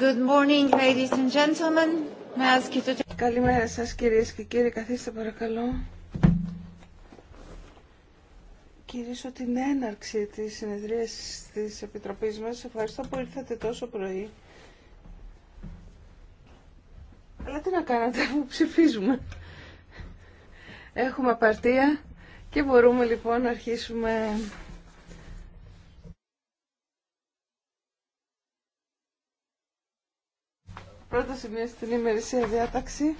Good morning, ladies and gentlemen. Καλημέρα σας κυρίες και κύριοι. Καθίστε παρακαλώ. Κυρίσω την έναρξη της συνεδρίας της Επιτροπής μας. Ευχαριστώ που ήρθατε τόσο πρωί. Αλλά τι να κάνατε μου ψηφίζουμε. Έχουμε απαρτία και μπορούμε λοιπόν να αρχίσουμε Πρώτο σημεία στην ημερησία διάταξη.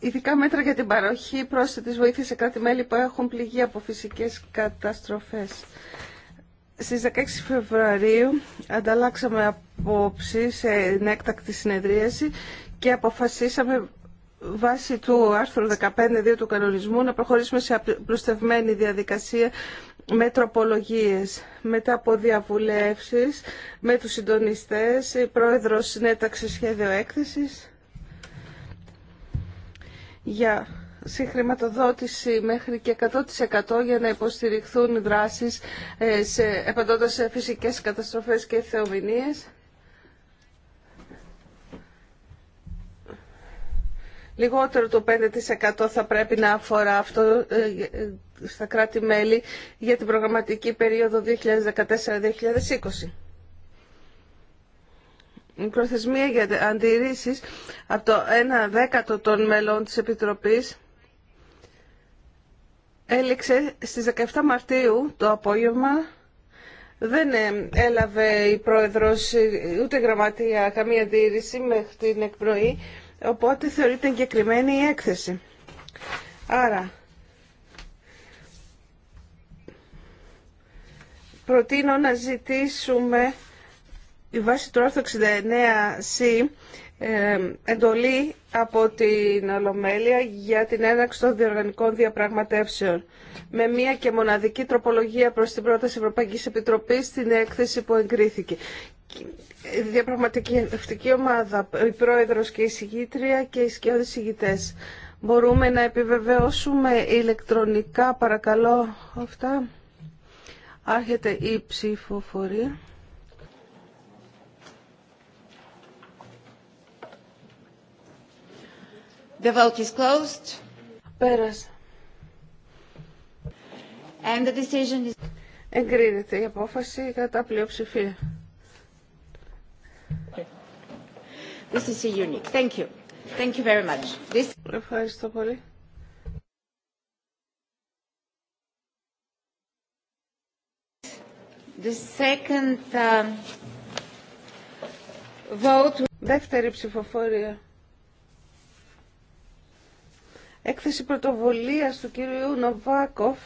Ειδικά μέτρα για την παροχή πρόσθετης βοήθειας σε κράτη-μέλη που έχουν πληγεί από φυσικές καταστροφές. Στις 16 Φεβρουαρίου ανταλλάξαμε απόψη σε ενέκτακτη συνεδρίαση και αποφασίσαμε βάσει του άρθρου 15.2 του κανονισμού να προχωρήσουμε σε απλουστευμένη διαδικασία με τροπολογίες. Μετά από διαβουλεύσεις με τους συντονιστές, η πρόεδρος συνέταξε σχέδιο έκθεσης για συγχρηματοδότηση μέχρι και 100% για να υποστηριχθούν οι δράσεις ε, σε, επαντώντας σε φυσικές καταστροφές και θεομηνίες. Λιγότερο το 5% θα πρέπει να αφορά αυτό ε, στα κράτη-μέλη για την προγραμματική περίοδο 2014-2020. Η προθεσμία για αντιρρήσεις από το 1 δέκατο των μελών της Επιτροπής έληξε στις 17 Μαρτίου το απόγευμα. Δεν ε, έλαβε η Πρόεδρος ε, ούτε η Γραμματεία καμία αντίρρηση μέχρι την εκπροή, οπότε θεωρείται εγκεκριμένη η έκθεση. Άρα, προτείνω να ζητήσουμε η βάση του άρθρου 69C ε, εντολή από την Ολομέλεια για την έναρξη των διοργανικών διαπραγματεύσεων με μία και μοναδική τροπολογία προς την πρόταση Ευρωπαϊκής Επιτροπής στην έκθεση που εγκρίθηκε. Η διαπραγματευτική ομάδα, η πρόεδρος και η συγγήτρια και οι σκιώδεις συγγητές. Μπορούμε να επιβεβαιώσουμε ηλεκτρονικά παρακαλώ αυτά. Άρχεται η ψηφοφορία. The vote is closed. Πέρασε. And the decision is... Εγκρίνεται η απόφαση κατά πλειοψηφία. This is unique. Thank you. Thank you very much. This... Ευχαριστώ πολύ. Uh, Δεύτερη ψηφοφορία. Έκθεση πρωτοβουλίας του κυρίου Νοβάκοφ.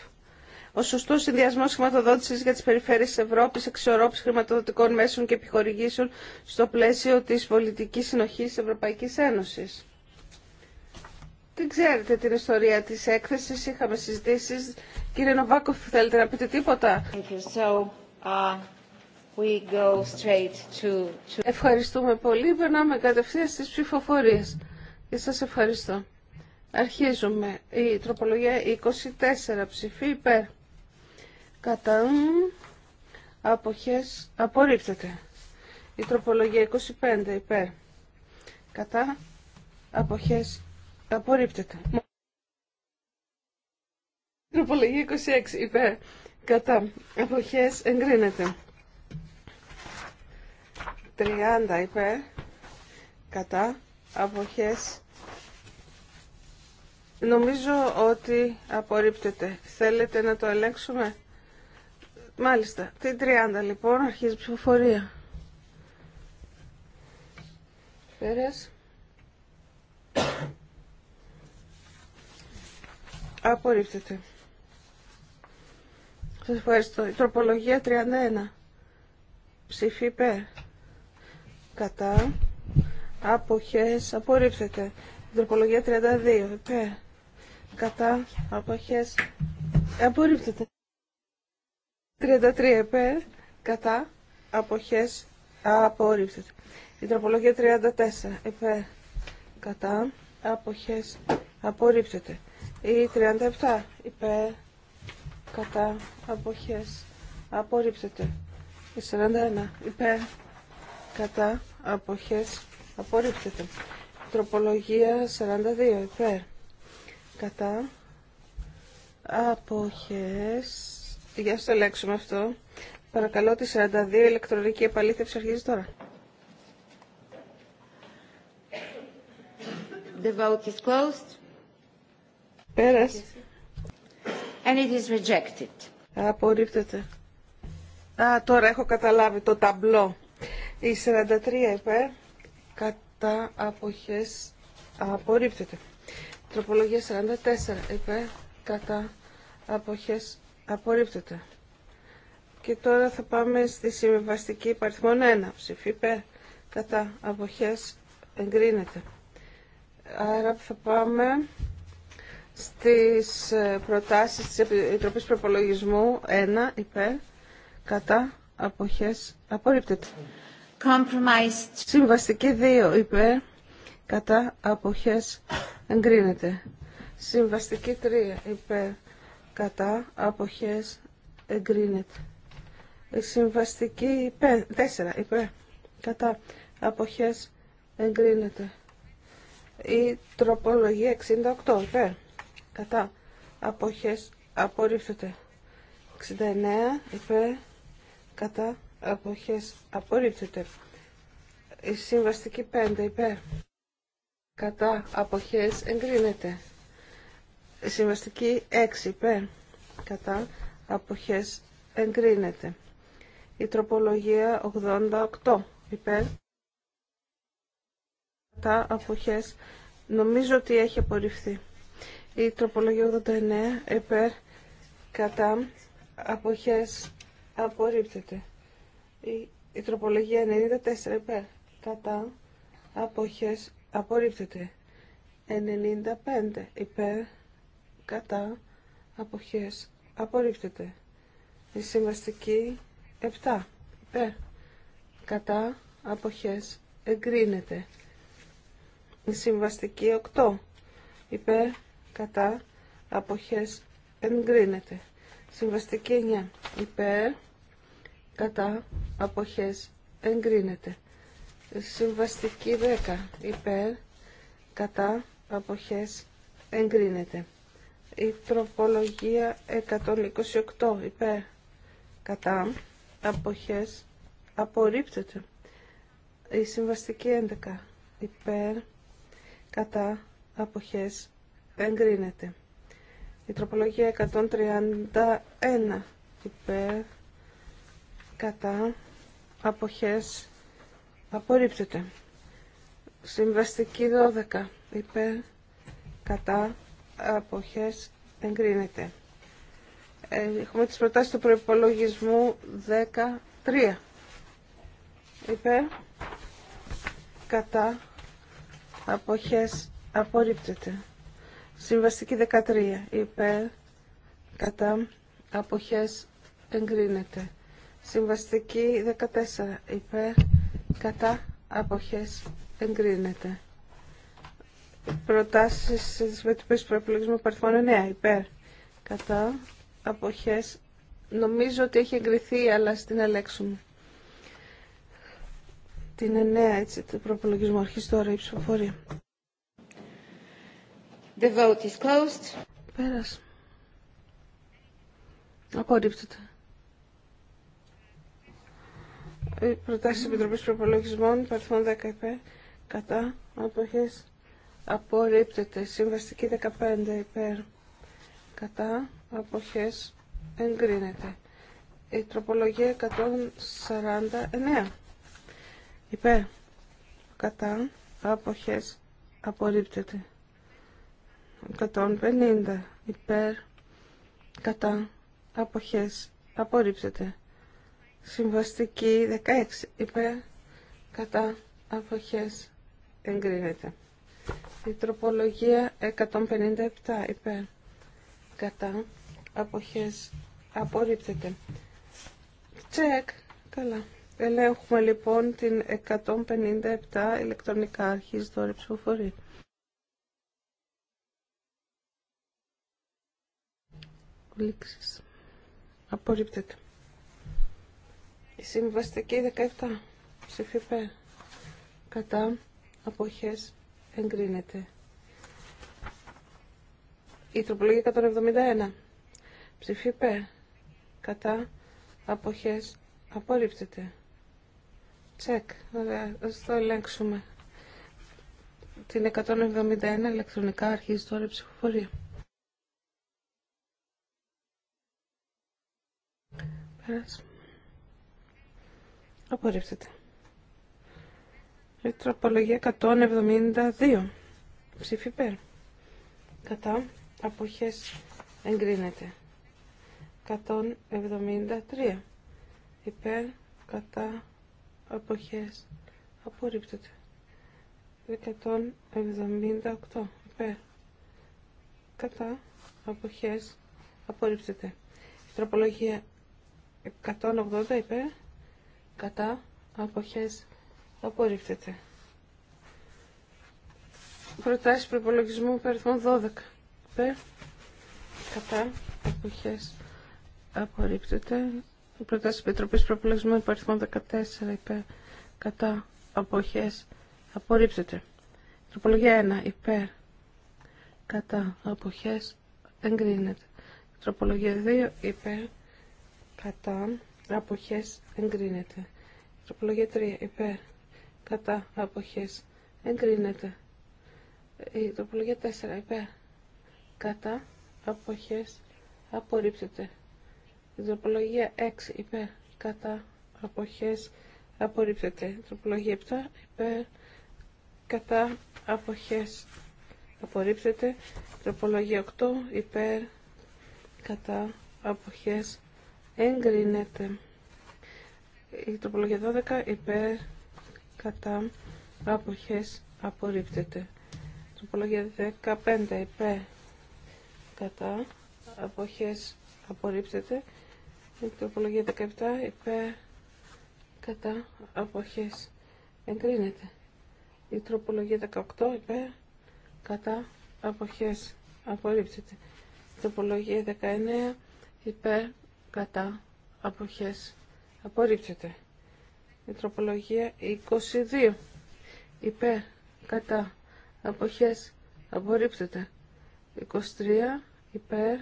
Ο σωστό συνδυασμό χρηματοδότηση για τι περιφέρειε τη Ευρώπη, εξορρόπηση χρηματοδοτικών μέσων και επιχορηγήσεων στο πλαίσιο τη πολιτική συνοχή τη Ευρωπαϊκή Ένωση. Δεν ξέρετε την ιστορία τη έκθεση, είχαμε συζητήσει. Κύριε Νοβάκοφ, θέλετε να πείτε τίποτα. Uh, we go straight to... Ευχαριστούμε πολύ. Περνάμε κατευθείαν στις ψηφοφορίες. Και σας ευχαριστώ. Αρχίζουμε. Η τροπολογία 24 ψηφί υπέρ. Κατά αποχές απορρίπτεται. Η τροπολογία 25 υπέρ. Κατά αποχές απορρίπτεται. Η τροπολογία 26 υπέρ κατά εποχές εγκρίνεται. 30 είπε. κατά αποχές Νομίζω ότι απορρίπτεται. Θέλετε να το ελέγξουμε. Μάλιστα. Την 30 λοιπόν αρχίζει η ψηφοφορία. Φέρες. Απορρίπτεται. Σας ευχαριστώ. Η τροπολογία 31. Ψήφι Κατά. Αποχές. Απορρίπτεται. Η τροπολογία 32. Υπέρ. Κατά. Αποχές. Απορρίπτεται. 33 υπέρ. Κατά. Αποχές. Απορρίπτεται. Η τροπολογία 34 υπέρ. Κατά. Αποχές. Απορρίπτεται. Η 37 υπέρ κατά αποχές απορρίπτεται. 41 υπέρ κατά αποχές απορρίπτεται. Τροπολογία 42 υπέρ κατά αποχές. Για να το αυτό. Παρακαλώ τη 42 ηλεκτρονική επαλήθευση αρχίζει τώρα. The vote is closed and Απορρίπτεται. Α, τώρα έχω καταλάβει το ταμπλό. Η 43 είπε κατά αποχές απορρίπτεται. Τροπολογία 44 είπε κατά αποχές απορρίπτεται. Και τώρα θα πάμε στη συμβιβαστική υπαριθμόν 1. Ψηφί κατά αποχές εγκρίνεται. Άρα θα πάμε στις ε, προτάσεις της Επιτροπής Προπολογισμού 1 υπέρ κατά αποχές απορρίπτεται. Συμβαστική 2 υπέρ κατά αποχές εγκρίνεται. Συμβαστική 3 υπέρ κατά αποχές εγκρίνεται. Συμβαστική 4 υπέρ κατά αποχές εγκρίνεται. Η τροπολογία 68 υπέρ κατά αποχές απορρίφθεται. 69 υπέρ κατά αποχές απορρίφθεται. η συμβαστική 5 υπέρ κατά αποχές εγκρίνεται η συμβαστική 6 υπέρ κατά αποχές εγκρίνεται η τροπολογία 88 υπέρ κατά αποχές νομίζω ότι έχει απορριφθεί η τροπολογία 89 επέρ κατά αποχές απορρίπτεται. Η, η τροπολογία 94 επέρ κατά αποχές απορρίπτεται. 95 υπέρ κατά αποχές απορρίπτεται. Η συμβαστική 7 υπέρ κατά αποχές εγκρίνεται. Η συμβαστική 8 υπέρ κατά αποχές εγκρίνεται. Συμβαστική 9 υπέρ κατά αποχές εγκρίνεται. Συμβαστική 10 υπέρ κατά αποχές εγκρίνεται. Η τροπολογία 128 υπέρ κατά αποχές απορρίπτεται. Η συμβαστική 11 υπέρ κατά αποχές εγκρίνεται. Η τροπολογία 131 υπέρ κατά αποχές απορρίπτεται. Συμβαστική 12 υπέρ κατά αποχές εγκρίνεται. Ε, έχουμε τις προτάσεις του προϋπολογισμού 13 υπέρ κατά αποχές απορρίπτεται. Συμβαστική 13 υπέρ κατά αποχές εγκρίνεται. Συμβαστική 14 υπέρ κατά αποχές εγκρίνεται. Προτάσεις της μετυπής προεπιλογισμού παρθμόνου. 9 υπέρ κατά αποχές νομίζω ότι έχει εγκριθεί αλλά στην μου. Την 9 έτσι το προπολογισμό αρχίζει τώρα η ψηφοφορία. The vote is closed. Απορρίπτεται. Οι προτάσεις της Επιτροπής Προπολογισμών, παρθμών 10 υπέρ, κατά, αποχές, απορρίπτεται. Συμβαστική 15 υπέρ, κατά, αποχές, εγκρίνεται. Η τροπολογία 149 υπέρ, κατά, αποχές, απορρίπτεται. 150 υπέρ κατά αποχές απορρίψεται. συμβαστική 16 υπέρ κατά αποχές εγκρίνεται η τροπολογία 157 υπέρ κατά αποχές απορρίπτεται τσεκ καλά ελέγχουμε λοιπόν την 157 ηλεκτρονικά αρχής δόρυψη η λήξης. Απορρίπτεται. Η συμβαστική 17 ψηφίπε. Κατά αποχές εγκρίνεται. Η τροπολογία 171 ψηφίπε. Κατά αποχές απορρίπτεται. Τσεκ. Ωραία. Ας το ελέγξουμε. Την 171 ηλεκτρονικά αρχίζει τώρα η ψηφοφορία. Πέρας. Απορρίπτεται. Η τροπολογία 172. Ψήφι υπέρ. Κατά αποχές εγκρίνεται. 173. Υπέρ κατά αποχές απορρίπτεται. 178. Υπέρ κατά αποχές απορρίπτεται. Η τροπολογία 180 υπέρ κατά αποχές απορρίπτεται. Προτάσεις προπολογισμού περιθμών 12 υπέρ κατά αποχές απορρίπτεται. Προτάσεις Επιτροπής Προπολογισμού Υπαριθμών 14 υπέρ κατά αποχές απορρίπτεται. Τροπολογία 1 υπέρ κατά αποχές εγκρίνεται. Τροπολογία 2 υπέρ κατά αποχές εγκρίνεται. Τροπολογία 3 υπέρ κατά αποχές εγκρίνεται. Ε, η τροπολογία 4 υπέρ κατά αποχές απορρίπτεται. Η τροπολογία 6 υπέρ κατά αποχές απορρίπτεται. Η τροπολογία 7 υπέρ κατά αποχές απορρίπτεται. Η τροπολογία 8 υπέρ κατά αποχές εγκρίνεται. Η τροπολογία 12 υπέρ κατά αποχές απορρίπτεται. Τροπολογία 15 υπέρ κατά αποχές απορρίπτεται. Η τροπολογία 17 υπέρ κατά αποχές εγκρίνεται. Η τροπολογία 18 υπέρ κατά αποχές απορρίπτεται. Η τροπολογία 19 υπέρ κατά αποχές απορρίπτεται. Η τροπολογία 22 υπέρ κατά αποχές απορρίπτεται. 23 υπέρ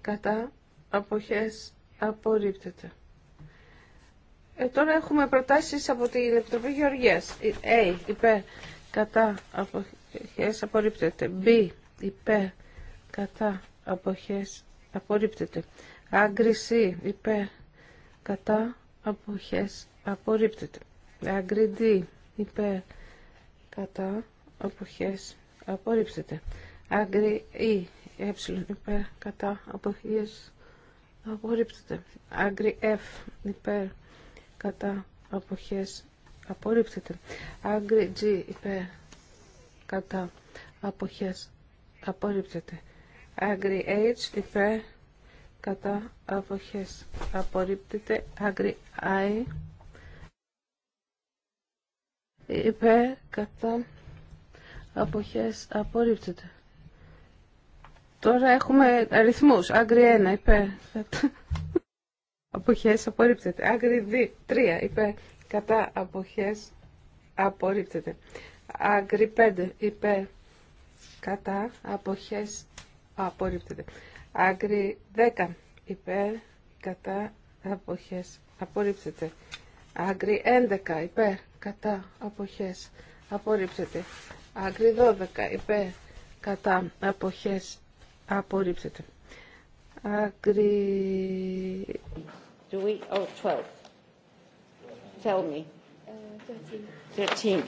κατά αποχές απορρίπτεται. Ε, τώρα έχουμε προτάσεις από την Επιτροπή Γεωργίας. A. Υπέρ. Κατά. Αποχές. Απορρίπτεται. B. Υπέρ. Κατά. Αποχές. Απορρίπτεται. Άγκριση υπέρ κατά αποχές απορρίπτεται. Αγκριντή, υπέρ κατά αποχές απορρίπτεται. Άγκρι ή ε, υπέρ κατά αποχές απορρίπτεται. Άγκρι F υπέρ κατά αποχές απορρίπτεται. Άγκρι G υπέρ κατά αποχές απορρίπτεται. Άγκρι H υπέρ κατά αποχές απορρίπτεται άγρι άι υπέρ κατά αποχές απορρίπτεται τώρα έχουμε αριθμούς άγκρι 1 υπέρ κατά αποχές απορρίπτεται άγκρι 3 υπέρ κατά αποχές απορρίπτεται άγκρι 5 υπέρ κατά αποχές απορρίπτεται Άγκρι 10 υπέρ κατά αποχές Απορρίψετε. Άγκρι 11 υπέρ κατά αποχές Απορρίψετε. Άγκρι 12 υπέρ κατά αποχές Απορρίψετε. άκρη Do we... Oh, 12. Tell me. 13. Uh, 13.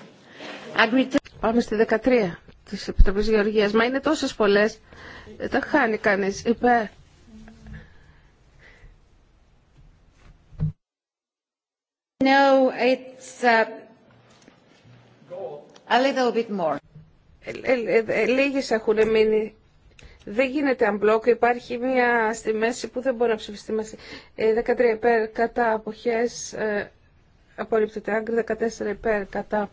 Άγκρι... Πάμε στη 13. Τη Επιτροπή Γεωργία. Μα είναι τόσε πολλές, δεν τα χάνει κανεί. Είπε. No, it's uh, a little bit more. Ε, ε, ε, λίγες έχουν μείνει. Δεν γίνεται unblock. Υπάρχει μία στη μέση που δεν μπορεί να ψηφιστεί μέση. 13 υπέρ κατά αποχές. Απορρίπτεται. Άγκρι 14 υπέρ κατά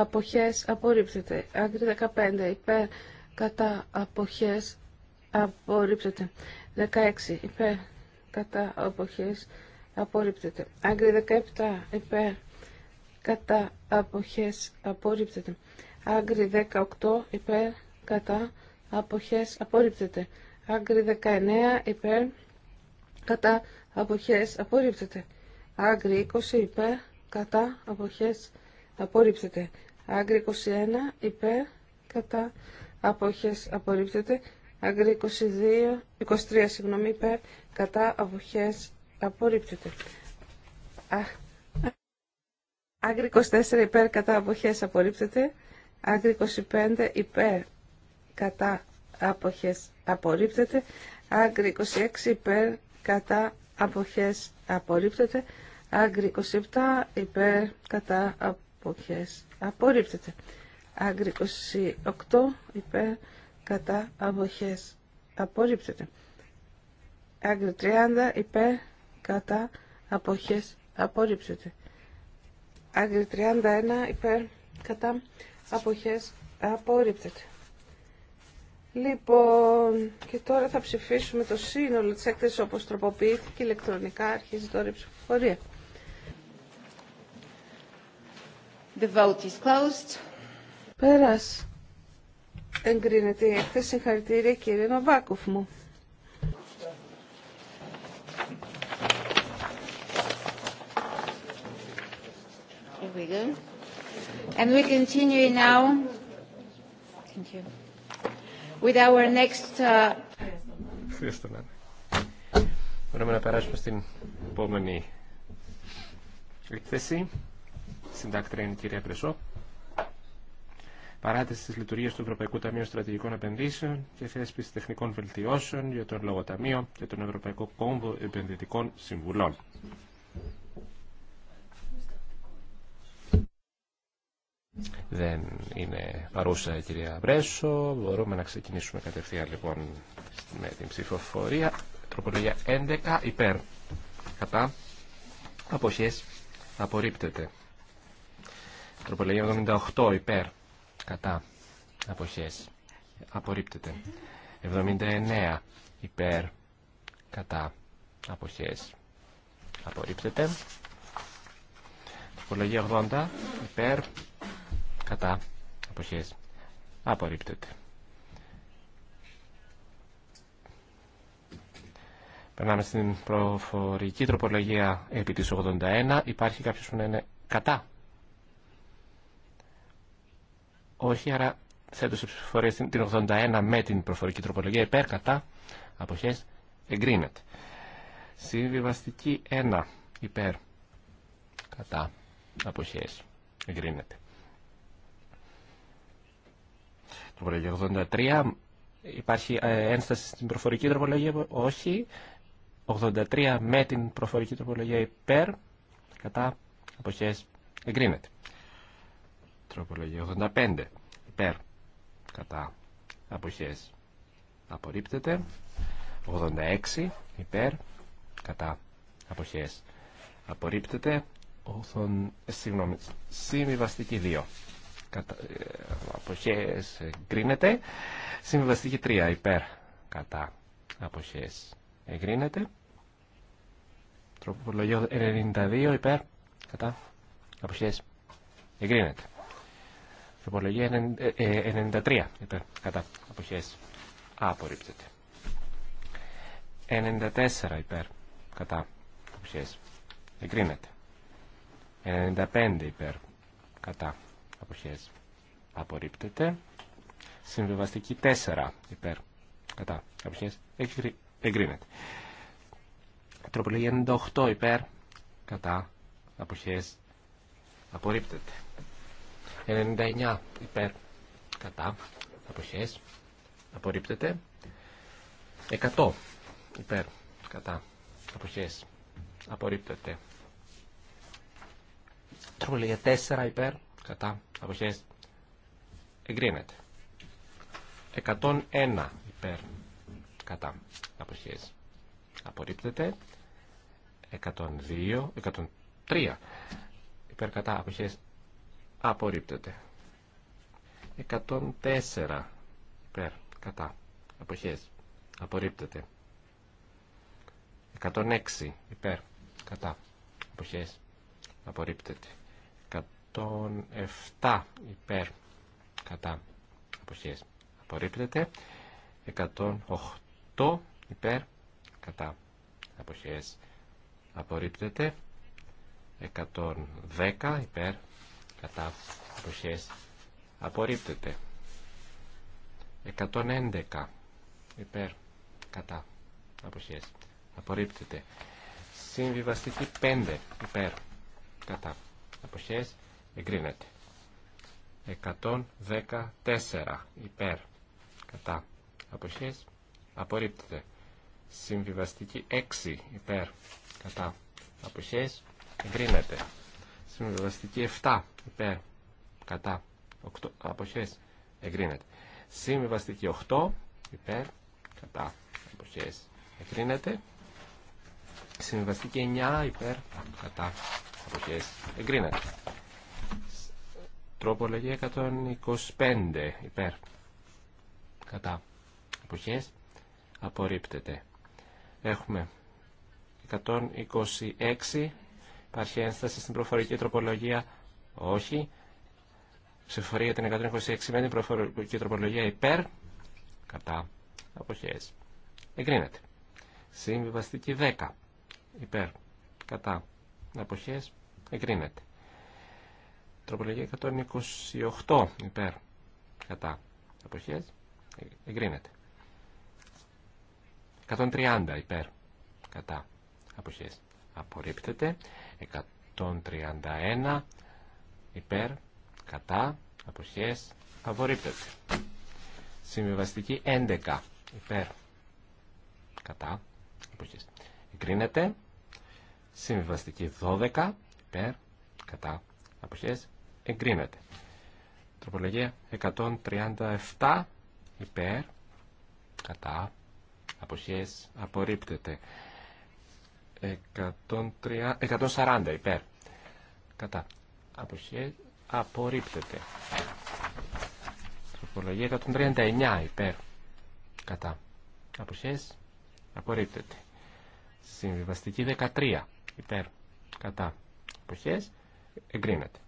αποχές απορρίπτεται. Άγκρι 15 υπέρ κατά αποχές απορρίπτεται. 16 υπέρ κατά αποχές απορρίπτεται. Άγκρι 17 υπέρ κατά αποχές απορρίπτεται. Άγκρι 18 υπέρ κατά αποχές απορρίπτεται. Άγκρι 19 υπέρ κατά αποχές απορρίπτεται. Άγκρι 20 υπέρ κατά αποχές απορρίπτεται. Άγκρη 21 υπέρ κατά αποχές απορρίπτεται. Άγκρη 23 συγγνώμη υπέρ κατά αποχές απορρίπτεται. Άγκρη 24 υπέρ κατά αποχές απορρίπτεται. Άγκρη 25 υπέρ κατά αποχές απορρίπτεται. Άγκρη 26 υπέρ κατά αποχές απορρίπτεται. Αγκρή 27 υπέρ κατά αποχές απορρίπτεται. Άγκρι 28 υπέρ κατά αποχές απορρίπτεται. Άγκρι 30 υπέρ κατά αποχές απορρίπτεται. Άγκρι 31 υπέρ κατά αποχές απορρίπτεται. Λοιπόν, και τώρα θα ψηφίσουμε το σύνολο της έκθεσης όπως τροποποιήθηκε ηλεκτρονικά, αρχίζει τώρα η ψηφοφορία. The vote is closed. Πέρας. Εγκρίνεται η έκθεση. Συγχαρητήρια κύριε Νοβάκοφ μου. Here we go. And we continue now Thank you. with our next... Uh... να επόμενη εκθέση συντάκτρια είναι η κυρία Κρεσό. Παράτηση τη λειτουργία του Ευρωπαϊκού Ταμείου Στρατηγικών Επενδύσεων και θέσπιση τεχνικών βελτιώσεων για τον Λογοταμείο και τον Ευρωπαϊκό Κόμβο Επενδυτικών Συμβουλών. Δεν είναι παρούσα η κυρία Μπρέσο. Μπορούμε να ξεκινήσουμε κατευθείαν λοιπόν με την ψηφοφορία. Τροπολογία 11 υπέρ. Κατά. Αποχές. Απορρίπτεται. Τροπολογία 78 υπέρ. Κατά. Αποχές. Απορρίπτεται. 79 υπέρ. Κατά. Αποχές. Απορρίπτεται. Τροπολογία 80 υπέρ. Κατά. Αποχές. Απορρίπτεται. Περνάμε στην προφορική τροπολογία επί της 81. Υπάρχει κάποιος που να είναι κατά όχι, άρα θέτω σε ψηφοφορία την 81 με την προφορική τροπολογία υπέρ κατά αποχές εγκρίνεται. Συμβιβαστική 1 υπέρ κατά αποχές εγκρίνεται. Τροπολογία 83 υπάρχει ε, ένσταση στην προφορική τροπολογία όχι. 83 με την προφορική τροπολογία υπέρ κατά αποχές εγκρίνεται. Τροπολογία 85. Υπέρ. Κατά. Αποχές. Απορρίπτεται. 86. Υπέρ. Κατά. Αποχές. Απορρίπτεται. 80, ε, συγγνώμη, συμβιβαστική 2. Κατα, ε, αποχές εγκρίνεται. Συμβιβαστική 3. Υπέρ. Κατά. Αποχές εγκρίνεται. Τροπολογία 92. Υπέρ. Κατά. Αποχές εγκρίνεται. Τροπολογία 93 ε, ε, υπέρ κατά αποχές απορρίπτεται. 94 υπέρ κατά αποχές εγκρίνεται. 95 υπέρ κατά αποχές απορρίπτεται. Συμβιβαστική 4 υπέρ κατά αποχές εγκρίνεται. Τροπολογία 98 υπέρ κατά αποχές απορρίπτεται. 99 υπέρ κατά αποχές απορρίπτεται 100 υπέρ κατά αποχές απορρίπτεται τροπολογία 4 υπέρ κατά αποχές εγκρίνεται 101 υπέρ κατά αποχές απορρίπτεται 102 103 υπέρ κατά αποχές Απορρίπτεται. 104 υπέρ. Κατά. Αποχές. Απορρίπτεται. 106 υπέρ. Κατά. Αποχές. Απορρίπτεται. 107 υπέρ. Κατά. Αποχές. Απορρίπτεται. 108 υπέρ. Κατά. Αποχές. Απορρίπτεται. 110 υπέρ κατά αποχές απορρίπτεται 111 υπέρ κατά αποχές απορρίπτεται συμβιβαστική 5 υπέρ κατά αποχές εγκρίνεται 114 υπέρ κατά αποχές απορρίπτεται συμβιβαστική 6 υπέρ κατά αποχές εγκρίνεται Συμβιβαστική 7 υπέρ κατά 8, αποχές εγκρίνεται. Συμβιβαστική 8 υπέρ κατά αποχές εγκρίνεται. Συμβιβαστική 9 υπέρ κατά αποχές εγκρίνεται. Τροπολογία 125 υπέρ κατά αποχές απορρίπτεται. Έχουμε 126 Υπάρχει ένσταση στην προφορική τροπολογία. Όχι. Ψηφορία την 126 με την προφορική τροπολογία υπέρ. Κατά. Αποχές. Εγκρίνεται. Συμβιβαστική 10. Υπέρ. Κατά. Αποχές. Εγκρίνεται. Τροπολογία 128. Υπέρ. Κατά. Αποχές. Εγκρίνεται. 130. Υπέρ. Κατά. Αποχές απορρίπτεται 131 υπέρ κατά αποχές απορρίπτεται συμβιβαστική 11 υπέρ κατά αποχές εγκρίνεται συμβιβαστική 12 υπέρ κατά αποχές εγκρίνεται τροπολογία 137 υπέρ κατά αποχές απορρίπτεται 140 υπέρ. Κατά. Αποχέ, απορρίπτεται. Τροπολογία 139 υπέρ. Κατά. Αποχές απορρίπτεται. Συμβιβαστική 13 υπέρ. Κατά. Αποχές εγκρίνεται.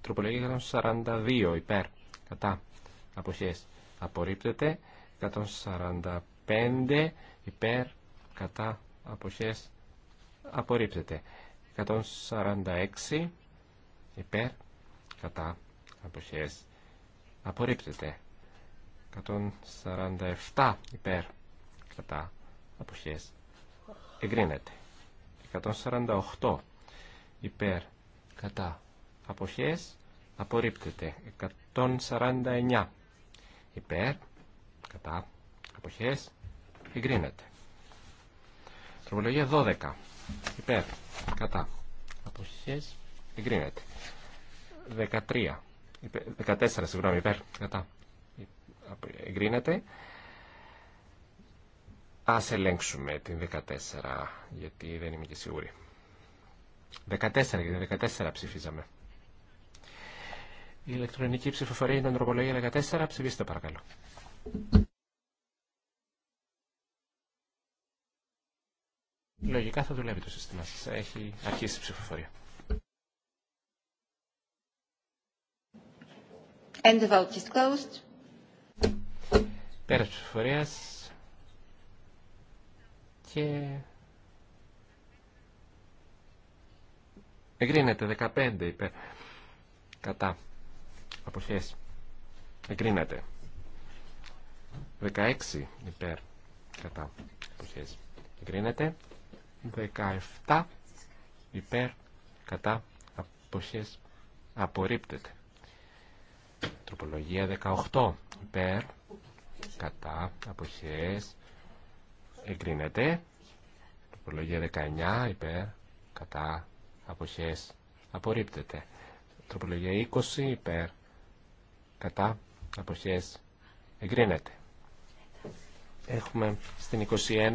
Τροπολογία 142 υπέρ. Κατά. Αποχές απορρίπτεται. 145 υπέρ. Κατά αποχές απορρίπτεται 146 υπέρ κατά αποχές απορρίπτεται 147 υπέρ κατά αποχές εγκρίνεται 148 υπέρ κατά αποχές απορρίπτεται 149 υπέρ κατά αποχές εγκρίνεται Τροπολογία 12. Υπέρ. Κατά. Αποχές. Εγκρίνεται. 13. 14, συγγνώμη, υπέρ. Κατά. Εγκρίνεται. Α ελέγξουμε την 14, γιατί δεν είμαι και σίγουρη. 14, γιατί 14 ψηφίζαμε. Η ηλεκτρονική ψηφοφορία είναι τροπολογία 14. Ψηφίστε παρακαλώ. Λογικά θα δουλεύει το σύστημά σα Έχει αρχίσει η ψηφοφορία. And the vote is closed. Πέρα και εγκρίνεται 15 υπέρ κατά αποχές εγκρίνεται 16 υπέρ κατά αποχές εγκρίνεται 17 υπέρ κατά αποχές απορρίπτεται. Τροπολογία 18 υπέρ κατά αποχές εγκρίνεται. Τροπολογία 19 υπέρ κατά αποχές απορρίπτεται. Τροπολογία 20 υπέρ κατά αποχές εγκρίνεται. Έχουμε στην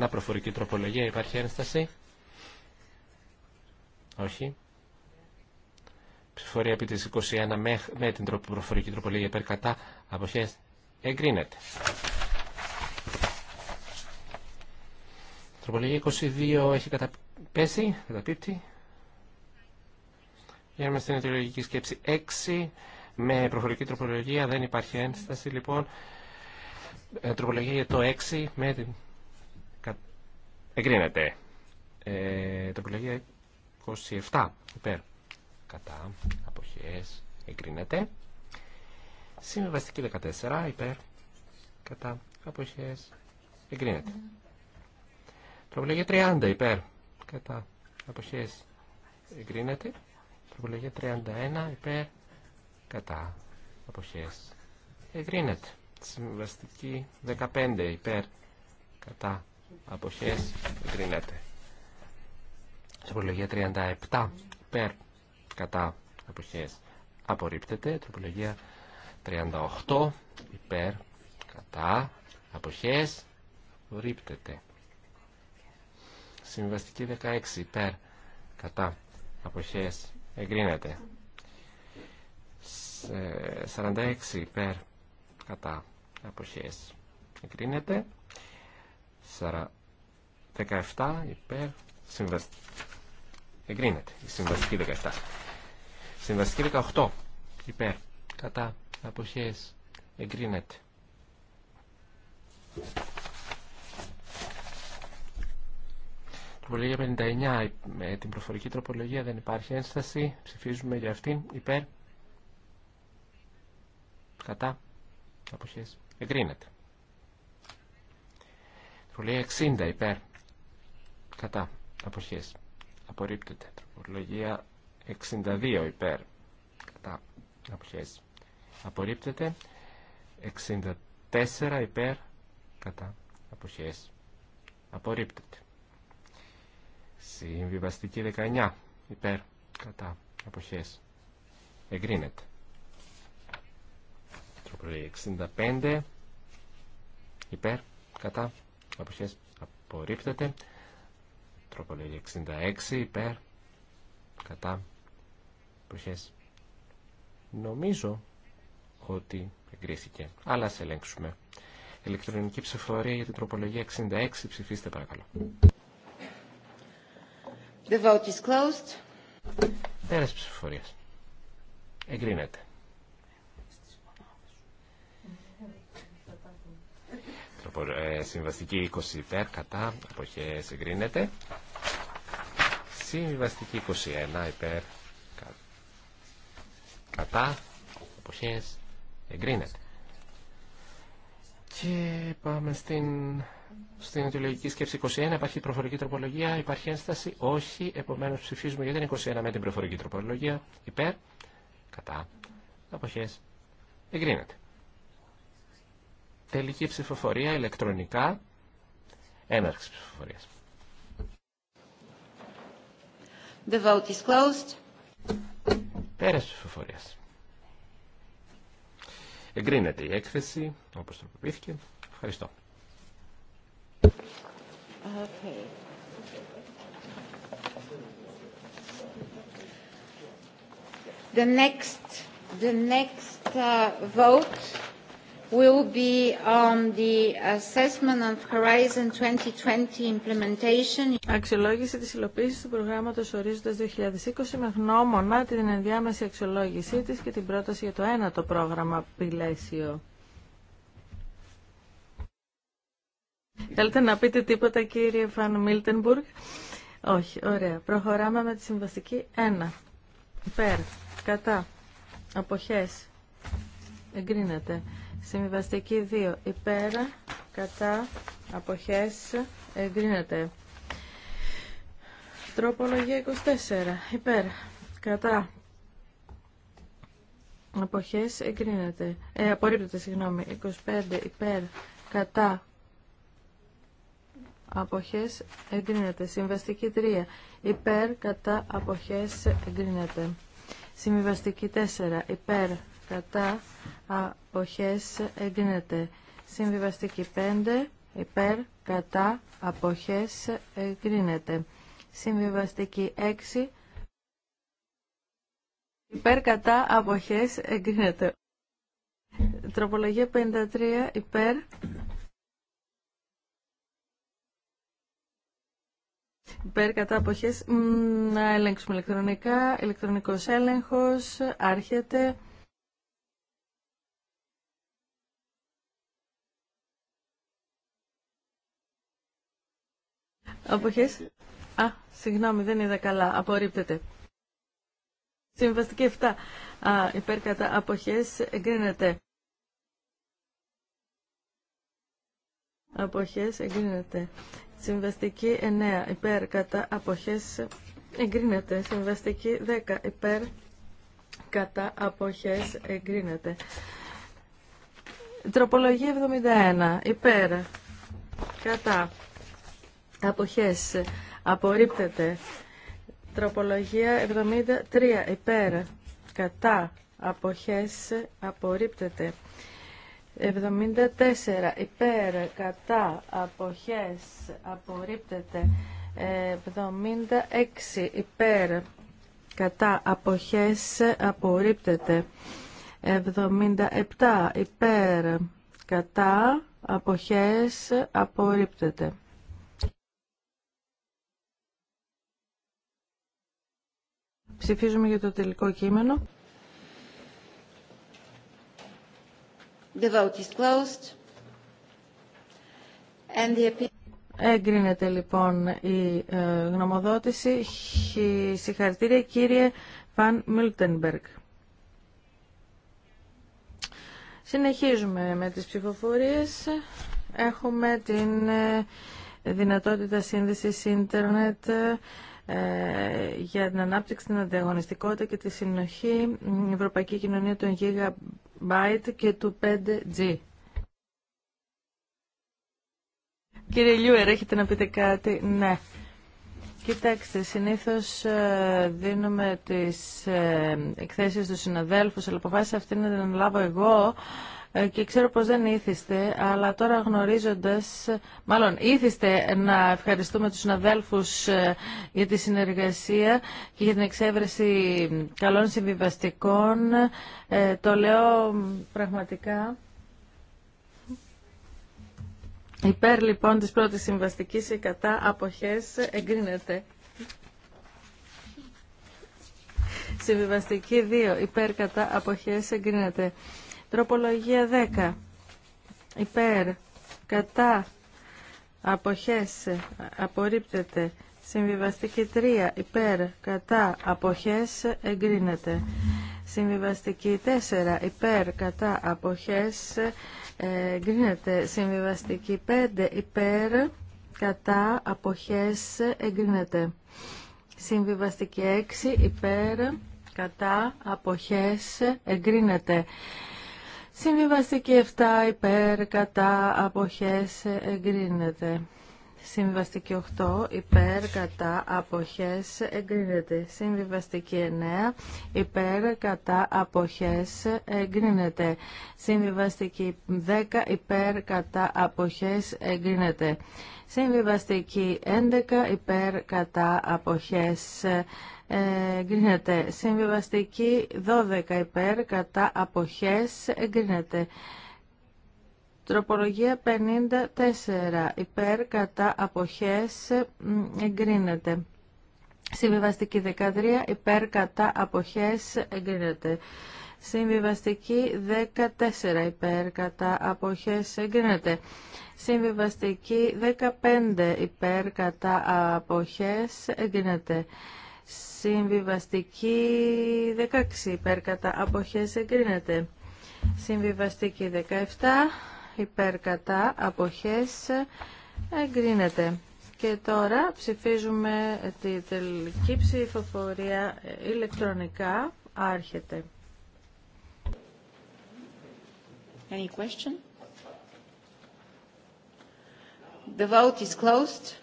21 προφορική τροπολογία. Υπάρχει ένσταση. Όχι. Ψηφορία επί της 21 με, με την προφορική τροπολογία υπέρ κατά αποχές εγκρίνεται. Τροπολογία 22 έχει καταπέσει, καταπίπτει. Γίνουμε στην αιτιολογική σκέψη 6. Με προφορική τροπολογία δεν υπάρχει ένσταση, λοιπόν. Ε, τροπολογία για το 6 με την... Εγκρίνεται. Ε, τροπολογία 27 υπέρ κατά αποχές εγκρίνεται συμβαστική 14 υπέρ κατά αποχές εγκρίνεται τροπολογία 30 υπέρ κατά αποχές εγκρίνεται τροπολογία 31 υπέρ κατά αποχές εγκρίνεται συμβαστική 15 υπέρ κατά αποχές εγκρίνεται Τροπολογία 37 υπέρ κατά αποχές απορρίπτεται. Τροπολογία 38 υπέρ κατά αποχές απορρίπτεται. Συμβαστική 16 υπέρ κατά αποχές εγκρίνεται. 46 υπέρ κατά αποχές εγκρίνεται. 17 υπέρ συμβαστική Εγκρίνεται. Η συμβαστική 17. Συμβαστική 18. Υπέρ. Κατά. Αποχές. Εγκρίνεται. Τροπολογία 59. Ε, με την προφορική τροπολογία δεν υπάρχει ένσταση. Ψηφίζουμε για αυτήν. Υπέρ. Κατά. Αποχές. Εγκρίνεται. Τροπολογία 60. Υπέρ. Κατά. Αποχές απορρίπτεται. Τροπολογία 62 υπέρ κατά αποχές απορρίπτεται. 64 υπέρ κατά αποχές απορρίπτεται. Συμβιβαστική 19 υπέρ κατά αποχές εγκρίνεται. Τροπολογία 65 υπέρ κατά αποχές απορρίπτεται. Τροπολογία 66 υπέρ κατά προχές. Νομίζω ότι εγκρίθηκε. Αλλά ας ελέγξουμε. Ηλεκτρονική ψηφοφορία για την τροπολογία 66. Ψηφίστε παρακαλώ. The vote is closed. Εγκρίνεται. Ε, συμβαστική 20 υπέρ κατά αποχές εγκρίνεται συμβαστική 21 υπέρ κατά αποχές εγκρίνεται και πάμε στην, στην αιτιολογική σκέψη 21. Υπάρχει προφορική τροπολογία, υπάρχει ένσταση. Όχι, επομένω ψηφίζουμε γιατί είναι 21 με την προφορική τροπολογία. Υπέρ, κατά, αποχέ. Εγκρίνεται. Τελική ψηφοφορία ηλεκτρονικά. Έναρξη ψηφοφορίας. The vote is closed. Πέρας ψηφοφορίας. Εγκρίνεται η έκθεση, όπως τροποποιήθηκε. Ευχαριστώ. Okay. The next, the next uh, vote will be on the assessment of Horizon 2020 implementation. Αξιολόγηση της υλοποίησης του προγράμματος Ορίζοντας 2020 με γνώμονα την ενδιάμεση αξιολόγησή της και την πρόταση για το ένατο πρόγραμμα Πιλέσιο. Θέλετε να πείτε τίποτα κύριε Φαν Μίλτενμπουργκ. Όχι, ωραία. Προχωράμε με τη συμβαστική 1. Υπέρ, κατά, αποχές, εγκρίνεται. Συμβιβαστική 2. Υπέρ, κατά, αποχές, εγκρίνεται. Τροπολογία 24. Υπέρ, κατά, αποχές, εγκρίνεται. Ε, απορρίπτεται, συγγνώμη. 25. Υπέρ, κατά, αποχές, εγκρίνεται. Συμβαστική 3. Υπέρ, κατά, αποχές, εγκρίνεται. Συμβιβαστική 4. Υπέρ, κατά αποχές εγκρίνεται. Συμβιβαστική 5 υπέρ κατά αποχές εγκρίνεται. Συμβιβαστική 6 υπέρ κατά αποχές εγκρίνεται. Τροπολογία 53 υπέρ Υπέρ κατά αποχές, να ελέγξουμε ηλεκτρονικά, ηλεκτρονικός έλεγχος, άρχεται. Αποχές. Α, συγγνώμη, δεν είδα καλά. Απορρίπτεται. Συμβαστική 7. Α, υπέρ κατά αποχές εγκρίνεται. Αποχές εγκρίνεται. Συμβαστική 9. Υπέρ κατά αποχές εγκρίνεται. Συμβαστική 10. Υπέρ κατά αποχές εγκρίνεται. Τροπολογία 71. Υπέρ κατά αποχές απορρίπτεται τροπολογία 73 υπέρ κατά αποχές απορρίπτεται 74 υπέρ κατά αποχές απορρίπτεται 76 υπέρ κατά αποχές απορρίπτεται 77 υπέρ κατά αποχές απορρίπτεται Ψηφίζουμε για το τελικό κείμενο. The vote Έγκρινεται λοιπόν η ε, γνωμοδότηση. Συγχαρητήρια κύριε Φαν Μιλτενμπεργκ. Συνεχίζουμε με τις ψηφοφορίες. Έχουμε την ε, δυνατότητα σύνδεσης ίντερνετ ε, για την ανάπτυξη, την ανταγωνιστικότητα και τη συνοχή η Ευρωπαϊκή Κοινωνία των Gigabyte και του 5G. Κύριε Λιούερ, έχετε να πείτε κάτι. Ναι. Κοιτάξτε, συνήθως ε, δίνουμε τις ε, εκθέσεις του συναδέλφου, αλλά αποφάσισα αυτή να την αναλάβω εγώ ε, και ξέρω πως δεν ήθιστε, αλλά τώρα γνωρίζοντας, μάλλον ήθιστε να ευχαριστούμε τους συναδέλφους ε, για τη συνεργασία και για την εξέβρεση καλών συμβιβαστικών. Ε, το λέω πραγματικά. Υπέρ λοιπόν της πρώτης συμβαστικής ή κατά αποχές εγκρίνεται. Συμβιβαστική 2. Υπέρ κατά αποχές εγκρίνεται. Τροπολογία 10. Υπέρ. Κατά. Αποχές. Απορρίπτεται. Συμβιβαστική 3. Υπέρ. Κατά. Αποχές. Εγκρίνεται. Συμβιβαστική 4. Υπέρ. Κατά. Αποχές. Εγκρίνεται. Συμβιβαστική 5. Υπέρ. Κατά. Αποχές. Εγκρίνεται. Συμβιβαστική 6. Υπέρ. Κατά. Αποχές. Εγκρίνεται. Συμβιβαστική 7 υπέρ κατά αποχές εγκρίνεται. Συμβιβαστική 8 υπέρ κατά αποχές εγκρίνεται. Συμβιβαστική 9 υπέρ κατά αποχές εγκρίνεται. Συμβιβαστική 10 υπέρ κατά αποχές εγκρίνεται. Συμβιβαστική 11 υπέρ κατά αποχές εγκρίνεται εγκρίνεται. Συμβιβαστική 12 υπέρ κατά αποχές εγκρίνεται. Τροπολογία 54 υπέρ κατά αποχές εγκρίνεται. Συμβιβαστική 13 υπέρ κατά αποχές εγκρίνεται. Συμβιβαστική 14 υπέρ κατά αποχές εγκρίνεται. Συμβιβαστική 15 υπέρ κατά αποχές εγκρίνεται. Συμβιβαστική 16 υπέρ κατά αποχές εγκρίνεται. Συμβιβαστική 17 υπέρ κατά αποχές εγκρίνεται. Και τώρα ψηφίζουμε τη τελική ψηφοφορία ηλεκτρονικά. Άρχεται. Any question? The vote is closed.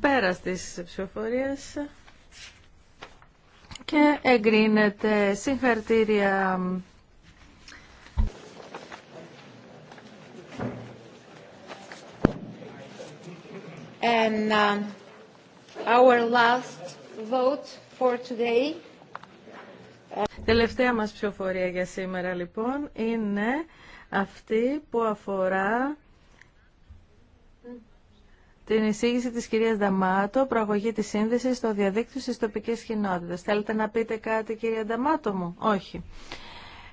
Πέρας της ψηφοφορίας και εγκρίνεται. Συγχαρητήρια. And uh, our last vote for today. Uh, Τελευταία μας ψηφοφορία για σήμερα λοιπόν είναι αυτή που αφορά την εισήγηση της κυρίας Νταμάτο, προαγωγή της σύνδεσης στο διαδίκτυο στις τοπικές κοινότητες. Θέλετε να πείτε κάτι κυρία Νταμάτο μου? Όχι.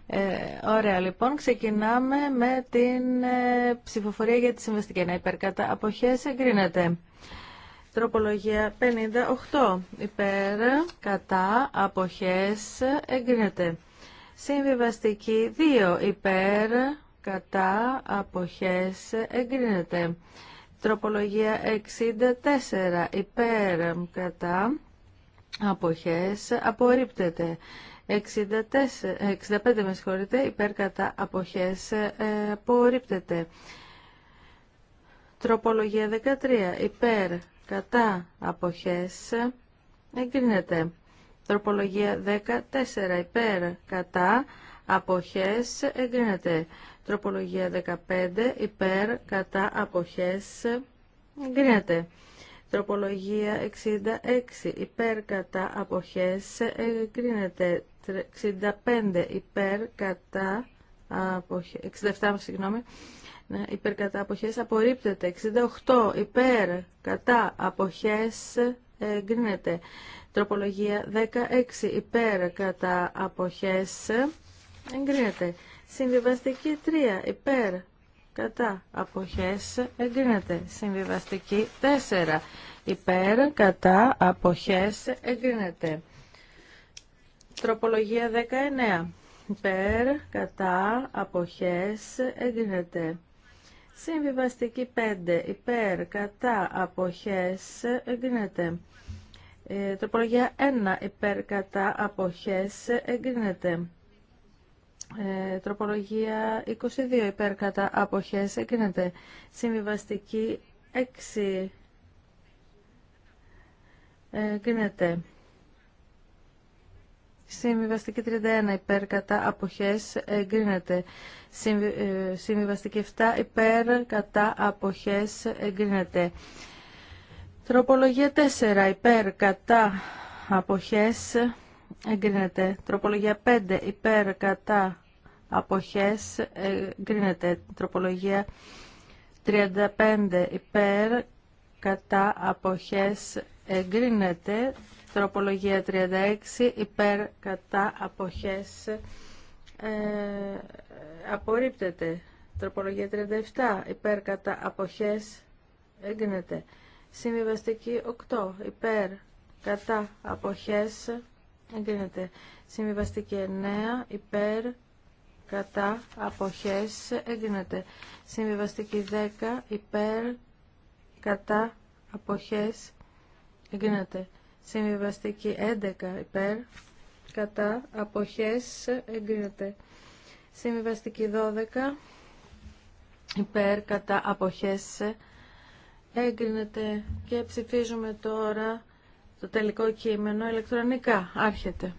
Ε, ωραία, λοιπόν, ξεκινάμε με την ε, ψηφοφορία για τη συμβαστική. Ένα υπερκατά αποχές εγκρίνεται. Τροπολογία 58. Υπέρ, κατά, αποχές εγκρίνεται. Συμβιβαστική 2. Υπέρ, κατά, αποχές εγκρίνεται. Τροπολογία 64 υπέρ κατά αποχές απορρίπτεται. 64, 65 με συγχωρείτε, υπέρ κατά αποχές ε, απορρίπτεται. Τροπολογία 13 υπέρ κατά αποχές εγκρίνεται. Τροπολογία 14 υπέρ κατά αποχές εγκρίνεται. Τροπολογία 15 υπέρ κατά αποχές εγκρίνεται. Τροπολογία 66 υπέρ κατά αποχές εγκρίνεται. 65 υπέρ κατά αποχές, 67 συγγνώμη, ναι, υπέρ κατά αποχές απορρίπτεται. 68 υπέρ κατά αποχές εγκρίνεται. Τροπολογία 16 υπέρ κατά αποχές εγκρίνεται. Συμβιβαστική 3 υπέρ κατά αποχές εγκρίνεται. Συμβιβαστική 4 υπέρ κατά αποχές εγκρίνεται. Τροπολογία 19 υπέρ κατά αποχές εγκρίνεται. Συμβιβαστική 5 υπέρ κατά αποχές εγκρίνεται. Ε, τροπολογία 1 υπέρ κατά αποχές εγκρίνεται. Ε, τροπολογία 22 υπέρ κατά αποχές εγκρίνεται. Συμβιβαστική 6 εγκρίνεται. Συμβιβαστική 31 υπέρ κατά αποχές εγκρίνεται. Συμβι, ε, συμβιβαστική 7 υπέρ κατά αποχές εγκρίνεται. Τροπολογία 4 υπέρ κατά αποχές εγκρίνεται. Τροπολογία 5 υπέρ κατά αποχές εγκρίνεται. Τροπολογία 35 υπέρ κατά αποχές εγκρίνεται. Τροπολογία 36 υπέρ κατά αποχές ε, απορρίπτεται. Τροπολογία 37 υπέρ κατά αποχές εγκρίνεται. Συμβιβαστική 8 υπέρ κατά αποχές εγκρίνεται. Συμβιβαστική 9 υπέρ κατά αποχές εγκρίνεται. Συμβιβαστική 10 υπέρ κατά αποχές εγκρίνεται. Συμβιβαστική 11 υπέρ κατά αποχές εγκρίνεται. Συμβιβαστική 12 υπέρ κατά αποχές εγκρίνεται. Και ψηφίζουμε τώρα το τελικό κείμενο ηλεκτρονικά. Άρχεται.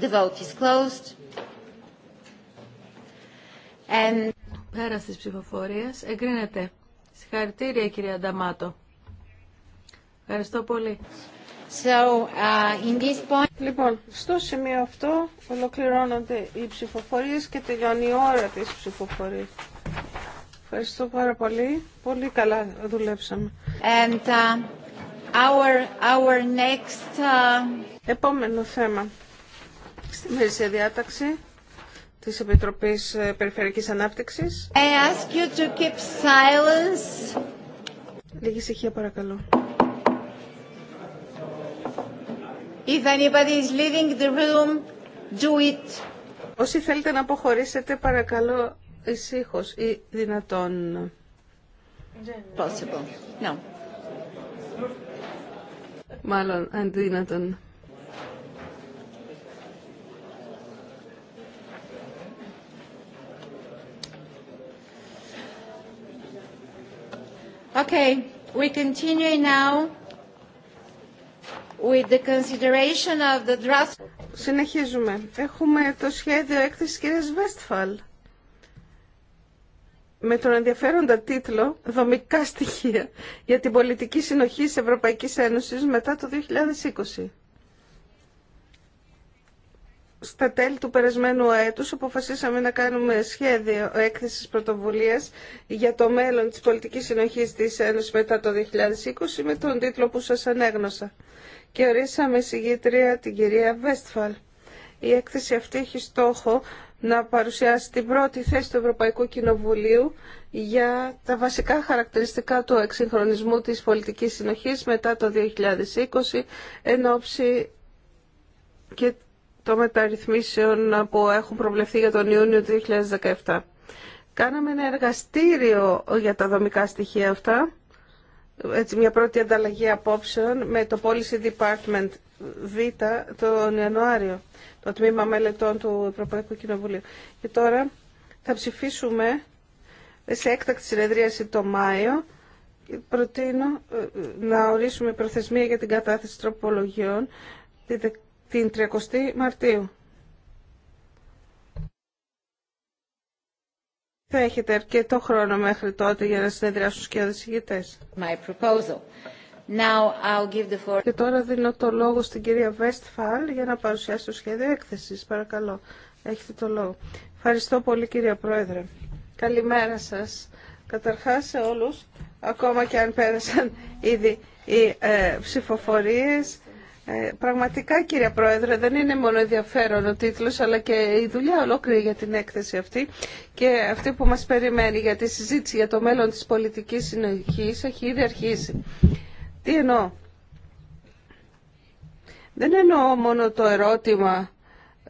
The vote is closed. And... Πέρας ψηφοφορίας εγκρίνεται. Συγχαρητήρια κυρία Νταμάτο. Ευχαριστώ πολύ. So, uh, in this point... Λοιπόν, στο σημείο αυτό ολοκληρώνονται οι ψηφοφορίες και τελειώνει η ώρα της ψηφοφορίας. Ευχαριστώ πάρα πολύ. Πολύ καλά δουλέψαμε. And, uh, our, our next, uh, Επόμενο θέμα στη μερίσια διάταξη της Επιτροπής ε, Περιφερειακής Ανάπτυξης. I ask you to keep silence. Λίγη ησυχία παρακαλώ. If anybody is leaving the room, do it. Όσοι θέλετε να αποχωρήσετε, παρακαλώ ησύχως ή δυνατόν. Possible. No. Μάλλον δυνατόν Okay, we continue now with the consideration of the draft. Συνεχίζουμε. Έχουμε το σχέδιο έκθεσης κυρίας Βέστφαλ με τον ενδιαφέροντα τίτλο «Δομικά στοιχεία για την πολιτική συνοχή της Ευρωπαϊκής Ένωσης μετά το 2020». Στα τέλη του περασμένου έτους αποφασίσαμε να κάνουμε σχέδιο έκθεσης πρωτοβουλίας για το μέλλον της πολιτικής συνοχής της Ένωσης μετά το 2020 με τον τίτλο που σας ανέγνωσα. Και ορίσαμε συγγήτρια την κυρία Βέστφαλ. Η έκθεση αυτή έχει στόχο να παρουσιάσει την πρώτη θέση του Ευρωπαϊκού Κοινοβουλίου για τα βασικά χαρακτηριστικά του εξυγχρονισμού της πολιτικής συνοχής μετά το 2020 εν ώψη και των μεταρρυθμίσεων που έχουν προβλεφθεί για τον Ιούνιο του 2017. Κάναμε ένα εργαστήριο για τα δομικά στοιχεία αυτά, έτσι μια πρώτη ανταλλαγή απόψεων με το Policy Department Β τον Ιανουάριο, το τμήμα μελετών του Ευρωπαϊκού Κοινοβουλίου. Και τώρα θα ψηφίσουμε σε έκτακτη συνεδρίαση το Μάιο. και Προτείνω ε, να ορίσουμε προθεσμία για την κατάθεση τροπολογιών την 30η Μαρτίου. Θα έχετε αρκετό χρόνο μέχρι τότε για να συνεδριάσουν και οι και τώρα δίνω το λόγο στην κυρία Βέστφαλ για να παρουσιάσει το σχέδιο έκθεσης. Παρακαλώ, έχετε το λόγο. Ευχαριστώ πολύ κυρία Πρόεδρε. Καλημέρα σας. Καταρχάς σε όλους, ακόμα και αν πέρασαν ήδη οι ε, ψηφοφορίες, ε, πραγματικά κυρία Πρόεδρε δεν είναι μόνο ενδιαφέρον ο τίτλος αλλά και η δουλειά ολόκληρη για την έκθεση αυτή και αυτή που μας περιμένει για τη συζήτηση για το μέλλον της πολιτικής συνοχής έχει ήδη αρχίσει. Τι εννοώ. Δεν εννοώ μόνο το ερώτημα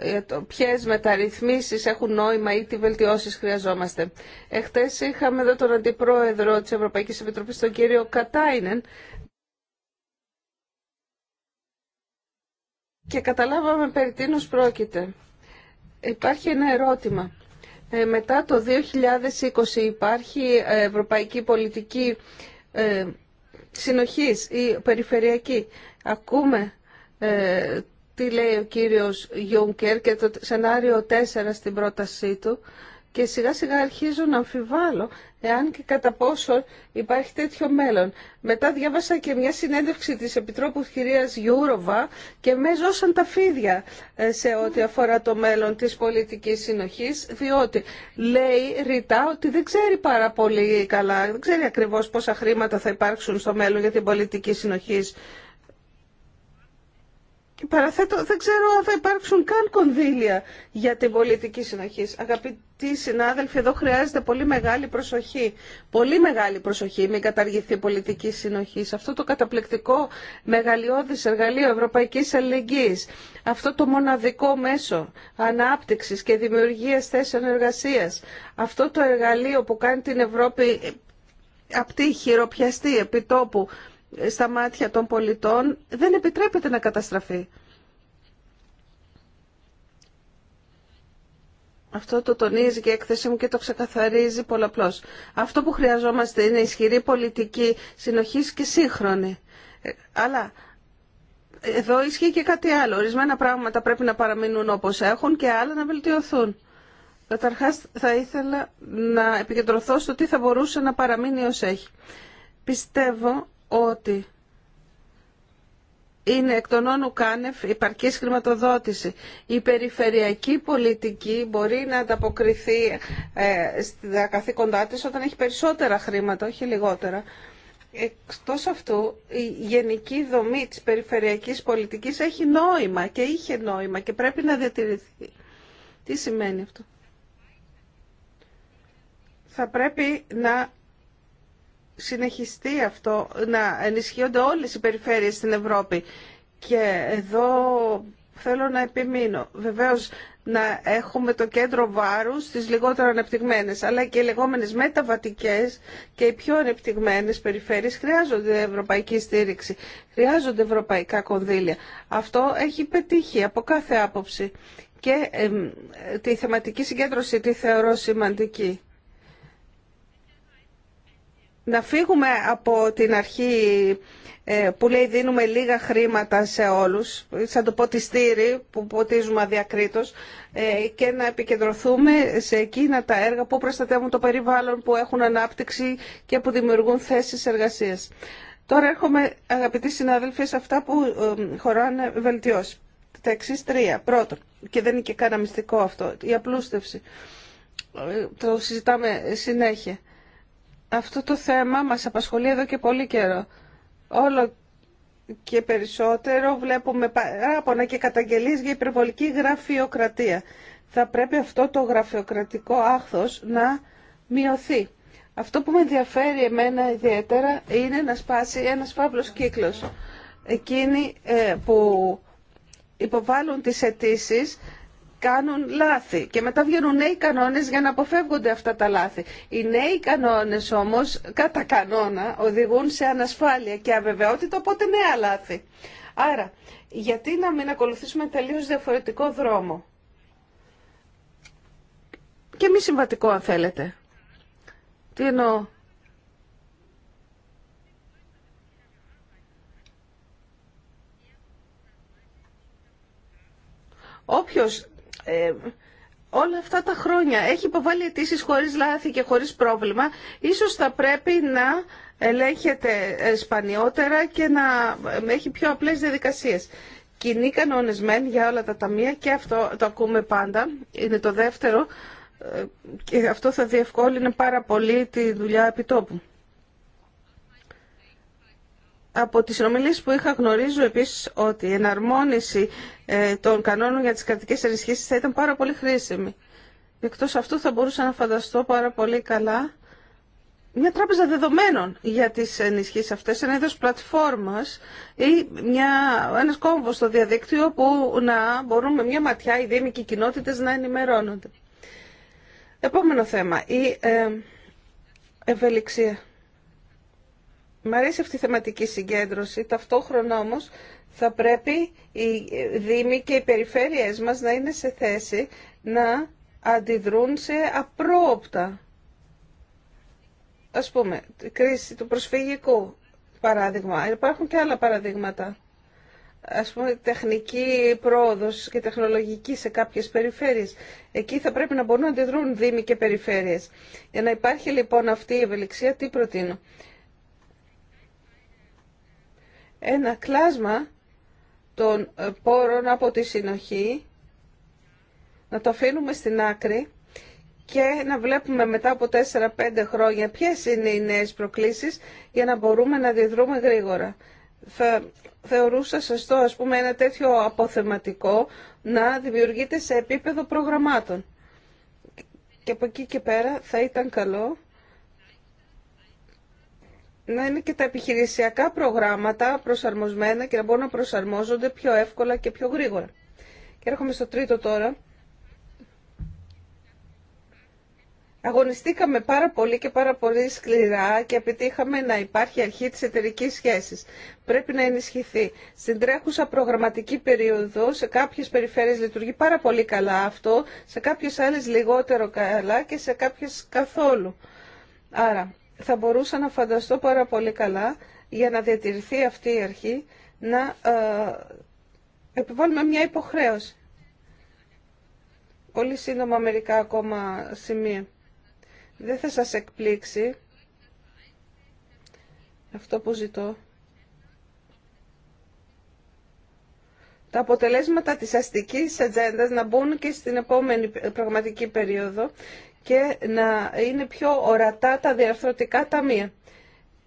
για το ποιες μεταρρυθμίσεις έχουν νόημα ή τι βελτιώσεις χρειαζόμαστε. Εχθές είχαμε εδώ τον Αντιπρόεδρο της Ευρωπαϊκής Επιτροπής, τον κύριο Κατάινεν, και καταλάβαμε περί τίνος πρόκειται. Υπάρχει ένα ερώτημα. Ε, μετά το 2020 υπάρχει ευρωπαϊκή πολιτική ε, συνοχής, η περιφερειακή. Ακούμε ε, τι λέει ο κύριος Γιούνκερ και το σενάριο 4 στην πρότασή του και σιγά σιγά αρχίζω να αμφιβάλλω εάν και κατά πόσο υπάρχει τέτοιο μέλλον. Μετά διάβασα και μια συνέντευξη της Επιτρόπου κυρίας Γιούροβα και με ζώσαν τα φίδια ε, σε ό,τι αφορά το μέλλον της πολιτικής συνοχής, διότι λέει ρητά ότι δεν ξέρει πάρα πολύ καλά, δεν ξέρει ακριβώς πόσα χρήματα θα υπάρξουν στο μέλλον για την πολιτική συνοχής και παραθέτω, δεν ξέρω αν θα υπάρξουν καν κονδύλια για την πολιτική συνοχή. Αγαπητοί συνάδελφοι, εδώ χρειάζεται πολύ μεγάλη προσοχή. Πολύ μεγάλη προσοχή μην καταργηθεί η πολιτική συνοχή. Αυτό το καταπληκτικό μεγαλειώδη εργαλείο ευρωπαϊκής Αλληλεγγύη, Αυτό το μοναδικό μέσο ανάπτυξη και δημιουργία θέσεων εργασία, Αυτό το εργαλείο που κάνει την Ευρώπη απτή, χειροπιαστή, επιτόπου στα μάτια των πολιτών δεν επιτρέπεται να καταστραφεί. Αυτό το τονίζει και η έκθεσή μου και το ξεκαθαρίζει πολλαπλώς. Αυτό που χρειαζόμαστε είναι ισχυρή πολιτική συνοχής και σύγχρονη. Ε, αλλά εδώ ισχύει και κάτι άλλο. Ορισμένα πράγματα πρέπει να παραμείνουν όπως έχουν και άλλα να βελτιωθούν. Καταρχά θα ήθελα να επικεντρωθώ στο τι θα μπορούσε να παραμείνει ως έχει. Πιστεύω ότι είναι εκ των όνου κάνευ υπαρκής χρηματοδότηση. Η περιφερειακή πολιτική μπορεί να ανταποκριθεί ε, στα καθήκοντά της όταν έχει περισσότερα χρήματα, όχι λιγότερα. Εκτός αυτού, η γενική δομή της περιφερειακής πολιτικής έχει νόημα και είχε νόημα και πρέπει να διατηρηθεί. Τι σημαίνει αυτό. Θα πρέπει να συνεχιστεί αυτό, να ενισχύονται όλες οι περιφέρειες στην Ευρώπη. Και εδώ θέλω να επιμείνω. Βεβαίως να έχουμε το κέντρο βάρους στις λιγότερο ανεπτυγμένες, αλλά και οι λεγόμενες μεταβατικές και οι πιο ανεπτυγμένες περιφέρειες χρειάζονται ευρωπαϊκή στήριξη, χρειάζονται ευρωπαϊκά κονδύλια. Αυτό έχει πετύχει από κάθε άποψη. Και τη θεματική συγκέντρωση τη θεωρώ σημαντική να φύγουμε από την αρχή ε, που λέει δίνουμε λίγα χρήματα σε όλους, σαν το ποτιστήρι που ποτίζουμε αδιακρίτως, ε, και να επικεντρωθούμε σε εκείνα τα έργα που προστατεύουν το περιβάλλον, που έχουν ανάπτυξη και που δημιουργούν θέσεις εργασίας. Τώρα έρχομαι, αγαπητοί συνάδελφοι, σε αυτά που ε, χωράνε βελτιώσει. Τα εξή τρία. Πρώτον, και δεν είναι και κανένα μυστικό αυτό, η απλούστευση. Το συζητάμε συνέχεια. Αυτό το θέμα μας απασχολεί εδώ και πολύ καιρό. Όλο και περισσότερο βλέπουμε παράπονα και καταγγελίες για υπερβολική γραφειοκρατία. Θα πρέπει αυτό το γραφειοκρατικό άχθος να μειωθεί. Αυτό που με ενδιαφέρει εμένα ιδιαίτερα είναι να σπάσει ένας φαύλος κύκλος. Εκείνοι ε, που υποβάλλουν τις αιτήσει κάνουν λάθη και μετά βγαίνουν νέοι κανόνες για να αποφεύγονται αυτά τα λάθη. Οι νέοι κανόνες όμως κατά κανόνα οδηγούν σε ανασφάλεια και αβεβαιότητα οπότε νέα λάθη. Άρα γιατί να μην ακολουθήσουμε τελείως διαφορετικό δρόμο και μη συμβατικό αν θέλετε. Τι εννοώ. Όποιος ε, όλα αυτά τα χρόνια έχει υποβάλει αιτήσει χωρίς λάθη και χωρίς πρόβλημα. Ίσως θα πρέπει να ελέγχεται σπανιότερα και να έχει πιο απλές διαδικασίες. Κοινή κανονισμένη για όλα τα ταμεία και αυτό το ακούμε πάντα. Είναι το δεύτερο ε, και αυτό θα διευκόλυνε πάρα πολύ τη δουλειά επιτόπου. Από τις συνομιλίες που είχα γνωρίζω επίσης ότι η εναρμόνιση ε, των κανόνων για τις κρατικές ενισχύσεις θα ήταν πάρα πολύ χρήσιμη. Εκτός αυτού θα μπορούσα να φανταστώ πάρα πολύ καλά μια τράπεζα δεδομένων για τις ενισχύσεις αυτές, ένα είδος πλατφόρμας ή μια, ένας κόμβος στο διαδίκτυο που να μπορούν με μια ματιά οι δήμοι και οι κοινότητες να ενημερώνονται. Επόμενο θέμα, η ε, ευελιξία. Μ' αρέσει αυτή η θεματική συγκέντρωση. Ταυτόχρονα όμω, θα πρέπει οι Δήμοι και οι περιφέρειές μας να είναι σε θέση να αντιδρούν σε απρόοπτα. Ας πούμε, κρίση του προσφυγικού παράδειγμα. Υπάρχουν και άλλα παραδείγματα. Ας πούμε, τεχνική πρόοδος και τεχνολογική σε κάποιες περιφέρειες. Εκεί θα πρέπει να μπορούν να αντιδρούν Δήμοι και περιφέρειες. Για να υπάρχει λοιπόν αυτή η ευελιξία, τι προτείνω ένα κλάσμα των ε, πόρων από τη συνοχή, να το αφήνουμε στην άκρη και να βλέπουμε μετά από 4-5 χρόνια ποιες είναι οι νέες προκλήσεις για να μπορούμε να διδρούμε γρήγορα. Θα θεωρούσα σωστό ας πούμε ένα τέτοιο αποθεματικό να δημιουργείται σε επίπεδο προγραμμάτων. Και από εκεί και πέρα θα ήταν καλό να είναι και τα επιχειρησιακά προγράμματα προσαρμοσμένα και να μπορούν να προσαρμόζονται πιο εύκολα και πιο γρήγορα. Και έρχομαι στο τρίτο τώρα. Αγωνιστήκαμε πάρα πολύ και πάρα πολύ σκληρά και επιτύχαμε να υπάρχει αρχή της εταιρικής σχέσης. Πρέπει να ενισχυθεί. Στην τρέχουσα προγραμματική περίοδο σε κάποιες περιφέρειες λειτουργεί πάρα πολύ καλά αυτό, σε κάποιες άλλες λιγότερο καλά και σε κάποιες καθόλου. Άρα θα μπορούσα να φανταστώ πάρα πολύ καλά για να διατηρηθεί αυτή η αρχή να ε, επιβάλλουμε μια υποχρέωση. Πολύ σύντομα μερικά ακόμα σημεία. Δεν θα σας εκπλήξει αυτό που ζητώ. τα αποτελέσματα της αστικής ατζέντα να μπουν και στην επόμενη ε, πραγματική περίοδο και να είναι πιο ορατά τα διαρθρωτικά ταμεία.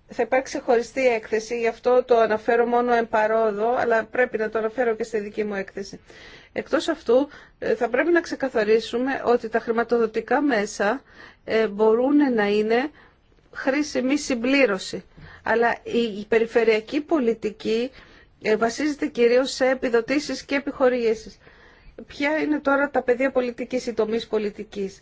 Θα υπάρξει χωριστή έκθεση, γι' αυτό το αναφέρω μόνο εμπαρόδο, αλλά πρέπει να το αναφέρω και στη δική μου έκθεση. Εκτός αυτού, ε, θα πρέπει να ξεκαθαρίσουμε ότι τα χρηματοδοτικά μέσα ε, μπορούν να είναι χρήσιμη συμπλήρωση. Αλλά η περιφερειακή πολιτική ε, βασίζεται κυρίως σε επιδοτήσεις και επιχορηγήσεις. Ποια είναι τώρα τα πεδία πολιτικής ή τομής πολιτικής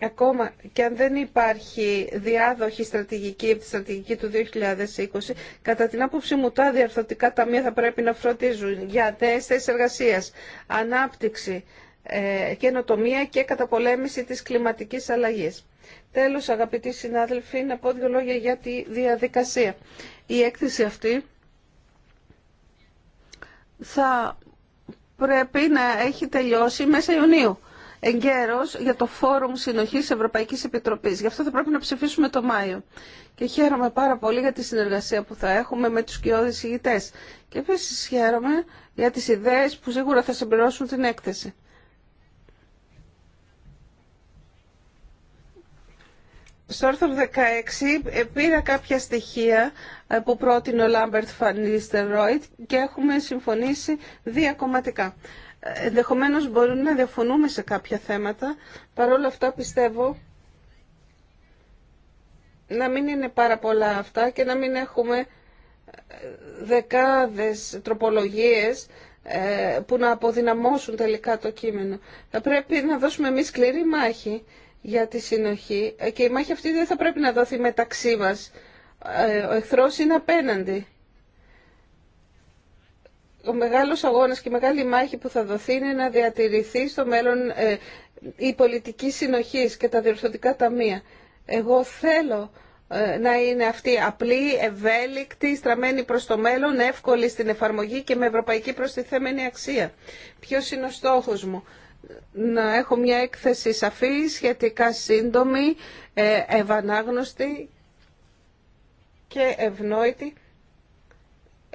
ακόμα και αν δεν υπάρχει διάδοχη στρατηγική από τη στρατηγική του 2020, κατά την άποψή μου τα διαρθωτικά ταμεία θα πρέπει να φροντίζουν για νέες θέσεις εργασίας, ανάπτυξη, ε, καινοτομία και καταπολέμηση της κλιματικής αλλαγής. Τέλος, αγαπητοί συνάδελφοι, να πω δύο λόγια για τη διαδικασία. Η έκθεση αυτή θα πρέπει να έχει τελειώσει μέσα Ιουνίου εγκαίρω για το Φόρουμ Συνοχής Ευρωπαϊκής Επιτροπής. Γι' αυτό θα πρέπει να ψηφίσουμε το Μάιο. Και χαίρομαι πάρα πολύ για τη συνεργασία που θα έχουμε με τους κοιόδης ηγητέ. Και επίση χαίρομαι για τις ιδέες που σίγουρα θα συμπληρώσουν την έκθεση. Στο άρθρο 16 ε, πήρα κάποια στοιχεία ε, που πρότεινε ο Λάμπερτ Φανίστερ Ρόιτ και έχουμε συμφωνήσει διακομματικά. Ενδεχομένως μπορούμε να διαφωνούμε σε κάποια θέματα, όλα αυτά πιστεύω να μην είναι πάρα πολλά αυτά και να μην έχουμε ε, δεκάδες τροπολογίες ε, που να αποδυναμώσουν τελικά το κείμενο. Θα πρέπει να δώσουμε εμεί σκληρή μάχη για τη συνοχή ε, και η μάχη αυτή δεν θα πρέπει να δοθεί μεταξύ μας. Ο εχθρός είναι απέναντι ο μεγάλος αγώνας και η μεγάλη μάχη που θα δοθεί είναι να διατηρηθεί στο μέλλον ε, η πολιτική συνοχής και τα διορθωτικά ταμεία. Εγώ θέλω ε, να είναι αυτή απλή, ευέλικτη, στραμμένη προς το μέλλον, εύκολη στην εφαρμογή και με ευρωπαϊκή προστιθέμενη αξία. Ποιο είναι ο στόχος μου. Να έχω μια έκθεση σαφή, σχετικά σύντομη, ε, ευανάγνωστη και ευνόητη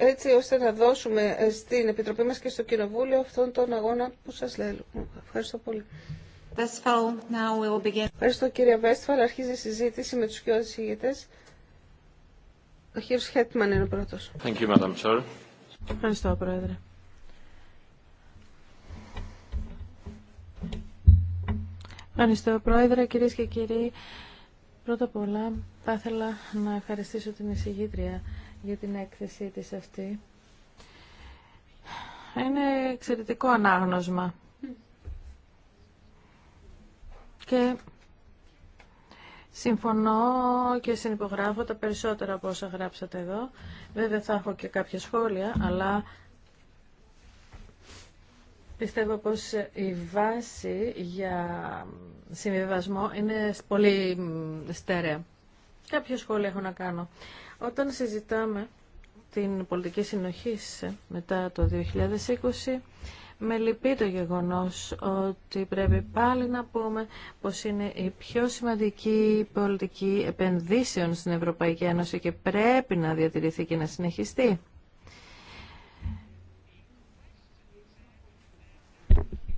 έτσι ώστε να δώσουμε ε, στην Επιτροπή μας και στο Κοινοβούλιο αυτόν τον αγώνα που σας λέω. Ευχαριστώ πολύ. now we will begin. Ευχαριστώ κύριε Βέσφαλ. Αρχίζει η συζήτηση με τους πιο συγγητές. Ο κύριος Χέτμαν είναι ο πρώτος. Thank you, Madam Ευχαριστώ, Πρόεδρε. Ευχαριστώ, Πρόεδρε, κυρίες και κύριοι. Πρώτα απ' όλα θα ήθελα να ευχαριστήσω την εισηγήτρια για την έκθεσή της αυτή. Είναι εξαιρετικό ανάγνωσμα. Και συμφωνώ και συνυπογράφω τα περισσότερα από όσα γράψατε εδώ. Βέβαια θα έχω και κάποια σχόλια, αλλά Πιστεύω πως η βάση για συμβιβασμό είναι πολύ στερεά κάποιο σχόλιο έχω να κάνω. Όταν συζητάμε την πολιτική συνοχή μετά το 2020, με λυπεί το γεγονός ότι πρέπει πάλι να πούμε πως είναι η πιο σημαντική πολιτική επενδύσεων στην Ευρωπαϊκή Ένωση και πρέπει να διατηρηθεί και να συνεχιστεί.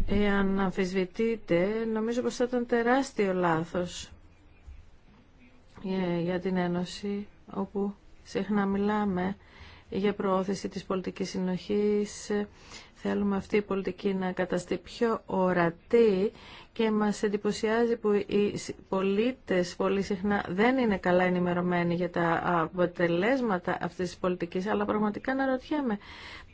Εάν αμφισβητείτε, νομίζω πως θα ήταν τεράστιο λάθος ε, για την Ένωση, όπου συχνά μιλάμε για προώθηση της πολιτικής συνοχής. Θέλουμε αυτή η πολιτική να καταστεί πιο ορατή και μας εντυπωσιάζει που οι πολίτες πολύ συχνά δεν είναι καλά ενημερωμένοι για τα αποτελέσματα αυτής της πολιτικής, αλλά πραγματικά να ρωτιέμαι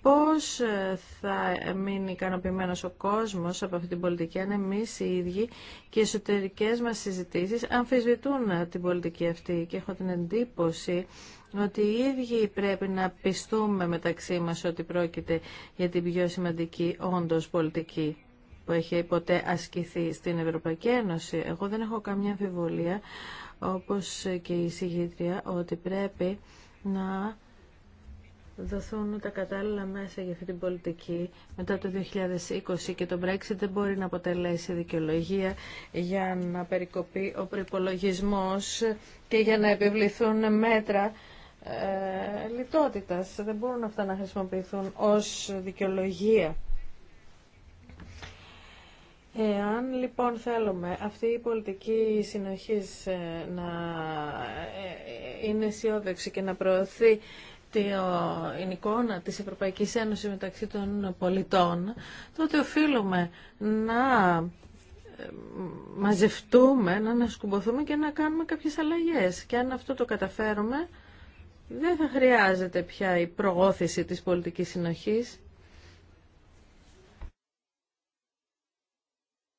πώς ε, θα μείνει ικανοποιημένο ο κόσμος από αυτή την πολιτική αν εμείς οι ίδιοι και οι εσωτερικές μας συζητήσεις αμφισβητούν ε, την πολιτική αυτή και έχω την εντύπωση ότι οι ίδιοι πρέπει να πιστούμε μεταξύ μας ότι πρόκειται για την πιο σημαντική όντως πολιτική που έχει ποτέ ασκηθεί στην Ευρωπαϊκή Ένωση. Εγώ δεν έχω καμιά αμφιβολία όπως και η συγγήτρια ότι πρέπει να δοθούν τα κατάλληλα μέσα για αυτή την πολιτική μετά το 2020 και το Brexit δεν μπορεί να αποτελέσει δικαιολογία για να περικοπεί ο προπολογισμό και για να επιβληθούν μέτρα ε, λιτότητας. Δεν μπορούν αυτά να χρησιμοποιηθούν ως δικαιολογία. Εάν λοιπόν θέλουμε αυτή η πολιτική συνοχής ε, να ε, ε, είναι αισιόδοξη και να προωθεί την εικόνα της Ευρωπαϊκής Ένωσης μεταξύ των πολιτών, τότε οφείλουμε να ε, μαζευτούμε, να ανασκουμποθούμε και να κάνουμε κάποιες αλλαγές. Και αν αυτό το καταφέρουμε, δεν θα χρειάζεται πια η προώθηση της πολιτικής συνοχής.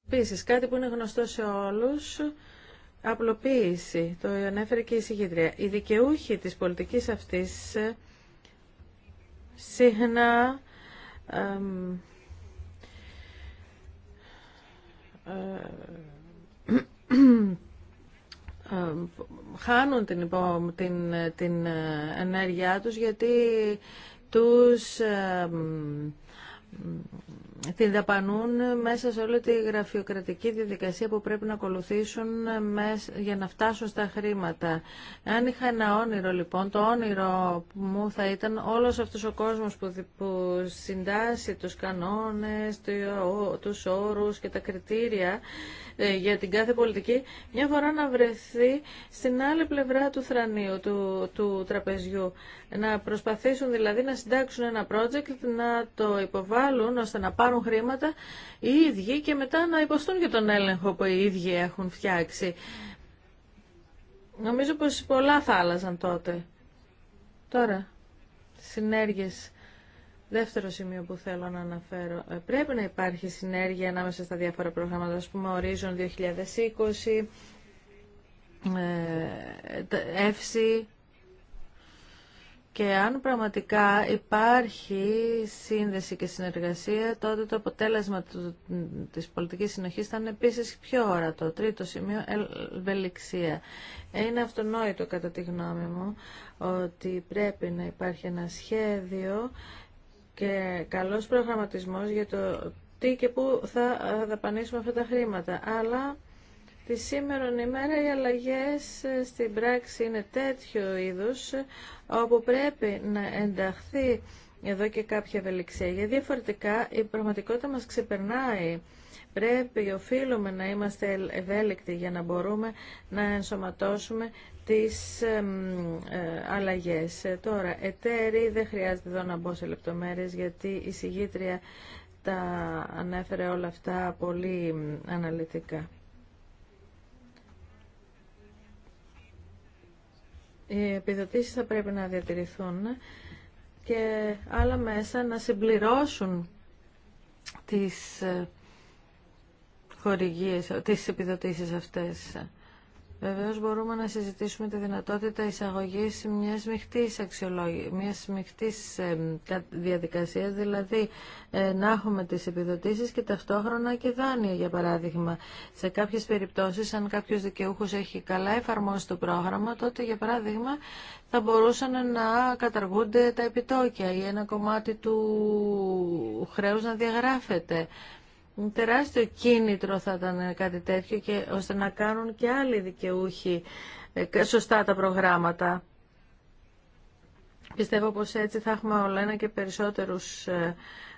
Επίσης, κάτι που είναι γνωστό σε όλους, απλοποίηση, το ανέφερε και η συγκεντρία. Οι δικαιούχοι της πολιτικής αυτής ε, συχνά ε, χάνουν την, την, την ε, ενέργειά τους γιατί τους την δαπανούν μέσα σε όλη τη γραφειοκρατική διαδικασία που πρέπει να ακολουθήσουν για να φτάσουν στα χρήματα. Αν είχα ένα όνειρο λοιπόν, το όνειρο μου θα ήταν όλος αυτός ο κόσμος που, που συντάσσει τους κανόνες, τους όρους και τα κριτήρια ε, για την κάθε πολιτική, μια φορά να βρεθεί στην άλλη πλευρά του θρανίου, του, του τραπεζιού. Να προσπαθήσουν δηλαδή να συντάξουν ένα project, να το υποβάλουν ώστε να πάρουν χρήματα οι ίδιοι και μετά να υποστούν και τον έλεγχο που οι ίδιοι έχουν φτιάξει. Νομίζω πως πολλά θα άλλαζαν τότε. Τώρα, συνέργειες Δεύτερο σημείο που θέλω να αναφέρω. Ε, πρέπει να υπάρχει συνέργεια ανάμεσα στα διάφορα προγράμματα, ας πούμε, Horizon 2020, εύση ε, και αν πραγματικά υπάρχει σύνδεση και συνεργασία, τότε το αποτέλεσμα της πολιτικής συνοχής θα είναι επίσης πιο ορατό. Τρίτο σημείο, ευελιξία. Είναι αυτονόητο κατά τη γνώμη μου ότι πρέπει να υπάρχει ένα σχέδιο και καλός προγραμματισμός για το τι και πού θα ε, δαπανίσουμε αυτά τα χρήματα. Αλλά τη σήμερα ημέρα οι αλλαγές ε, στην πράξη είναι τέτοιο είδους ε, όπου πρέπει να ενταχθεί εδώ και κάποια ευελιξία. Γιατί διαφορετικά η πραγματικότητα μας ξεπερνάει. Πρέπει, οφείλουμε να είμαστε ευέλικτοι για να μπορούμε να ενσωματώσουμε τις ε, αλλαγές. Ε, τώρα, εταίροι, δεν χρειάζεται εδώ να μπω σε λεπτομέρειες γιατί η συγγήτρια τα ανέφερε όλα αυτά πολύ αναλυτικά. Οι επιδοτήσεις θα πρέπει να διατηρηθούν και άλλα μέσα να συμπληρώσουν τις ε, χορηγίες, τις επιδοτήσεις αυτές. Βεβαίως μπορούμε να συζητήσουμε τη δυνατότητα εισαγωγής μιας μειχτής, αξιολόγη, μιας μειχτής διαδικασίας, δηλαδή ε, να έχουμε τις επιδοτήσεις και ταυτόχρονα και δάνεια, για παράδειγμα. Σε κάποιες περιπτώσεις, αν κάποιος δικαιούχος έχει καλά εφαρμόσει το πρόγραμμα, τότε, για παράδειγμα, θα μπορούσαν να καταργούνται τα επιτόκια ή ένα κομμάτι του χρέους να διαγράφεται τεράστιο κίνητρο θα ήταν κάτι τέτοιο και ώστε να κάνουν και άλλοι δικαιούχοι ε, σωστά τα προγράμματα. Πιστεύω πως έτσι θα έχουμε όλα ένα και περισσότερους ε,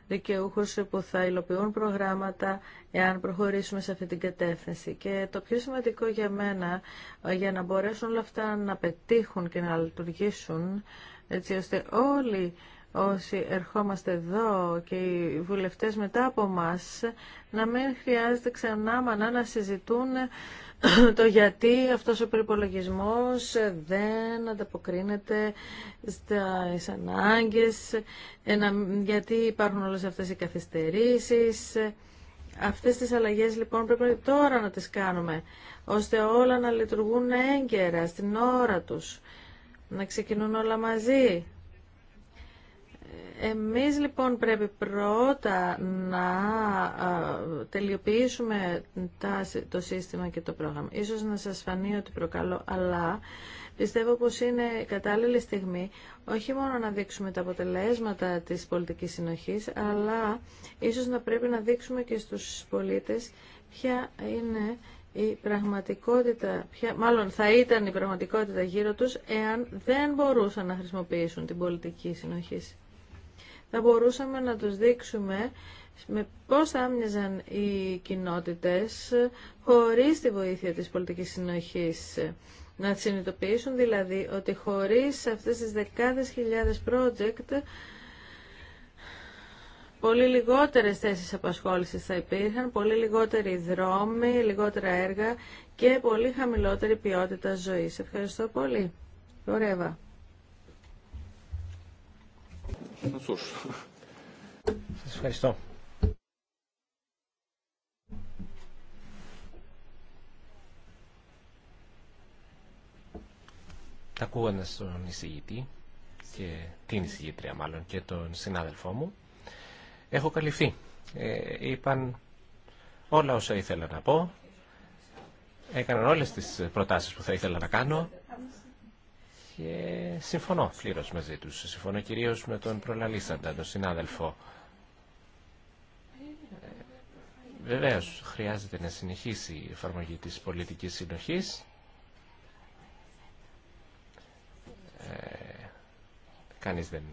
δικαιούχους που θα υλοποιούν προγράμματα εάν προχωρήσουμε σε αυτή την κατεύθυνση. Και το πιο σημαντικό για μένα, ε, για να μπορέσουν όλα αυτά να πετύχουν και να λειτουργήσουν, έτσι ώστε όλοι όσοι ερχόμαστε εδώ και οι βουλευτές μετά από μας να μην χρειάζεται ξανά μανά να συζητούν το γιατί αυτός ο προϋπολογισμός δεν ανταποκρίνεται στις ανάγκες, γιατί υπάρχουν όλες αυτές οι καθυστερήσεις. Αυτές τις αλλαγές λοιπόν πρέπει τώρα να τις κάνουμε, ώστε όλα να λειτουργούν έγκαιρα, στην ώρα τους, να ξεκινούν όλα μαζί, εμείς λοιπόν πρέπει πρώτα να τελειοποιήσουμε το σύστημα και το πρόγραμμα. Ίσως να σας φανεί ότι προκαλώ, αλλά πιστεύω πως είναι κατάλληλη στιγμή όχι μόνο να δείξουμε τα αποτελέσματα της πολιτικής συνοχής, αλλά ίσως να πρέπει να δείξουμε και στους πολίτες ποια είναι η πραγματικότητα, ποια, μάλλον θα ήταν η πραγματικότητα γύρω τους εάν δεν μπορούσαν να χρησιμοποιήσουν την πολιτική συνοχή θα μπορούσαμε να τους δείξουμε με πώς θα οι κοινότητες χωρίς τη βοήθεια της πολιτικής συνοχής. Να συνειδητοποιήσουν δηλαδή ότι χωρίς αυτές τις δεκάδες χιλιάδες project πολύ λιγότερες θέσεις απασχόλησης θα υπήρχαν, πολύ λιγότεροι δρόμοι, λιγότερα έργα και πολύ χαμηλότερη ποιότητα ζωής. Ευχαριστώ πολύ. Ωραία. Σα ευχαριστώ. ακούγοντα τον εισηγητή και την εισηγήτρια μάλλον και τον συνάδελφό μου έχω καλυφθεί ε, είπαν όλα όσα ήθελα να πω έκαναν όλες τις προτάσεις που θα ήθελα να κάνω και συμφωνώ πλήρως μαζί τους. Συμφωνώ κυρίως με τον προλαλήσαντα, τον συνάδελφο. Ε, βεβαίως, χρειάζεται να συνεχίσει η εφαρμογή της πολιτικής συνοχής. Ε, κανείς δεν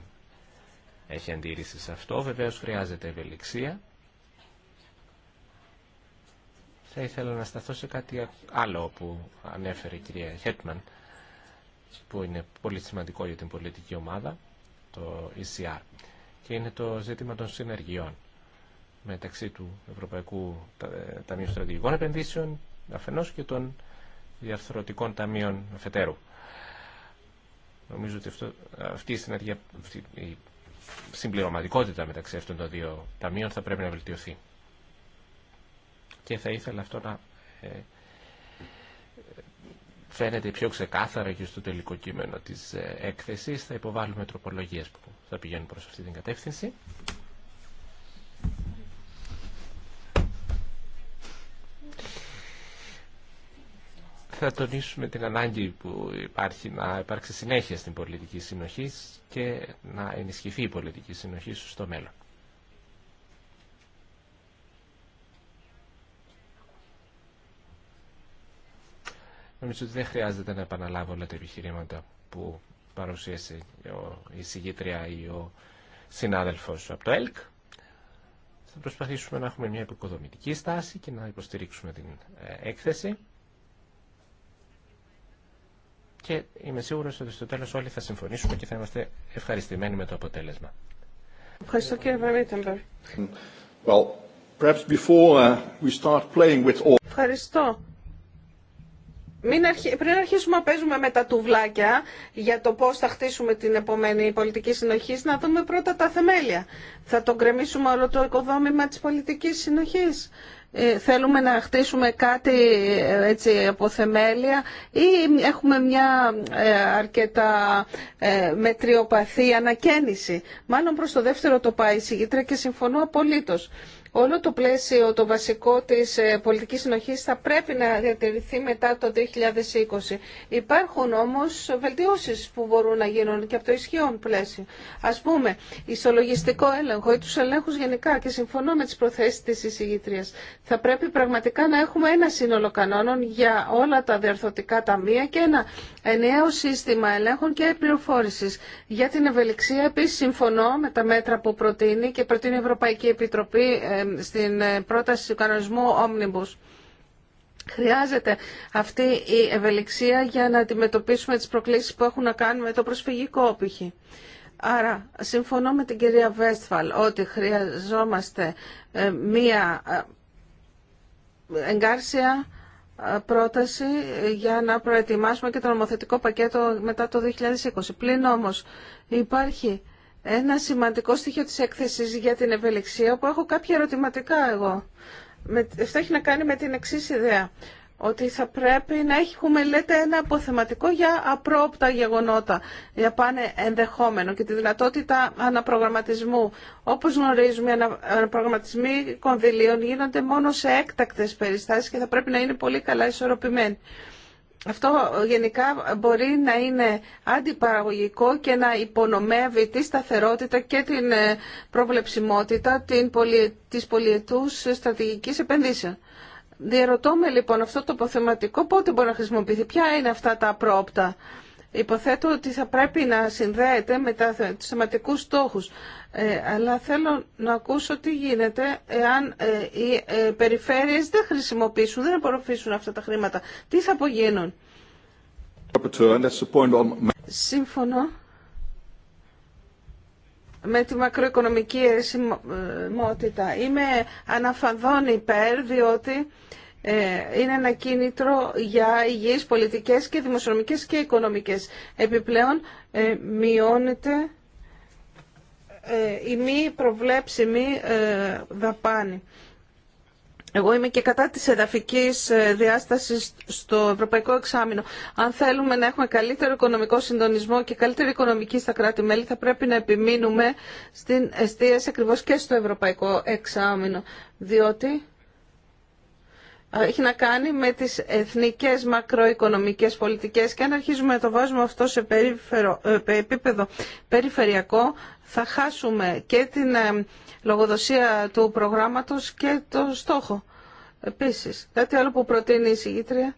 έχει αντίρρηση σε αυτό. Βεβαίως, χρειάζεται ευελιξία. Θα ήθελα να σταθώ σε κάτι άλλο που ανέφερε η κυρία Χέτμαν που είναι πολύ σημαντικό για την πολιτική ομάδα, το ECR, και είναι το ζήτημα των συνεργειών μεταξύ του Ευρωπαϊκού Ταμείου Στρατηγικών Επενδύσεων αφενός και των διαρθρωτικών ταμείων αφετέρου. Νομίζω ότι αυτό, αυτή η συνεργεία, αυτή η συμπληρωματικότητα μεταξύ αυτών των δύο ταμείων θα πρέπει να βελτιωθεί. Και θα ήθελα αυτό να ε, φαίνεται πιο ξεκάθαρα και στο τελικό κείμενο της ε, έκθεσης. Θα υποβάλουμε τροπολογίες που θα πηγαίνουν προς αυτή την κατεύθυνση. θα τονίσουμε την ανάγκη που υπάρχει να υπάρξει συνέχεια στην πολιτική συνοχή και να ενισχυθεί η πολιτική συνοχή στο μέλλον. Νομίζω ότι δεν χρειάζεται να επαναλάβω όλα τα επιχειρήματα που παρουσίασε η συγγήτρια ή ο συνάδελφος από το ΕΛΚ. Θα προσπαθήσουμε να έχουμε μια επικοδομητική στάση και να υποστηρίξουμε την ε, έκθεση. Και είμαι σίγουρος ότι στο τέλος όλοι θα συμφωνήσουμε και θα είμαστε ευχαριστημένοι με το αποτέλεσμα. Ευχαριστώ κύριε uh, Ευχαριστώ. Μην Πριν αρχίσουμε να παίζουμε με τα τουβλάκια για το πώς θα χτίσουμε την επομένη πολιτική συνοχή, να δούμε πρώτα τα θεμέλια. Θα το κρεμίσουμε όλο το οικοδόμημα της πολιτικής συνοχής. Ε, θέλουμε να χτίσουμε κάτι ε, έτσι από θεμέλια ή έχουμε μια ε, αρκετά ε, μετριοπαθή ανακαίνιση. Μάλλον προς το δεύτερο το πάει η και συμφωνώ απολύτως. Όλο το πλαίσιο, το βασικό της ε, πολιτικής συνοχής θα πρέπει να διατηρηθεί μετά το 2020. Υπάρχουν όμως βελτιώσεις που μπορούν να γίνουν και από το ισχύον πλαίσιο. Ας πούμε, ισολογιστικό έλεγχο ή τους ελέγχους γενικά και συμφωνώ με τις προθέσεις της εισηγήτριας. Θα πρέπει πραγματικά να έχουμε ένα σύνολο κανόνων για όλα τα διαρθωτικά ταμεία και ένα ενιαίο σύστημα ελέγχων και πληροφόρηση. Για την ευελιξία επίσης συμφωνώ με τα μέτρα που προτείνει και προτείνει η Ευρωπαϊκή Επιτροπή ε, στην πρόταση του κανονισμού Omnibus. Χρειάζεται αυτή η ευελιξία για να αντιμετωπίσουμε τις προκλήσεις που έχουν να κάνουν με το προσφυγικό π.χ. Άρα, συμφωνώ με την κυρία Βέστφαλ ότι χρειαζόμαστε ε, μία ε, εγκάρσια ε, πρόταση για να προετοιμάσουμε και το νομοθετικό πακέτο μετά το 2020. Πλην όμως υπάρχει ένα σημαντικό στοιχείο της έκθεσης για την ευελιξία που έχω κάποια ερωτηματικά εγώ. Με, αυτό έχει να κάνει με την εξή ιδέα. Ότι θα πρέπει να έχουμε, λέτε, ένα αποθεματικό για απρόπτα γεγονότα, για πάνε ενδεχόμενο και τη δυνατότητα αναπρογραμματισμού. Όπως γνωρίζουμε, οι αναπρογραμματισμοί κονδυλίων γίνονται μόνο σε έκτακτες περιστάσεις και θα πρέπει να είναι πολύ καλά ισορροπημένοι. Αυτό γενικά μπορεί να είναι αντιπαραγωγικό και να υπονομεύει τη σταθερότητα και την ε, προβλεψιμότητα της πολιετούς στρατηγικής επενδύσεων. Διερωτώ λοιπόν αυτό το αποθεματικό πότε μπορεί να χρησιμοποιηθεί, ποια είναι αυτά τα πρόοπτα. Υποθέτω ότι θα πρέπει να συνδέεται με τους θεματικούς στόχους. Ε, αλλά θέλω να ακούσω τι γίνεται εάν ε, οι ε, περιφέρειες δεν χρησιμοποιήσουν, δεν απορροφήσουν αυτά τα χρήματα. Τι θα απογίνουν. Σύμφωνο με τη μακροοικονομική αιρεσιμότητα. Είμαι αναφανδόν υπέρ διότι ε, είναι ένα κίνητρο για υγιείς πολιτικές και δημοσιονομικές και οικονομικές. Επιπλέον ε, μειώνεται ε, η μη προβλέψιμη ε, δαπάνη. Εγώ είμαι και κατά της εδαφικής ε, διάστασης στο Ευρωπαϊκό Εξάμεινο. Αν θέλουμε να έχουμε καλύτερο οικονομικό συντονισμό και καλύτερη οικονομική στα κράτη-μέλη, θα πρέπει να επιμείνουμε στην εστίαση ακριβώς και στο Ευρωπαϊκό Εξάμεινο, διότι έχει να κάνει με τις εθνικές μακροοικονομικές πολιτικές και αν αρχίζουμε να το βάζουμε αυτό σε ε, επίπεδο περιφερειακό θα χάσουμε και την ε, λογοδοσία του προγράμματος και το στόχο. Επίσης, κάτι άλλο που προτείνει η συγγήτρια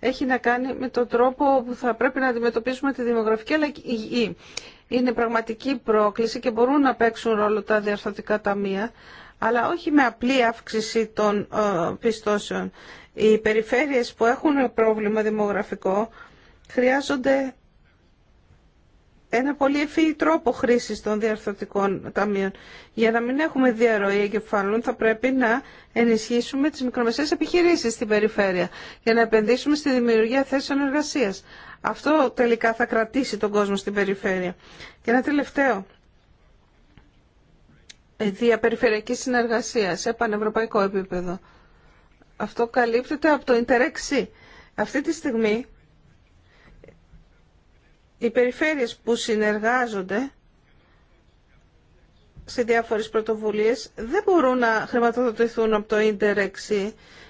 έχει να κάνει με τον τρόπο που θα πρέπει να αντιμετωπίσουμε τη δημογραφική αλλαγή. Είναι πραγματική πρόκληση και μπορούν να παίξουν ρόλο τα διαρθρωτικά ταμεία, αλλά όχι με απλή αύξηση των ε, πιστώσεων. Οι περιφέρειες που έχουν πρόβλημα δημογραφικό χρειάζονται ένα πολύ ευφύη τρόπο χρήσης των διαρθρωτικών ταμείων. Για να μην έχουμε διαρροή εγκεφάλων θα πρέπει να ενισχύσουμε τις μικρομεσαίες επιχειρήσεις στην περιφέρεια για να επενδύσουμε στη δημιουργία θέσεων εργασίας. Αυτό τελικά θα κρατήσει τον κόσμο στην περιφέρεια. Και ένα τελευταίο διαπεριφερειακή συνεργασία σε πανευρωπαϊκό επίπεδο. Αυτό καλύπτεται από το Interreg Αυτή τη στιγμή οι περιφέρειες που συνεργάζονται σε διάφορες πρωτοβουλίες δεν μπορούν να χρηματοδοτηθούν από το Interreg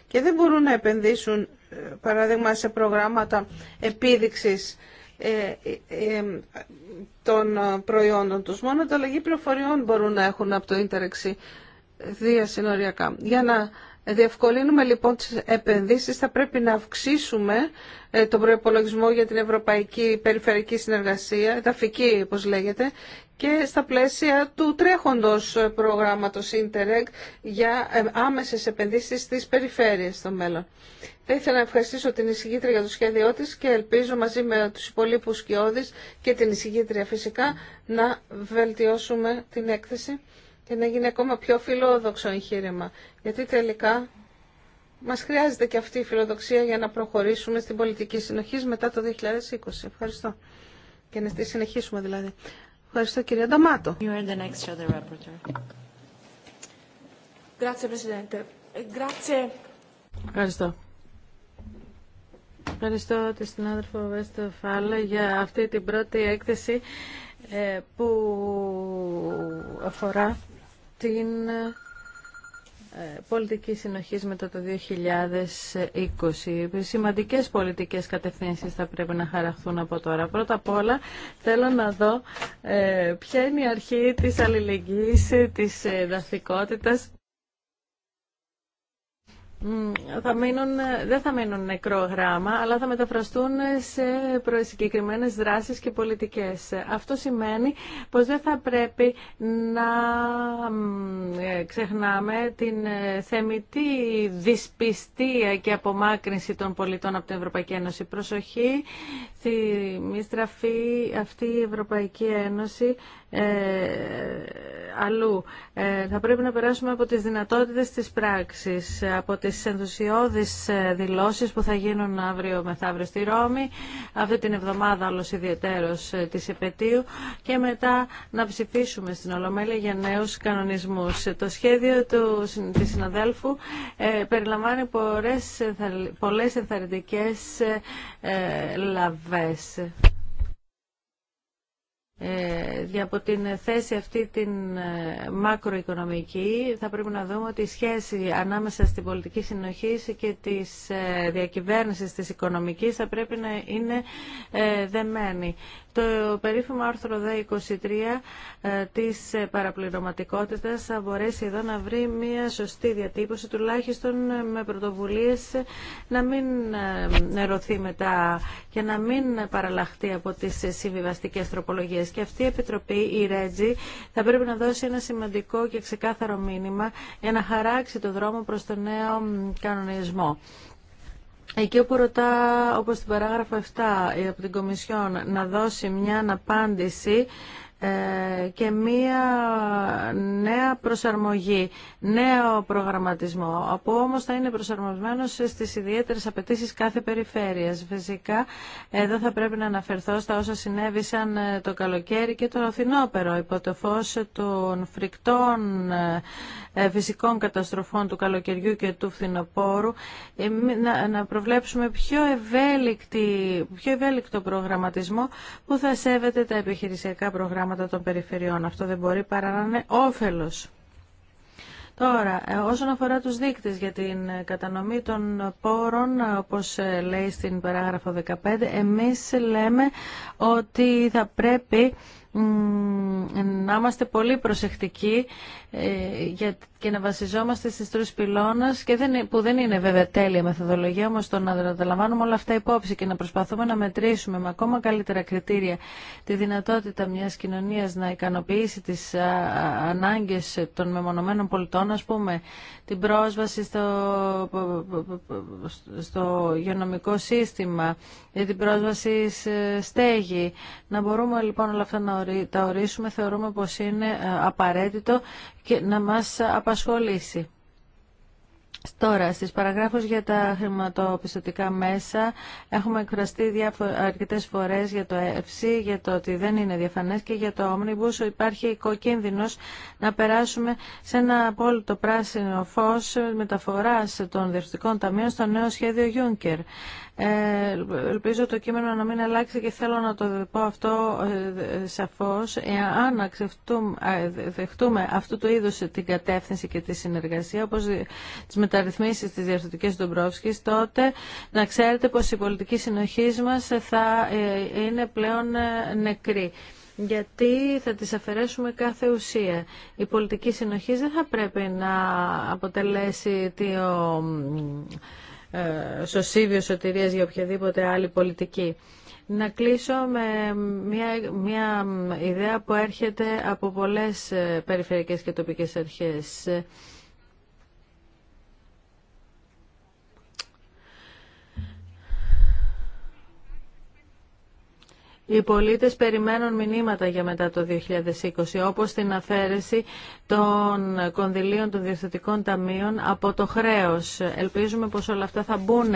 και δεν μπορούν να επενδύσουν ε, παράδειγμα σε προγράμματα επίδειξης ε, ε, ε, των προϊόντων τους. Μόνο τα αλλαγή πληροφοριών μπορούν να έχουν από το ίντερεξι διασυνοριακά. Για να διευκολύνουμε λοιπόν τις επενδύσεις, θα πρέπει να αυξήσουμε ε, τον προϋπολογισμό για την Ευρωπαϊκή Περιφερειακή Συνεργασία, ταφική όπως λέγεται, και στα πλαίσια του τρέχοντος ε, προγράμματος Interreg για ε, άμεσες επενδύσεις στις περιφέρειες στο μέλλον. Θα ήθελα να ευχαριστήσω την εισηγήτρια για το σχέδιό της και ελπίζω μαζί με τους υπολείπους Κιώδης και την εισηγήτρια φυσικά να βελτιώσουμε την έκθεση και να γίνει ακόμα πιο φιλόδοξο εγχείρημα. Γιατί τελικά μας χρειάζεται και αυτή η φιλοδοξία για να προχωρήσουμε στην πολιτική συνοχή μετά το 2020. Ευχαριστώ. Και να τη συνεχίσουμε δηλαδή. Ευχαριστώ κυρία Νταμάτο. Ε, Ευχαριστώ. Ευχαριστώ τη συνάδελφο Βέστο για αυτή την πρώτη έκθεση ε, που αφορά την ε, πολιτική συνοχής μετά το 2020. Σημαντικές πολιτικές κατευθύνσεις θα πρέπει να χαραχθούν από τώρα. Πρώτα απ' όλα θέλω να δω ε, ποια είναι η αρχή της αλληλεγγύης, ε, της δαθικότητας θα μείνουν, δεν θα μείνουν νεκρό γράμμα, αλλά θα μεταφραστούν σε συγκεκριμένε δράσεις και πολιτικές. Αυτό σημαίνει πως δεν θα πρέπει να ε, ξεχνάμε την ε, θεμητή δυσπιστία και απομάκρυνση των πολιτών από την Ευρωπαϊκή Ένωση. Προσοχή, στη μη στραφή αυτή η Ευρωπαϊκή Ένωση ε, αλλού. θα πρέπει να περάσουμε από τις δυνατότητες της πράξης, από τις ενθουσιώδεις ε, δηλώσεις που θα γίνουν αύριο μεθαύριο στη Ρώμη, αυτή την εβδομάδα αλλος ιδιαιτέρως ε, της επαιτίου και μετά να ψηφίσουμε στην Ολομέλεια για νέους κανονισμούς. Ε, το σχέδιο του, της συναδέλφου περιλαμβάνει πολλές, πολλές ενθαρρυντικές λαβές. Ε, από την θέση αυτή την ε, μακροοικονομική θα πρέπει να δούμε ότι η σχέση ανάμεσα στην πολιτική συνοχή και της ε, διακυβέρνησης της οικονομικής θα πρέπει να είναι δεμένη. Το περίφημο άρθρο 23 ε, της ε, παραπληρωματικότητας θα μπορέσει εδώ να βρει μια σωστή διατύπωση, τουλάχιστον ε, με πρωτοβουλίες να μην νερωθεί μετά και να μην παραλλαχθεί από τις συμβιβαστικές τροπολογίες. Και αυτή η Επιτροπή, η ΡΕΤΖΙ, θα πρέπει να δώσει ένα σημαντικό και ξεκάθαρο μήνυμα για να χαράξει το δρόμο προς το νέο κανονισμό. Εκεί όπου ρωτά, όπως στην παράγραφο 7 από την Κομισιόν, να δώσει μια αναπάντηση ε, και μία νέα προσαρμογή, νέο προγραμματισμό, που όμως θα είναι προσαρμοσμένος στις ιδιαίτερες απαιτήσεις κάθε περιφέρειας. Φυσικά, εδώ θα πρέπει να αναφερθώ στα όσα συνέβησαν ε, το καλοκαίρι και το αθινόπερο υπό το φως των φρικτών ε, φυσικών καταστροφών του καλοκαιριού και του φθινοπόρου, να προβλέψουμε πιο, πιο ευέλικτο προγραμματισμό που θα σέβεται τα επιχειρησιακά προγράμματα θέματα των περιφερειών. Αυτό δεν μπορεί παρά να είναι όφελος. Τώρα, ε, όσον αφορά τους δείκτες για την κατανομή των πόρων, ε, όπως ε, λέει στην παράγραφο 15, εμείς λέμε ότι θα πρέπει να είμαστε πολύ προσεκτικοί ε, και να βασιζόμαστε στις τρεις πυλώνες και δεν, που δεν είναι βέβαια τέλεια μεθοδολογία όμως το να τα όλα αυτά υπόψη και να προσπαθούμε να μετρήσουμε με ακόμα καλύτερα κριτήρια τη δυνατότητα μιας κοινωνίας να ικανοποιήσει τις ανάγκες των μεμονωμένων πολιτών ας πούμε την πρόσβαση στο, στο υγειονομικό σύστημα την πρόσβαση σε στέγη να μπορούμε λοιπόν όλα αυτά να τα ορίσουμε θεωρούμε πως είναι ε, απαραίτητο και να μας απασχολήσει. Τώρα, στις παραγράφους για τα χρηματοπιστωτικά μέσα έχουμε εκφραστεί διάφο... αρκετές φορές για το ΕΦΣΥ, για το ότι δεν είναι διαφανές και για το Omnibus υπάρχει κοκκίνδυνος να περάσουμε σε ένα απόλυτο πράσινο φως μεταφοράς των διευθυντικών ταμείων στο νέο σχέδιο Juncker. Ε, ελπίζω το κείμενο να μην αλλάξει και θέλω να το πω αυτό ε, σαφώς. Εάν δεχτούμε αυτού του είδους την κατεύθυνση και τη συνεργασία, όπως τις μεταρρυθμίσεις της διαρθωτικής του τότε να ξέρετε πως η πολιτική συνοχή μας θα ε, είναι πλέον νεκρή γιατί θα τις αφαιρέσουμε κάθε ουσία. Η πολιτική συνοχή δεν θα πρέπει να αποτελέσει το ε, σωσίβιο σωτηρίας για οποιαδήποτε άλλη πολιτική. Να κλείσω με μια, μια ιδέα που έρχεται από πολλές ε, περιφερειακές και τοπικές αρχές. Οι πολίτες περιμένουν μηνύματα για μετά το 2020, όπως την αφαίρεση των κονδυλίων των διευθυντικών ταμείων από το χρέος. Ελπίζουμε πως όλα αυτά θα μπουν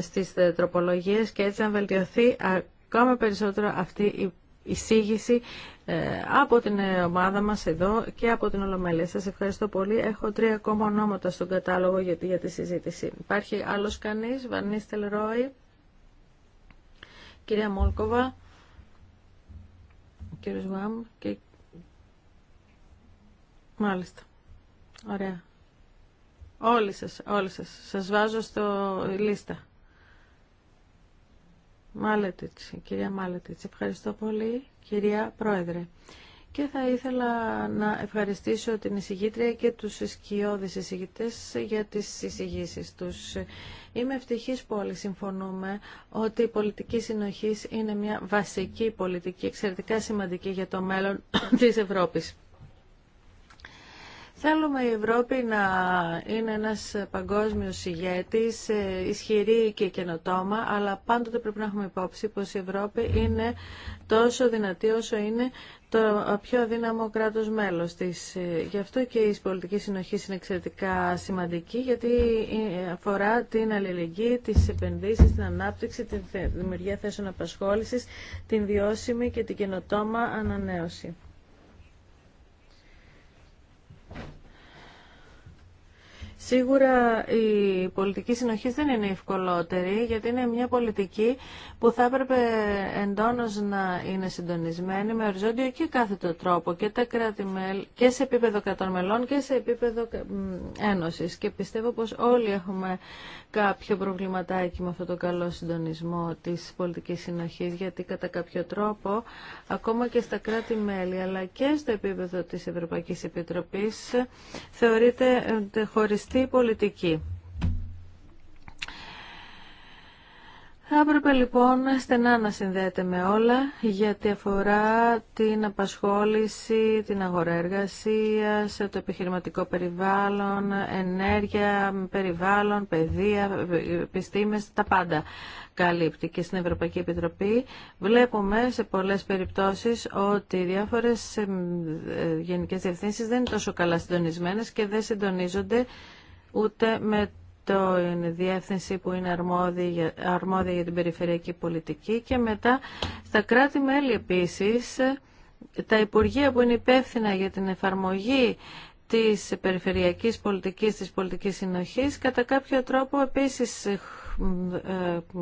στις ε, τροπολογίες και έτσι να βελτιωθεί ακόμα περισσότερο αυτή η εισήγηση ε, από την ε, ομάδα μας εδώ και από την Ολομέλεια. Σας ευχαριστώ πολύ. Έχω τρία ακόμα ονόματα στον κατάλογο για τη συζήτηση. Υπάρχει άλλος κανείς, Βανίστελ Ρόι κυρία Μόλκοβα, ο κύριος και... Μάλιστα. Ωραία. Όλοι σας, όλοι σας. Σας βάζω στο λίστα. Μάλετιτς, κυρία Μάλετιτς. Ευχαριστώ πολύ, κυρία Πρόεδρε και θα ήθελα να ευχαριστήσω την εισηγήτρια και τους σκιώδεις εισηγητές για τις εισηγήσεις τους. Είμαι ευτυχής που όλοι συμφωνούμε ότι η πολιτική συνοχής είναι μια βασική πολιτική, εξαιρετικά σημαντική για το μέλλον της Ευρώπης. Θέλουμε η Ευρώπη να είναι ένας παγκόσμιος ηγέτης, ε, ισχυρή και καινοτόμα, αλλά πάντοτε πρέπει να έχουμε υπόψη πως η Ευρώπη είναι τόσο δυνατή όσο είναι το πιο αδύναμο κράτος μέλος της. Γι' αυτό και η πολιτική συνοχή είναι εξαιρετικά σημαντική, γιατί αφορά την αλληλεγγύη, τις επενδύσεις, την ανάπτυξη, τη δημιουργία θέσεων απασχόλησης, την βιώσιμη και την καινοτόμα ανανέωση. Σίγουρα η πολιτική συνοχής δεν είναι ευκολότερη, γιατί είναι μια πολιτική που θα έπρεπε εντόνως να είναι συντονισμένη με οριζόντιο και κάθετο τρόπο και, τα κράτη και σε επίπεδο κρατών μελών και σε επίπεδο ένωσης. Και πιστεύω πως όλοι έχουμε κάποιο προβληματάκι με αυτό το καλό συντονισμό της πολιτικής συνοχής, γιατί κατά κάποιο τρόπο, ακόμα και στα κράτη-μέλη, αλλά και στο επίπεδο της Ευρωπαϊκής Επιτροπής, θεωρείται χωριστή πολιτική. Θα έπρεπε λοιπόν στενά να συνδέεται με όλα, γιατί αφορά την απασχόληση, την αγορά εργασία, το επιχειρηματικό περιβάλλον, ενέργεια, περιβάλλον, παιδεία, επιστήμες, τα πάντα καλύπτει. Και στην Ευρωπαϊκή Επιτροπή βλέπουμε σε πολλές περιπτώσεις ότι οι διάφορες ε, ε, γενικές διευθύνσεις δεν είναι τόσο καλά συντονισμένες και δεν συντονίζονται ούτε με την διεύθυνση που είναι αρμόδια, αρμόδια για την περιφερειακή πολιτική και μετά στα κράτη-μέλη επίσης τα Υπουργεία που είναι υπεύθυνα για την εφαρμογή της περιφερειακής πολιτικής, της πολιτικής συνοχής, κατά κάποιο τρόπο επίσης ε,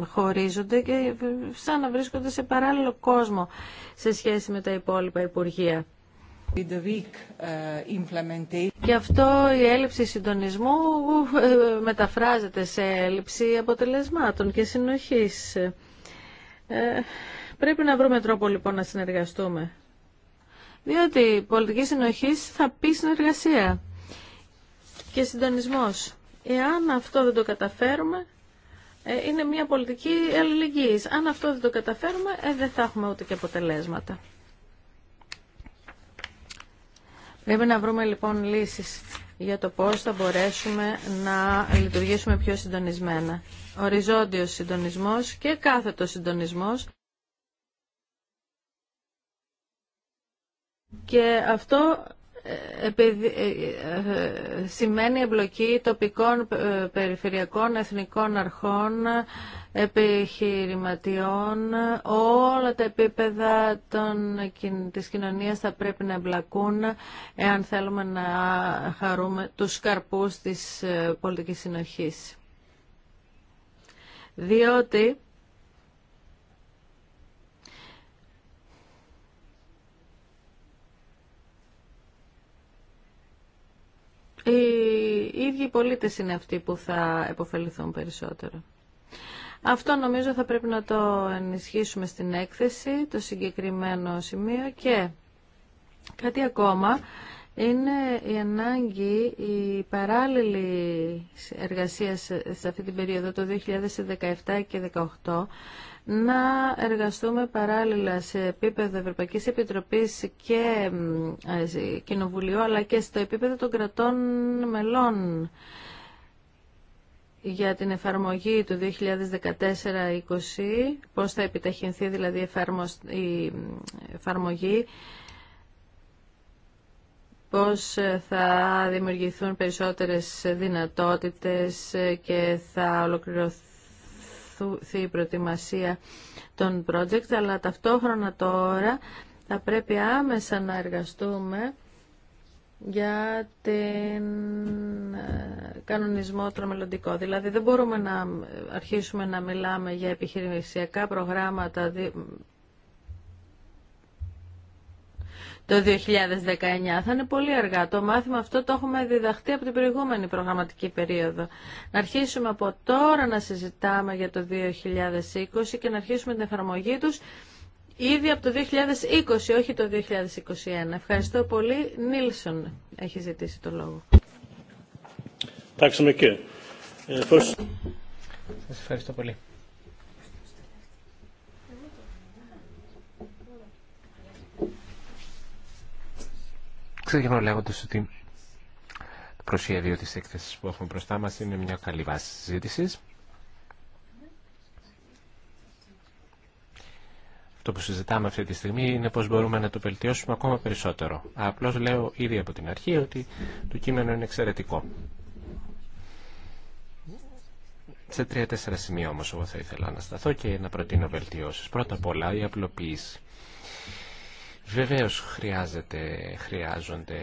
χωρίζονται και ε, σαν να βρίσκονται σε παράλληλο κόσμο σε σχέση με τα υπόλοιπα Υπουργεία και αυτό η έλλειψη συντονισμού ε, μεταφράζεται σε έλλειψη αποτελεσμάτων και συνοχής. Ε, πρέπει να βρούμε τρόπο λοιπόν να συνεργαστούμε. Διότι η πολιτική συνοχής θα πει συνεργασία και συντονισμός. Εάν αυτό δεν το καταφέρουμε, ε, είναι μια πολιτική αλληλεγγύης. Αν αυτό δεν το καταφέρουμε, ε, δεν θα έχουμε ούτε και αποτελέσματα. Πρέπει να βρούμε λοιπόν λύσεις για το πώς θα μπορέσουμε να λειτουργήσουμε πιο συντονισμένα. Οριζόντιος συντονισμός και κάθετος συντονισμός. Και αυτό ε, ε, ε, σημαίνει εμπλοκή τοπικών, περιφερειακών, εθνικών αρχών, επιχειρηματιών. Όλα τα επίπεδα των, της κοινωνίας θα πρέπει να εμπλακούν εάν θέλουμε να χαρούμε τους καρπούς της πολιτικής συνοχής. Διότι ίδιοι οι πολίτες είναι αυτοί που θα επωφεληθούν περισσότερο. Αυτό νομίζω θα πρέπει να το ενισχύσουμε στην έκθεση, το συγκεκριμένο σημείο και κάτι ακόμα είναι η ανάγκη η παράλληλη εργασία σε αυτή την περίοδο το 2017 και 2018 να εργαστούμε παράλληλα σε επίπεδο Ευρωπαϊκής Επιτροπής και Κοινοβουλίου αλλά και στο επίπεδο των κρατών μελών για την εφαρμογή του 2014-2020, πώς θα επιταχυνθεί δηλαδή η εφαρμογή πώς ε, θα δημιουργηθούν περισσότερες δυνατότητες ε, και θα ολοκληρωθεί η προετοιμασία των project, αλλά ταυτόχρονα τώρα θα πρέπει άμεσα να εργαστούμε για την ε, κανονισμό τρομελοντικό. Δηλαδή δεν μπορούμε να αρχίσουμε να μιλάμε για επιχειρησιακά προγράμματα το 2019. Θα είναι πολύ αργά. Το μάθημα αυτό το έχουμε διδαχτεί από την προηγούμενη προγραμματική περίοδο. Να αρχίσουμε από τώρα να συζητάμε για το 2020 και να αρχίσουμε την εφαρμογή τους ήδη από το 2020, όχι το 2021. Ευχαριστώ πολύ. Νίλσον έχει ζητήσει το λόγο. Ε, Σας ευχαριστώ πολύ. ξεκινώ λέγοντα ότι το προσχέδιο τη έκθεση που έχουμε μπροστά μα είναι μια καλή βάση συζήτηση. Αυτό που συζητάμε αυτή τη στιγμή είναι πώ μπορούμε να το βελτιώσουμε ακόμα περισσότερο. Απλώ λέω ήδη από την αρχή ότι το κείμενο είναι εξαιρετικό. Σε τρία-τέσσερα σημεία όμω εγώ θα ήθελα να σταθώ και να προτείνω βελτιώσει. Πρώτα απ' όλα η απλοποίηση. Βεβαίως χρειάζεται, χρειάζονται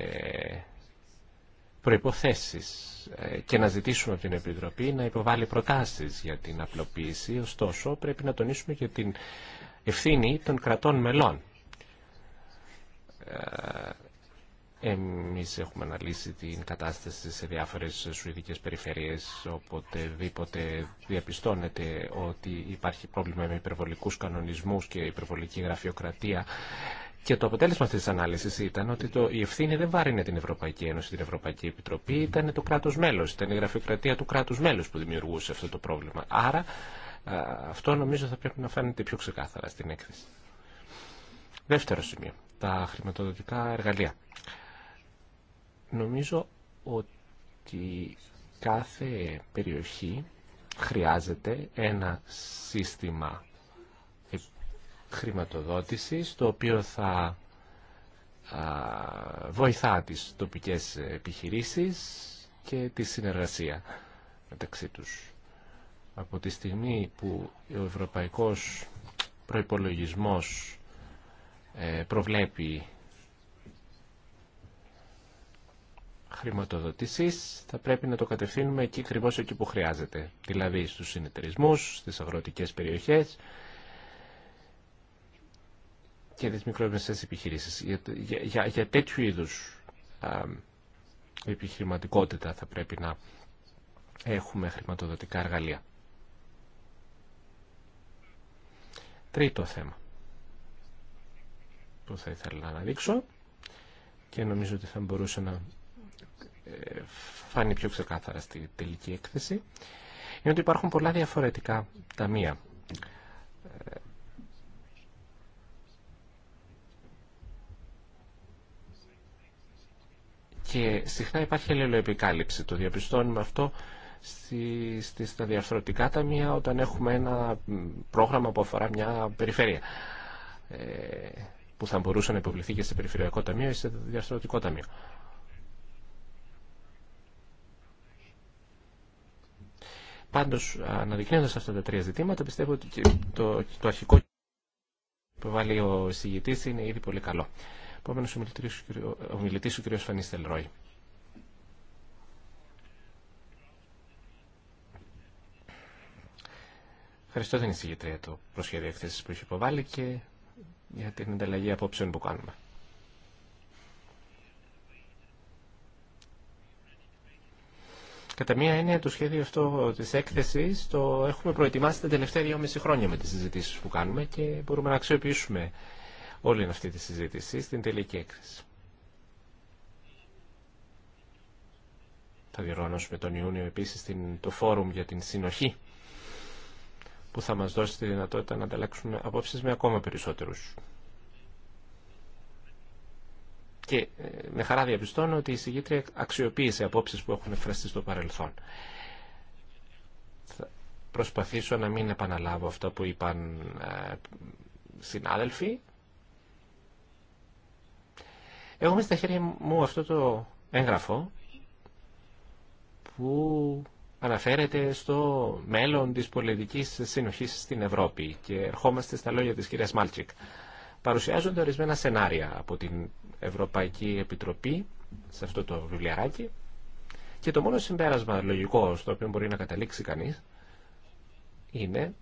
προϋποθέσεις ε, και να ζητήσουμε από την Επιτροπή να υποβάλει προτάσεις για την απλοποίηση, ωστόσο πρέπει να τονίσουμε και την ευθύνη των κρατών μελών. Ε, εμείς έχουμε αναλύσει την κατάσταση σε διάφορες σουηδικές περιφερειές, οποτεδήποτε διαπιστώνεται ότι υπάρχει πρόβλημα με υπερβολικούς κανονισμούς και υπερβολική γραφειοκρατία και το αποτέλεσμα αυτή της ανάλυσης ήταν ότι το, η ευθύνη δεν βάρινε την Ευρωπαϊκή Ένωση, την Ευρωπαϊκή Επιτροπή, ήταν το κράτος μέλος, ήταν η γραφειοκρατία του κράτους μέλους που δημιουργούσε αυτό το πρόβλημα. Άρα αυτό νομίζω θα πρέπει να φαίνεται πιο ξεκάθαρα στην έκθεση. Δεύτερο σημείο, τα χρηματοδοτικά εργαλεία. Νομίζω ότι κάθε περιοχή χρειάζεται ένα σύστημα χρηματοδότησης, το οποίο θα βοηθά τις τοπικές επιχειρήσεις και τη συνεργασία μεταξύ τους. Από τη στιγμή που ο ευρωπαϊκός προϋπολογισμός ε, προβλέπει χρηματοδότησης θα πρέπει να το κατευθύνουμε εκεί ακριβώ εκεί που χρειάζεται. Δηλαδή στους συνεταιρισμούς, στις αγροτικές περιοχές, και τι μικρομεσαίες επιχειρήσει Για, για, για τέτοιου είδους επιχειρηματικότητα θα πρέπει να έχουμε χρηματοδοτικά εργαλεία. Τρίτο θέμα που θα ήθελα να αναδείξω και νομίζω ότι θα μπορούσε να ε, φάνει πιο ξεκάθαρα στη τελική έκθεση είναι ότι υπάρχουν πολλά διαφορετικά ταμεία και συχνά υπάρχει αλληλοεπικάλυψη. Το διαπιστώνουμε αυτό στη, στα διαφθορωτικά ταμεία όταν έχουμε ένα πρόγραμμα που αφορά μια περιφέρεια ε, που θα μπορούσε να υποβληθεί και σε περιφερειακό ταμείο ή σε διαφθορωτικό ταμείο. Πάντως, αναδεικνύοντας αυτά τα τρία ζητήματα, πιστεύω ότι το, το αρχικό που βάλει ο συγητής είναι ήδη πολύ καλό. Επόμενο ο ο κ. Φανίστελ Ρόι. Ευχαριστώ την εισηγητρία το προσχέδιο εκθέση που έχει υποβάλει και για την ανταλλαγή απόψεων που κάνουμε. Κατά μία έννοια το σχέδιο αυτό της έκθεση. το έχουμε προετοιμάσει τα τελευταία δυόμιση χρόνια με τις συζητήσει που κάνουμε και μπορούμε να αξιοποιήσουμε όλη αυτή τη συζήτηση στην τελική έκθεση. Θα διοργανώσουμε τον Ιούνιο επίσης το φόρουμ για την συνοχή που θα μας δώσει τη δυνατότητα να ανταλλάξουμε απόψεις με ακόμα περισσότερους. Και ε, με χαρά διαπιστώνω ότι η συγκήτρια αξιοποίησε απόψεις που έχουν εκφραστεί στο παρελθόν. Θα προσπαθήσω να μην επαναλάβω αυτά που είπαν ε, συνάδελφοι. Εγώ είμαι στα χέρια μου αυτό το έγγραφο που αναφέρεται στο μέλλον της πολιτικής συνοχής στην Ευρώπη και ερχόμαστε στα λόγια της κυρίας Μάλτσικ. Παρουσιάζονται ορισμένα σενάρια από την Ευρωπαϊκή Επιτροπή σε αυτό το βιβλιαράκι και το μόνο συμπέρασμα λογικό στο οποίο μπορεί να καταλήξει κανείς είναι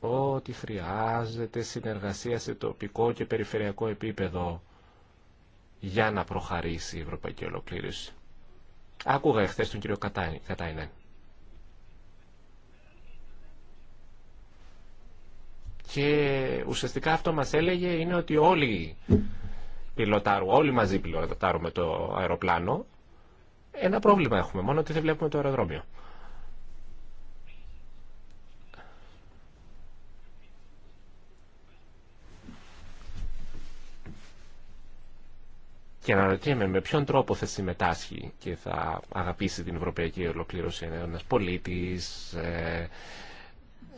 ότι χρειάζεται συνεργασία σε τοπικό και περιφερειακό επίπεδο για να προχαρήσει η ευρωπαϊκή ολοκλήρωση. Άκουγα εχθέ τον κύριο Κατάινεν. Και ουσιαστικά αυτό μας έλεγε είναι ότι όλοι όλοι μαζί πιλοτάρουμε το αεροπλάνο. Ένα πρόβλημα έχουμε, μόνο ότι δεν βλέπουμε το αεροδρόμιο. και αναρωτιέμαι με ποιον τρόπο θα συμμετάσχει και θα αγαπήσει την ευρωπαϊκή ολοκλήρωση ένας πολίτης ε,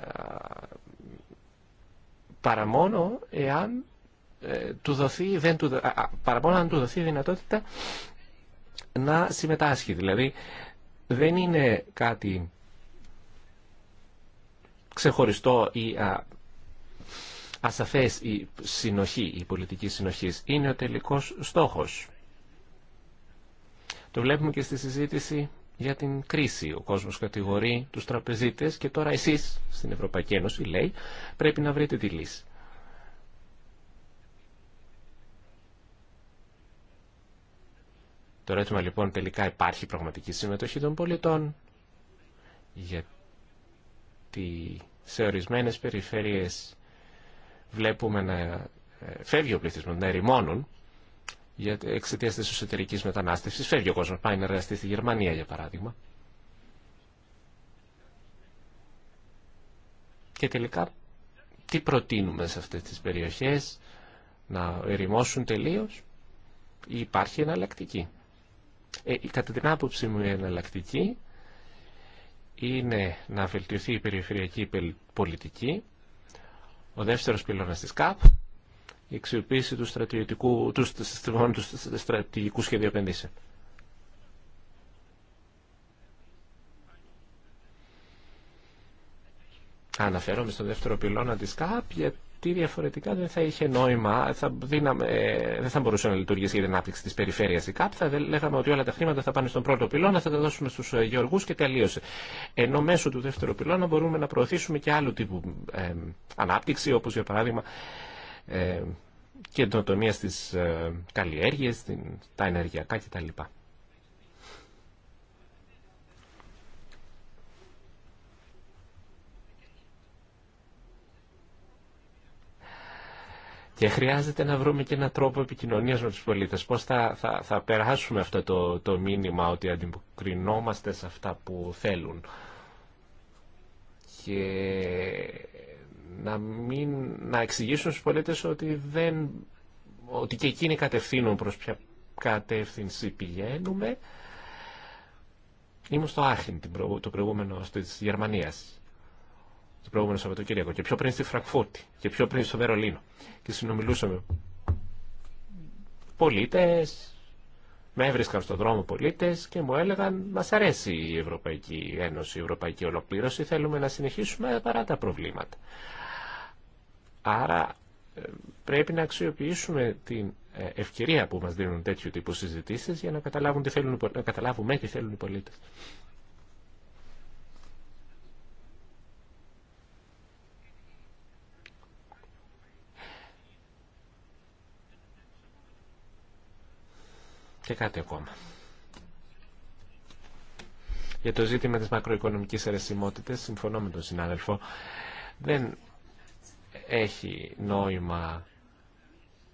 ε, παρά μόνο εάν ε, του δοθεί, δεν του, α, παρά μόνο αν του δοθεί η δυνατότητα να συμμετάσχει. Δηλαδή δεν είναι κάτι ξεχωριστό ή α, ασαφές η συνοχή, η πολιτική συνοχή είναι ο τελικός στόχος. Το βλέπουμε και στη συζήτηση για την κρίση. Ο κόσμος κατηγορεί τους τραπεζίτες και τώρα εσείς στην Ευρωπαϊκή Ένωση, λέει, πρέπει να βρείτε τη λύση. Το ερώτημα λοιπόν τελικά υπάρχει πραγματική συμμετοχή των πολιτών. Γιατί σε ορισμένες περιφέρειες βλέπουμε να ε, φεύγει ο πληθυσμό, να ερημώνουν εξαιτία τη εσωτερική μετανάστευση φεύγει ο κόσμο, πάει να εργαστεί στη Γερμανία για παράδειγμα. Και τελικά τι προτείνουμε σε αυτές τις περιοχές, να ερημώσουν άποψη μου είναι εναλλακτική, είναι να βελτιωθεί ή υπάρχει εναλλακτική. Ε, κατά την άποψή μου η εναλλακτική είναι να βελτιωθεί η περιφερειακή πολιτική ο δεύτερο πύλωνα της ΚΑΠ, η αξιοποίηση του στρατηγικού, του, του στρατηγικού σχεδίου επενδύσεων. Αναφέρομαι στο δεύτερο πυλώνα της ΚΑΠ, τι διαφορετικά δεν θα είχε νόημα, θα δίναμε, ε, δεν θα μπορούσε να λειτουργήσει για την ανάπτυξη τη περιφέρεια η ΚΑΠ. Θα λέγαμε ότι όλα τα χρήματα θα πάνε στον πρώτο πυλώνα, θα τα δώσουμε στου ε, γεωργού και τελείωσε. Ενώ μέσω του δεύτερου πυλώνα μπορούμε να προωθήσουμε και άλλου τύπου ε, ανάπτυξη, όπω για παράδειγμα ε, καινοτομία στι καλλιέργειε, τα ενεργειακά κτλ. Και χρειάζεται να βρούμε και έναν τρόπο επικοινωνία με του πολίτε. Πώ θα, θα, θα περάσουμε αυτό το, το μήνυμα ότι αντιποκρινόμαστε σε αυτά που θέλουν. Και να, μην, να εξηγήσουν στους πολίτες ότι, δεν, ότι και εκείνοι κατευθύνουν προς ποια κατεύθυνση πηγαίνουμε. Ήμουν στο Άχιν το προηγούμενο στις Γερμανίας το προηγούμενο Σαββατοκύριακο και πιο πριν στη Φραγκφούρτη και πιο πριν στο Βερολίνο και συνομιλούσαμε πολίτες, με έβρισκαν στον δρόμο πολίτες και μου έλεγαν μας αρέσει η Ευρωπαϊκή Ένωση, η Ευρωπαϊκή Ολοκλήρωση, θέλουμε να συνεχίσουμε παρά τα προβλήματα. Άρα ε, πρέπει να αξιοποιήσουμε την ε, ευκαιρία που μας δίνουν τέτοιου τύπου συζητήσεις για να, καταλάβουν τι θέλουν, να καταλάβουμε τι θέλουν οι πολίτες. Και κάτι ακόμα. Για το ζήτημα της μακροοικονομικής αιρεσιμότητας, συμφωνώ με τον συνάδελφο, δεν έχει νόημα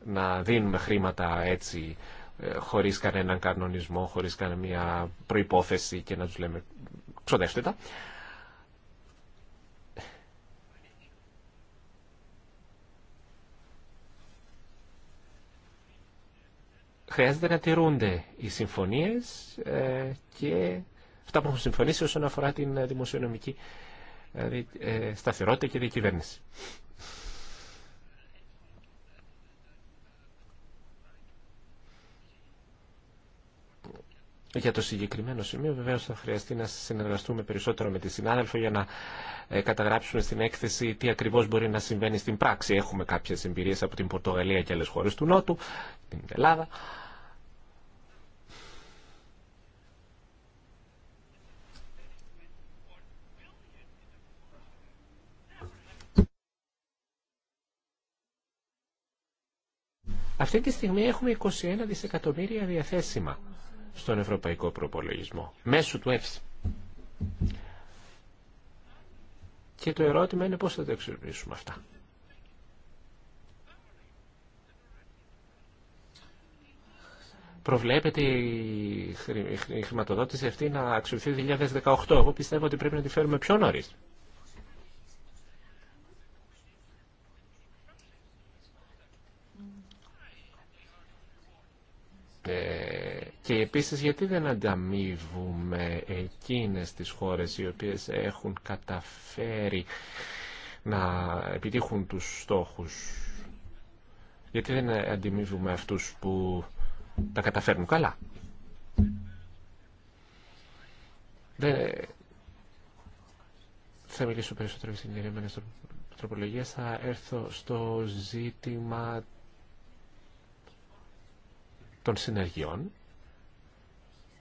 να δίνουμε χρήματα έτσι ε, χωρίς κανέναν κανονισμό, χωρίς καμία προϋπόθεση και να τους λέμε ξοδεύστε τα. χρειάζεται να τηρούνται οι συμφωνίες ε, και αυτά που έχουν συμφωνήσει όσον αφορά την ε, δημοσιονομική ε, σταθερότητα και διακυβέρνηση. Για το συγκεκριμένο σημείο βεβαίως θα χρειαστεί να συνεργαστούμε περισσότερο με τη συνάδελφο για να καταγράψουμε στην έκθεση τι ακριβώς μπορεί να συμβαίνει στην πράξη. Έχουμε κάποιες εμπειρίες από την Πορτογαλία και άλλες χώρες του Νότου, την Ελλάδα. Αυτή τη στιγμή έχουμε 21 δισεκατομμύρια διαθέσιμα στον ευρωπαϊκό προπολογισμό, μέσω του ΕΦΣ. Και το ερώτημα είναι πώς θα τα εξοπλίσουμε αυτά. Προβλέπεται η χρηματοδότηση αυτή να αξιοποιηθεί 2018. Εγώ πιστεύω ότι πρέπει να τη φέρουμε πιο νωρίς. Ε, και επίσης γιατί δεν ανταμείβουμε εκείνες τις χώρες οι οποίες έχουν καταφέρει να επιτύχουν τους στόχους. Γιατί δεν αντιμείβουμε αυτούς που τα καταφέρνουν καλά. Δεν... Θα μιλήσω περισσότερο για συγκεκριμένες τροπολογία. Θα έρθω στο ζήτημα των συνεργειών,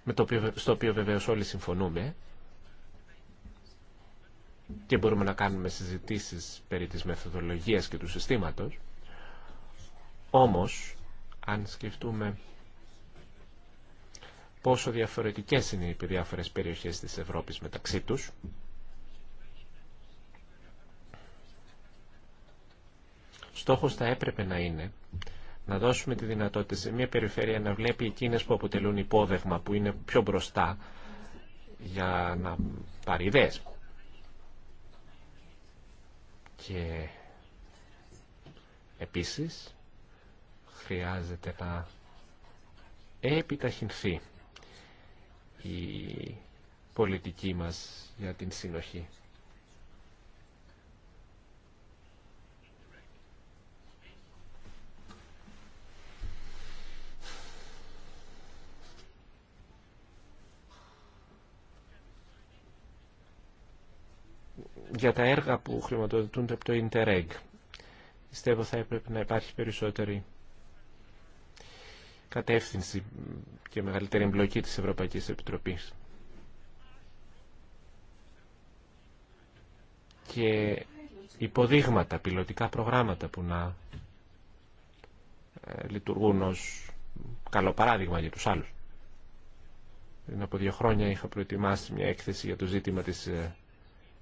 με το οποίο, στο οποίο βεβαίως όλοι συμφωνούμε και μπορούμε να κάνουμε συζητήσεις περί της μεθοδολογίας και του συστήματος. Όμως, αν σκεφτούμε πόσο διαφορετικές είναι οι διάφορες περιοχές της Ευρώπης μεταξύ τους, στόχος θα έπρεπε να είναι να δώσουμε τη δυνατότητα σε μια περιφέρεια να βλέπει εκείνες που αποτελούν υπόδεγμα, που είναι πιο μπροστά, για να πάρει ιδέες. Και επίσης χρειάζεται να επιταχυνθεί η πολιτική μας για την συνοχή. για τα έργα που χρηματοδοτούνται από το Interreg. Πιστεύω θα έπρεπε να υπάρχει περισσότερη κατεύθυνση και μεγαλύτερη εμπλοκή της Ευρωπαϊκής Επιτροπής. Και υποδείγματα, πιλωτικά προγράμματα που να ε, λειτουργούν ως καλό παράδειγμα για τους άλλους. Πριν από δύο χρόνια είχα προετοιμάσει μια έκθεση για το ζήτημα της ε,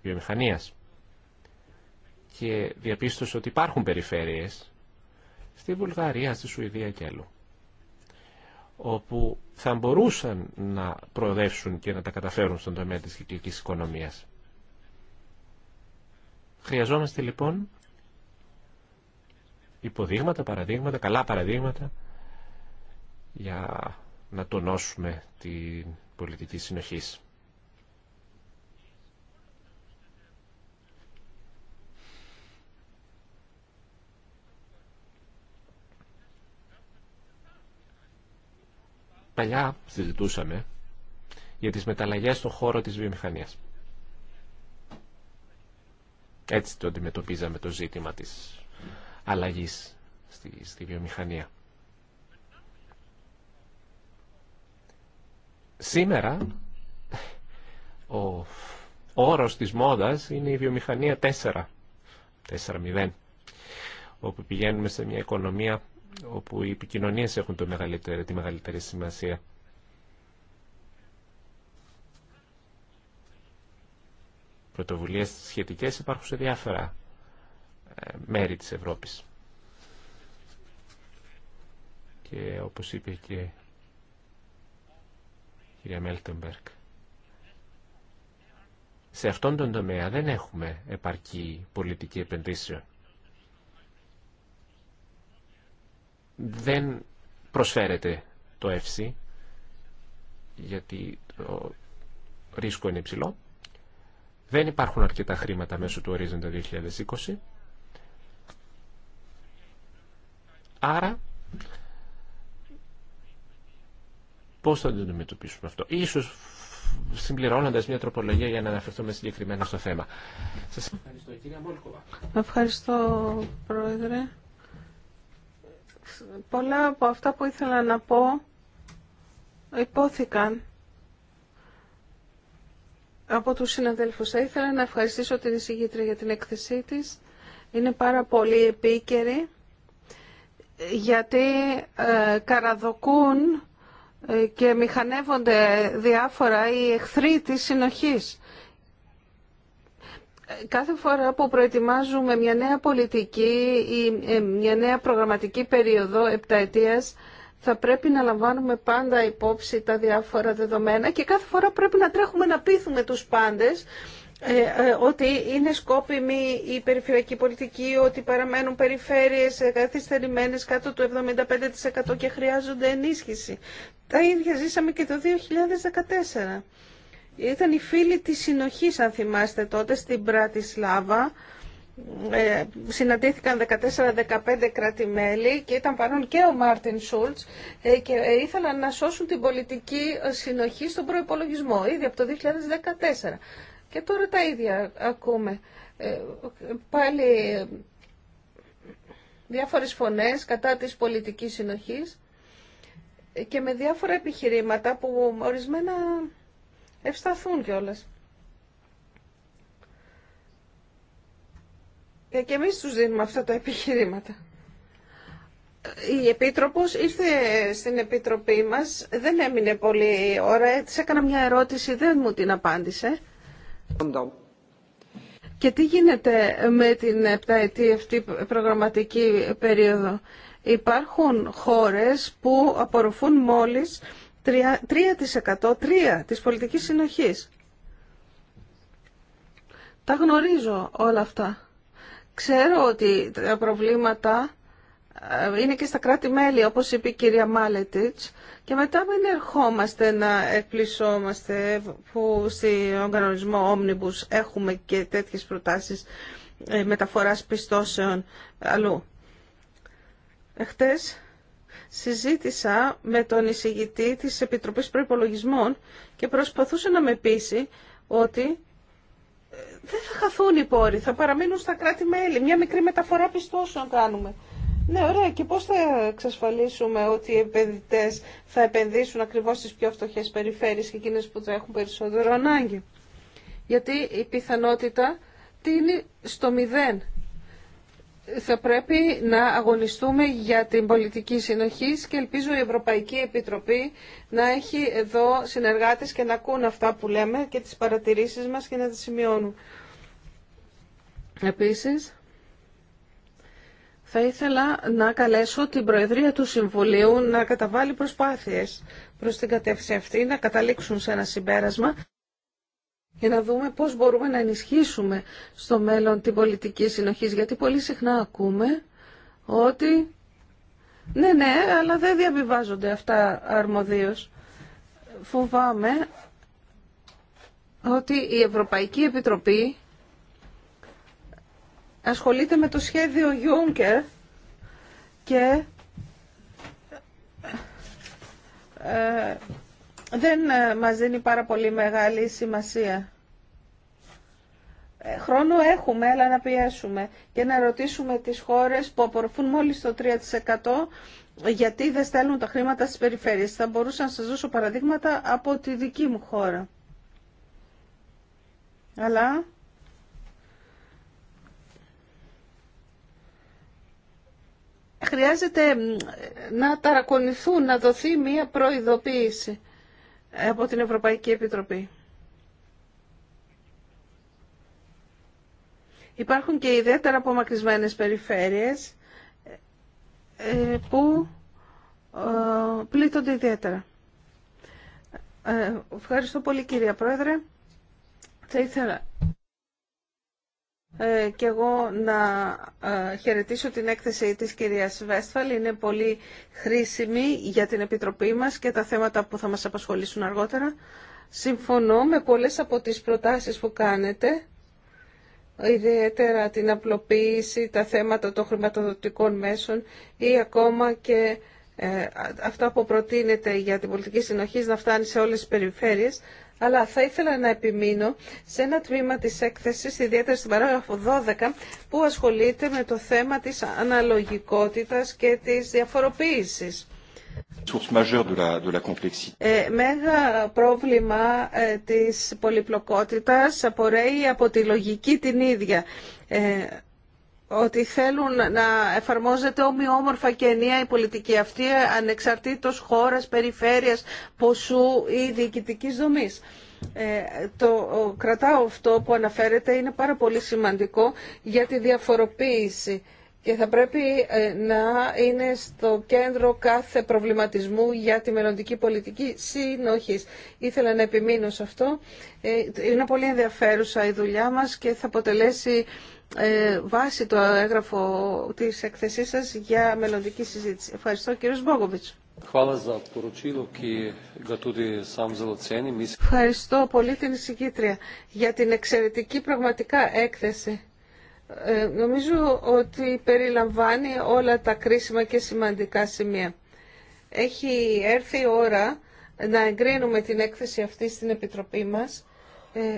βιομηχανίας και διαπίστωσε ότι υπάρχουν περιφέρειες στη Βουλγαρία, στη Σουηδία και αλλού όπου θα μπορούσαν να προοδεύσουν και να τα καταφέρουν στον τομέα της κυκλικής οικονομίας. Χρειαζόμαστε λοιπόν υποδείγματα, παραδείγματα, καλά παραδείγματα για να τονώσουμε την πολιτική συνοχής. παλιά συζητούσαμε για τις μεταλλαγές στον χώρο της βιομηχανίας. Έτσι το αντιμετωπίζαμε το ζήτημα της αλλαγής στη, στη βιομηχανία. Σήμερα ο όρος της μόδας είναι η βιομηχανία 4, 4-0, όπου πηγαίνουμε σε μια οικονομία όπου οι επικοινωνίες έχουν το μεγαλύτερο, τη μεγαλύτερη σημασία. Πρωτοβουλίες σχετικές υπάρχουν σε διάφορα ε, μέρη της Ευρώπης. Και όπως είπε και η κυρία Μέλτεμπερκ, σε αυτόν τον τομέα δεν έχουμε επαρκή πολιτική επενδύσεων. δεν προσφέρεται το εύση γιατί το ρίσκο είναι υψηλό. Δεν υπάρχουν αρκετά χρήματα μέσω του Horizon 2020. Άρα, πώς θα το αντιμετωπίσουμε αυτό. Ίσως συμπληρώνοντας μια τροπολογία για να αναφερθούμε συγκεκριμένα στο θέμα. Σας ευχαριστώ, κυρία Μόλκοβα. Ευχαριστώ, Πρόεδρε πολλά από αυτά που ήθελα να πω υπόθηκαν από τους συναδέλφους. Θα ήθελα να ευχαριστήσω την εισηγήτρια για την έκθεσή της. Είναι πάρα πολύ επίκαιρη γιατί ε, καραδοκούν ε, και μηχανεύονται διάφορα οι εχθροί της συνοχής. Κάθε φορά που προετοιμάζουμε μια νέα πολιτική ή ε, μια νέα προγραμματική περίοδο επταετίας, θα πρέπει να λαμβάνουμε πάντα υπόψη τα διάφορα δεδομένα και κάθε φορά πρέπει να τρέχουμε να πείθουμε τους πάντες ε, ε, ότι είναι σκόπιμη η περιφερειακή πολιτική, ότι παραμένουν περιφέρειες καθυστερημένες κάτω του 75% και χρειάζονται ενίσχυση. Τα ίδια ζήσαμε και το 2014. Ήταν οι φίλοι της συνοχής, αν θυμάστε τότε, στην Πρατισλάβα. Ε, συναντήθηκαν 14-15 κράτη-μέλη και ήταν παρόν και ο Μάρτιν Σούλτς ε, και ε, ήθελαν να σώσουν την πολιτική ε, συνοχή στον προϋπολογισμό ήδη από το 2014. Και τώρα τα ίδια ακούμε. Ε, πάλι διάφορες φωνές κατά της πολιτικής συνοχής και με διάφορα επιχειρήματα που ορισμένα ευσταθούν κιόλα. Και, και εμείς τους δίνουμε αυτά τα επιχειρήματα. Η Επίτροπος ήρθε στην Επιτροπή μας, δεν έμεινε πολύ ώρα, της έκανα μια ερώτηση, δεν μου την απάντησε. Και τι γίνεται με την επταετή αυτή προγραμματική περίοδο. Υπάρχουν χώρες που απορροφούν μόλις 3%, 3%, 3 της πολιτικής συνοχής. Τα γνωρίζω όλα αυτά. Ξέρω ότι τα προβλήματα ε, είναι και στα κράτη-μέλη, όπως είπε η κυρία Μάλετιτς, και μετά μην ερχόμαστε να εκπλησόμαστε που στον κανονισμό Omnibus έχουμε και τέτοιες προτάσεις ε, μεταφοράς πιστώσεων αλλού. Εχθές συζήτησα με τον εισηγητή της Επιτροπής Προϋπολογισμών και προσπαθούσε να με πείσει ότι ε, δεν θα χαθούν οι πόροι, θα παραμείνουν στα κράτη-μέλη. Μια μικρή μεταφορά πιστώσεων κάνουμε. Ναι, ωραία. Και πώς θα εξασφαλίσουμε ότι οι επενδυτές θα επενδύσουν ακριβώς στις πιο φτωχές περιφέρειες και εκείνες που θα έχουν περισσότερο ανάγκη. Γιατί η πιθανότητα τίνει στο μηδέν θα πρέπει να αγωνιστούμε για την πολιτική συνοχή και ελπίζω η Ευρωπαϊκή Επιτροπή να έχει εδώ συνεργάτες και να ακούν αυτά που λέμε και τις παρατηρήσεις μας και να τις σημειώνουν. Επίσης, θα ήθελα να καλέσω την Προεδρία του Συμβουλίου να καταβάλει προσπάθειες προς την κατεύθυνση αυτή, να καταλήξουν σε ένα συμπέρασμα για να δούμε πώς μπορούμε να ενισχύσουμε στο μέλλον την πολιτική συνοχής. Γιατί πολύ συχνά ακούμε ότι ναι, ναι, αλλά δεν διαβιβάζονται αυτά αρμοδίως. Φοβάμαι ότι η Ευρωπαϊκή Επιτροπή ασχολείται με το σχέδιο Juncker και ε, δεν ε, μας δίνει πάρα πολύ μεγάλη σημασία. Ε, χρόνο έχουμε, αλλά να πιέσουμε και να ρωτήσουμε τις χώρες που απορροφούν μόλις το 3% γιατί δεν στέλνουν τα χρήματα στις περιφέρειες. Θα μπορούσα να σας δώσω παραδείγματα από τη δική μου χώρα. Αλλά χρειάζεται να ταρακονηθούν, να δοθεί μία προειδοποίηση από την Ευρωπαϊκή Επιτροπή. Υπάρχουν και ιδιαίτερα απομακρυσμένες περιφέρειες ε, που ε, πλήττονται ιδιαίτερα. Ε, ευχαριστώ πολύ κυρία Πρόεδρε. Θα ήθελα ε, και εγώ να ε, χαιρετήσω την έκθεση της κυρίας Βέσφαλ. Είναι πολύ χρήσιμη για την Επιτροπή μας και τα θέματα που θα μας απασχολήσουν αργότερα. Συμφωνώ με πολλές από τις προτάσεις που κάνετε, ιδιαίτερα την απλοποίηση, τα θέματα των χρηματοδοτικών μέσων ή ακόμα και ε, αυτά που προτείνεται για την πολιτική συνοχή να φτάνει σε όλες τις περιφέρειες. Αλλά θα ήθελα να επιμείνω σε ένα τμήμα της έκθεσης, ιδιαίτερα στην παράγραφο 12, που ασχολείται με το θέμα της αναλογικότητας και της διαφοροποίησης. Ε, μέγα πρόβλημα ε, της πολυπλοκότητας απορρέει από τη λογική την ίδια. Ε, ότι θέλουν να εφαρμόζεται ομοιόμορφα και ενιαία η πολιτική αυτή ανεξαρτήτως χώρας, περιφέρειας, ποσού ή διοικητικής δομής. Ε, το κρατάω αυτό που αναφέρεται είναι πάρα πολύ σημαντικό για τη διαφοροποίηση και θα πρέπει ε, να είναι στο κέντρο κάθε προβληματισμού για τη μελλοντική πολιτική συνοχή. Ήθελα να επιμείνω σε αυτό. Ε, είναι πολύ ενδιαφέρουσα η δουλειά μας και θα αποτελέσει ε, βάσει το έγγραφο της εκθεσής σας για μελλοντική συζήτηση. Ευχαριστώ κύριος Μπόγοβιτς. Ευχαριστώ πολύ την συγκήτρια για την εξαιρετική πραγματικά έκθεση. Ε, νομίζω ότι περιλαμβάνει όλα τα κρίσιμα και σημαντικά σημεία. Έχει έρθει η ώρα να εγκρίνουμε την έκθεση αυτή στην Επιτροπή μας. Ε,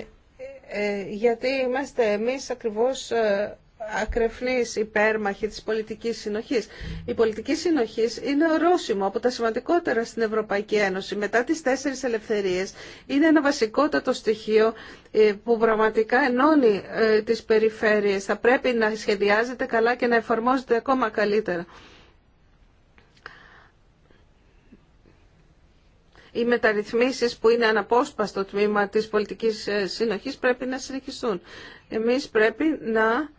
ε, γιατί είμαστε εμείς ακριβώς ε, ακρεφνείς υπέρμαχοι της πολιτικής συνοχής. Η πολιτική συνοχής είναι ορόσημο από τα σημαντικότερα στην Ευρωπαϊκή Ένωση. Μετά τις τέσσερις ελευθερίες είναι ένα βασικότατο στοιχείο ε, που πραγματικά ενώνει τις περιφέρειες. Θα πρέπει να σχεδιάζεται καλά και να εφαρμόζεται ακόμα καλύτερα. οι μεταρρυθμίσεις που είναι αναπόσπαστο τμήμα της πολιτικής ε, συνοχής πρέπει να συνεχιστούν. Εμείς πρέπει να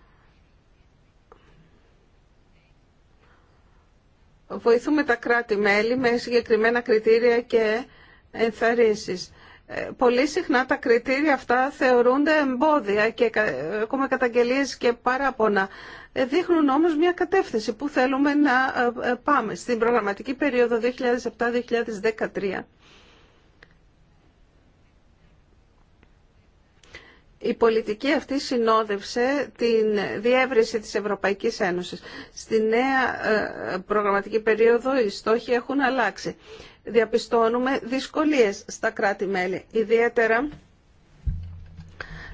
βοηθούμε τα κράτη-μέλη με συγκεκριμένα κριτήρια και ενθαρρύνσεις. Ε, πολύ συχνά τα κριτήρια αυτά θεωρούνται εμπόδια και ακόμα καταγγελίες και παράπονα. Ε, δείχνουν όμως μια κατεύθυνση που θέλουμε να πάμε. Στην προγραμματική περίοδο 2007-2013 η πολιτική αυτή συνόδευσε την διεύρυνση της Ευρωπαϊκής Ένωσης. Στη νέα ε, προγραμματική περίοδο οι στόχοι έχουν αλλάξει. Διαπιστώνουμε δυσκολίες στα κράτη-μέλη, ιδιαίτερα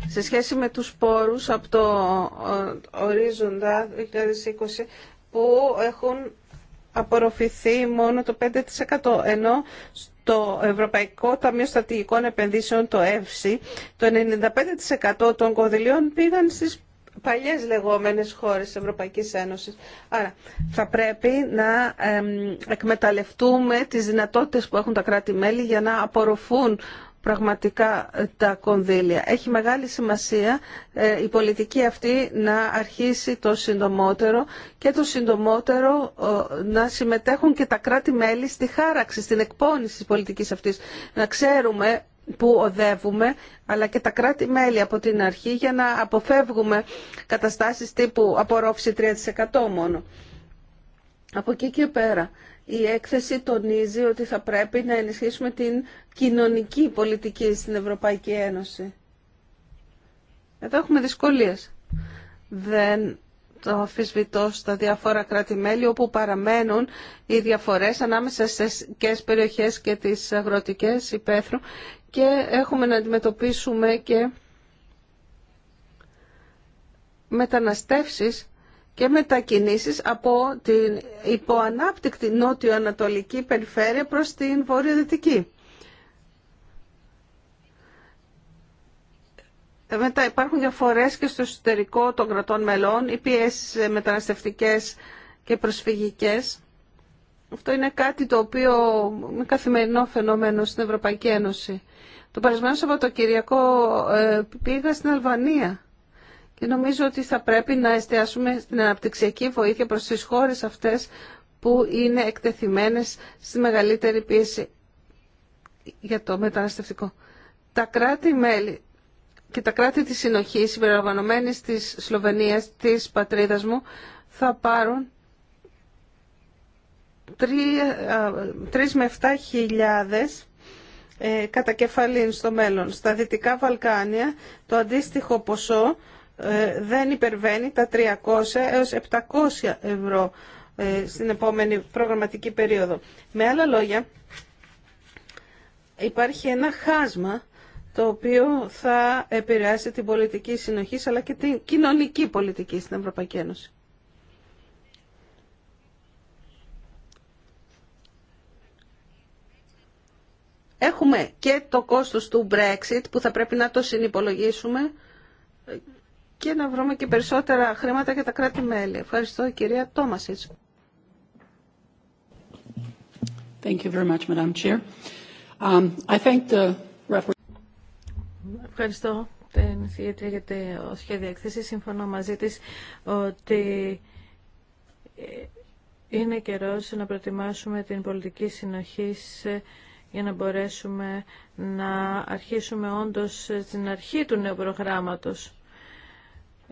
σε σχέση με τους πόρους από το ε, ορίζοντα 2020 που έχουν απορροφηθεί μόνο το 5% ενώ το Ευρωπαϊκό Ταμείο Στατηγικών Επενδύσεων, το ΕΦΣΥ, το 95% των κονδυλίων πήγαν στις παλιές λεγόμενες χώρες της Ευρωπαϊκής Ένωσης. Άρα θα πρέπει να εκμεταλλευτούμε τις δυνατότητες που έχουν τα κράτη-μέλη για να απορροφούν πραγματικά τα κονδύλια. Έχει μεγάλη σημασία ε, η πολιτική αυτή να αρχίσει το συντομότερο και το συντομότερο ε, να συμμετέχουν και τα κράτη-μέλη στη χάραξη, στην εκπόνηση της πολιτικής αυτής. Να ξέρουμε που οδεύουμε, αλλά και τα κράτη-μέλη από την αρχή για να αποφεύγουμε καταστάσεις τύπου απορρόφηση 3% μόνο. Από εκεί και πέρα η έκθεση τονίζει ότι θα πρέπει να ενισχύσουμε την κοινωνική πολιτική στην Ευρωπαϊκή Ένωση. Εδώ έχουμε δυσκολίες. Δεν το αφισβητώ στα διάφορα κράτη-μέλη όπου παραμένουν οι διαφορές ανάμεσα στις περιοχές και τις αγροτικές υπαίθρου και έχουμε να αντιμετωπίσουμε και μεταναστεύσεις και μετακινήσεις από την υποανάπτυκτη νότιο-ανατολική περιφέρεια προς την βορειοδυτική. Μετά υπάρχουν διαφορές και στο εσωτερικό των κρατών μελών, οι πιέσει ε, μεταναστευτικές και προσφυγικές. Αυτό είναι κάτι το οποίο είναι καθημερινό φαινόμενο στην Ευρωπαϊκή Ένωση. Το περασμένο Σαββατοκυριακό ε, πήγα στην Αλβανία Νομίζω ότι θα πρέπει να εστιάσουμε στην αναπτυξιακή βοήθεια προς τις χώρες αυτές που είναι εκτεθειμένες στη μεγαλύτερη πίεση για το μεταναστευτικό. Τα κράτη-μέλη και τα κράτη της συνοχής συμπεριλαμβανομένης της Σλοβενίας, της πατρίδας μου, θα πάρουν 3, με 7 χιλιάδες ε, κατά στο μέλλον. Στα Δυτικά Βαλκάνια το αντίστοιχο ποσό ε, δεν υπερβαίνει τα 300 έως 700 ευρώ ε, στην επόμενη προγραμματική περίοδο. Με άλλα λόγια, υπάρχει ένα χάσμα το οποίο θα επηρεάσει την πολιτική συνοχή αλλά και την κοινωνική πολιτική στην Ευρωπαϊκή Ένωση. Έχουμε και το κόστος του Brexit που θα πρέπει να το συνυπολογίσουμε και να βρούμε και περισσότερα χρήματα για τα κράτη-μέλη. Ευχαριστώ, κυρία Τόμασιτς. Thank you very um, Ευχαριστώ την θεία για το σχέδιο έκθεση. Συμφωνώ μαζί της ότι είναι καιρός να προετοιμάσουμε την πολιτική συνοχή για να μπορέσουμε να αρχίσουμε όντως στην αρχή του νέου προγράμματος.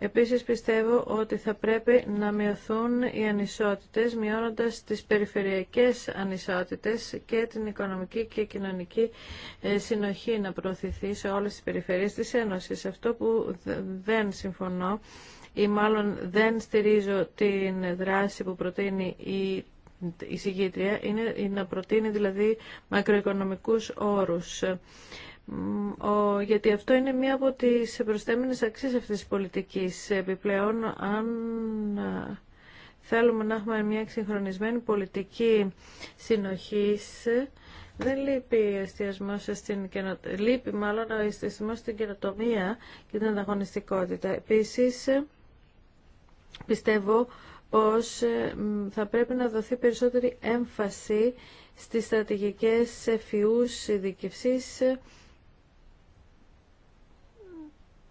Επίσης πιστεύω ότι θα πρέπει να μειωθούν οι ανισότητες, μειώνοντας τις περιφερειακές ανισότητες και την οικονομική και κοινωνική ε, συνοχή να προωθηθεί σε όλες τις περιφερειές της Ένωσης. Αυτό που δεν συμφωνώ ή μάλλον δεν στηρίζω την δράση που προτείνει η η συγκήτρια είναι να προτείνει δηλαδή μακροοικονομικούς όρους γιατί αυτό είναι μία από τις προστέμενες αξίες αυτής της πολιτικής. Επιπλέον, αν θέλουμε να έχουμε μια εξυγχρονισμένη πολιτική συνοχής, δεν λείπει εστιασμό στην λείπει μάλλον ο εστιασμό στην καινοτομία και την ανταγωνιστικότητα. Επίσης, πιστεύω πως ε, θα πρέπει να δοθεί περισσότερη έμφαση στις στρατηγικές εφιούς ειδικευσής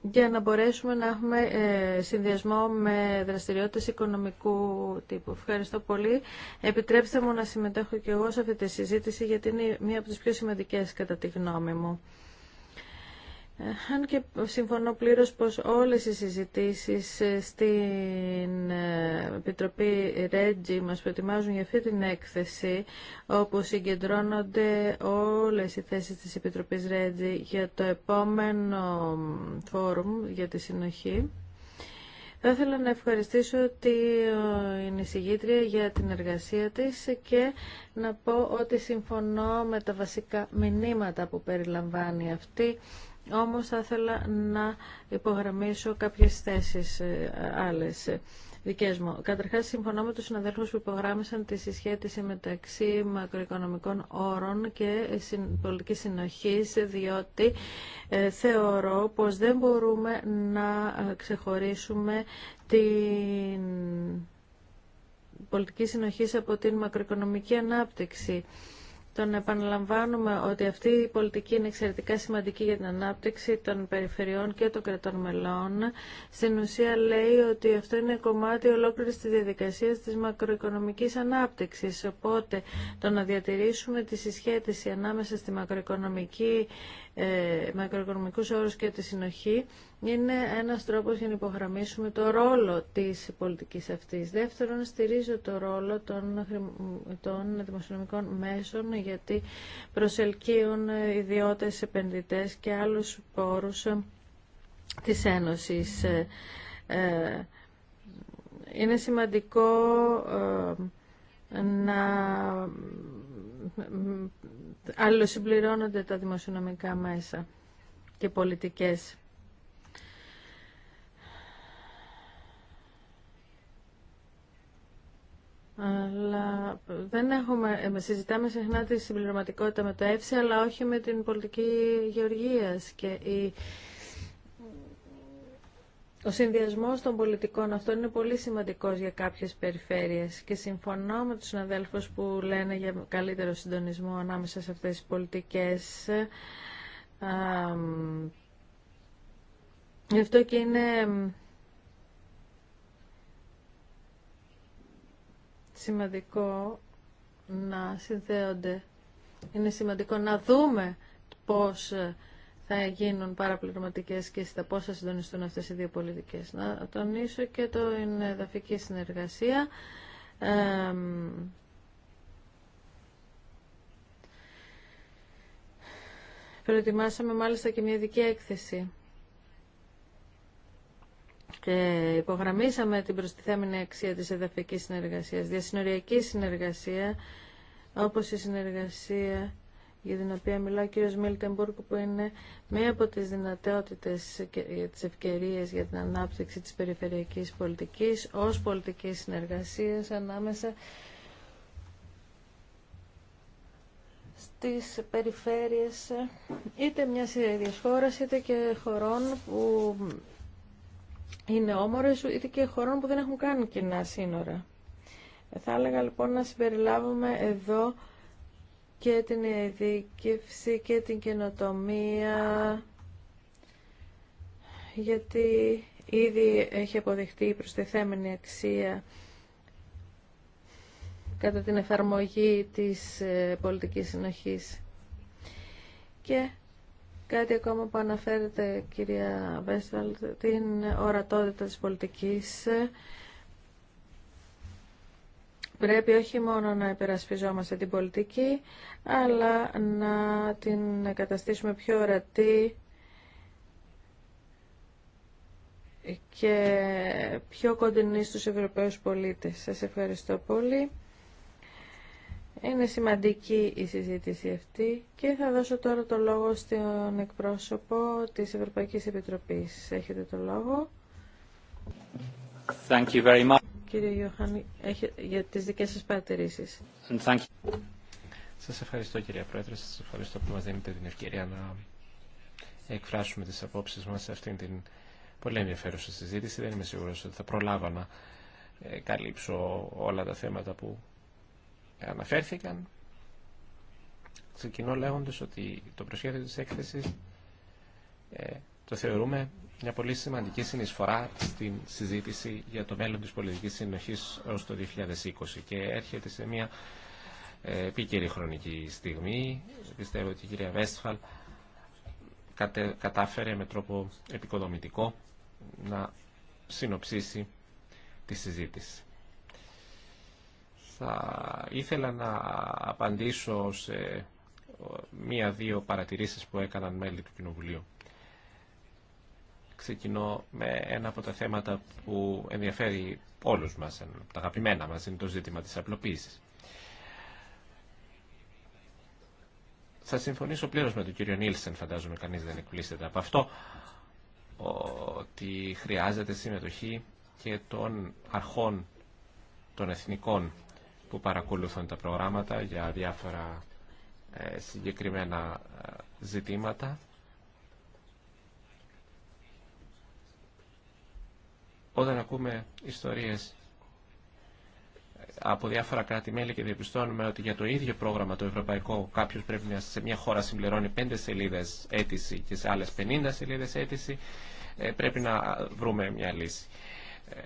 για να μπορέσουμε να έχουμε ε, συνδυασμό με δραστηριότητες οικονομικού τύπου. Ευχαριστώ πολύ. Επιτρέψτε μου να συμμετέχω και εγώ σε αυτή τη συζήτηση γιατί είναι μία από τις πιο σημαντικές κατά τη γνώμη μου. Αν και συμφωνώ πλήρως πως όλες οι συζητήσεις ε, στην ε, Επιτροπή Ρέντζι μας προετοιμάζουν για αυτή την έκθεση όπου συγκεντρώνονται όλες οι θέσεις της Επιτροπής Ρέντζι για το επόμενο φόρουμ για τη συνοχή. Θα ήθελα να ευχαριστήσω την εισηγήτρια για την εργασία της και να πω ότι συμφωνώ με τα βασικά μηνύματα που περιλαμβάνει αυτή όμως θα ήθελα να υπογραμμίσω κάποιες θέσεις ε, άλλες ε, δικές μου. Καταρχάς, συμφωνώ με τους συναδέλφους που υπογράμμισαν τη συσχέτιση μεταξύ μακροοικονομικών όρων και πολιτικής συνοχής, διότι ε, θεωρώ πως δεν μπορούμε να ξεχωρίσουμε την πολιτική συνοχής από την μακροοικονομική ανάπτυξη τον επαναλαμβάνουμε ότι αυτή η πολιτική είναι εξαιρετικά σημαντική για την ανάπτυξη των περιφερειών και των κρατών μελών. Στην ουσία λέει ότι αυτό είναι κομμάτι ολόκληρης της διαδικασίας της μακροοικονομικής ανάπτυξης. Οπότε το να διατηρήσουμε τη συσχέτιση ανάμεσα στη μακροοικονομική ε, μακροοικονομικούς όρους και τη συνοχή είναι ένας τρόπος για να υπογραμμίσουμε το ρόλο της πολιτικής αυτής. Δεύτερον, στηρίζω το ρόλο των, δημοσιονομικών μέσων γιατί προσελκύουν ε, ιδιώτες επενδυτές και άλλους πόρους ε, της Ένωσης. Είναι σημαντικό να συμπληρώνονται τα δημοσιονομικά μέσα και πολιτικές. Αλλά δεν έχουμε, ε, συζητάμε συχνά τη συμπληρωματικότητα με το ΕΦΣΙ, αλλά όχι με την πολιτική γεωργίας και η ο συνδυασμό των πολιτικών αυτών είναι πολύ σημαντικό για κάποιε περιφέρειες και συμφωνώ με του συναδέλφου που λένε για καλύτερο συντονισμό ανάμεσα σε αυτέ τι πολιτικέ. Γι' αυτό και είναι σημαντικό να συνδέονται. Είναι σημαντικό να δούμε πώς θα γίνουν παραπληρωματικές και στα πώς θα συντονιστούν αυτές οι δύο πολιτικές. Να τονίσω και το εδαφική συνεργασία. Ε, προετοιμάσαμε μάλιστα και μια ειδική έκθεση και υπογραμμίσαμε την προστιθέμενη αξία της εδαφικής συνεργασίας, διασυνοριακή συνεργασία, όπως η συνεργασία για την οποία μιλά ο κύριος Μιλτεμπορκ που είναι μία από τις δυνατότητες και τις ευκαιρίες για την ανάπτυξη της περιφερειακής πολιτικής ως πολιτικής συνεργασίας ανάμεσα στις περιφέρειες είτε μια ίδιας χώρας είτε και χωρών που είναι όμορες είτε και χωρών που δεν έχουν κάνει κοινά σύνορα. Θα έλεγα λοιπόν να συμπεριλάβουμε εδώ και την ειδίκευση και την καινοτομία γιατί ήδη έχει αποδειχτεί η προστιθέμενη αξία κατά την εφαρμογή της ε, πολιτικής συνοχής. Και κάτι ακόμα που αναφέρεται κυρία Βέσβαλ, την ορατότητα της πολιτικής Πρέπει όχι μόνο να υπερασπιζόμαστε την πολιτική, αλλά να την καταστήσουμε πιο ορατή και πιο κοντινή στους Ευρωπαίους πολίτες. Σας ευχαριστώ πολύ. Είναι σημαντική η συζήτηση αυτή και θα δώσω τώρα το λόγο στον εκπρόσωπο της Ευρωπαϊκής Επιτροπής. Έχετε το λόγο. Thank you κύριε Ιωάννη, για τις δικές σας παρατηρήσεις. Σας ευχαριστώ κυρία Πρόεδρε, σας ευχαριστώ που μας δίνετε την ευκαιρία να εκφράσουμε τις απόψεις μας σε αυτήν την πολύ ενδιαφέρουσα συζήτηση. Δεν είμαι σίγουρος ότι θα προλάβα να ε, καλύψω όλα τα θέματα που αναφέρθηκαν. Ξεκινώ λέγοντας ότι το προσχέδιο της έκθεσης ε, το θεωρούμε μια πολύ σημαντική συνεισφορά στην συζήτηση για το μέλλον της πολιτικής συνοχής ως το 2020 και έρχεται σε μια ε, επίκαιρη χρονική στιγμή. Πιστεύω ότι η κυρία Βέσφαλ κατάφερε με τρόπο επικοδομητικό να συνοψίσει τη συζήτηση. Θα ήθελα να απαντήσω σε μία-δύο παρατηρήσεις που έκαναν μέλη του Κοινοβουλίου ξεκινώ με ένα από τα θέματα που ενδιαφέρει όλους μας, τα αγαπημένα μας, είναι το ζήτημα της απλοποίησης. Θα συμφωνήσω πλήρως με τον κύριο Νίλσεν, φαντάζομαι κανείς δεν εκπλήσεται από αυτό, ότι χρειάζεται συμμετοχή και των αρχών των εθνικών που παρακολουθούν τα προγράμματα για διάφορα ε, συγκεκριμένα ε, ζητήματα Όταν ακούμε ιστορίες από διάφορα κράτη-μέλη και διαπιστώνουμε ότι για το ίδιο πρόγραμμα το ευρωπαϊκό κάποιος πρέπει να σε μια χώρα συμπληρώνει πέντε σελίδες αίτηση και σε άλλες 50 σελίδες αίτηση, ε, πρέπει να βρούμε μια λύση. Ε,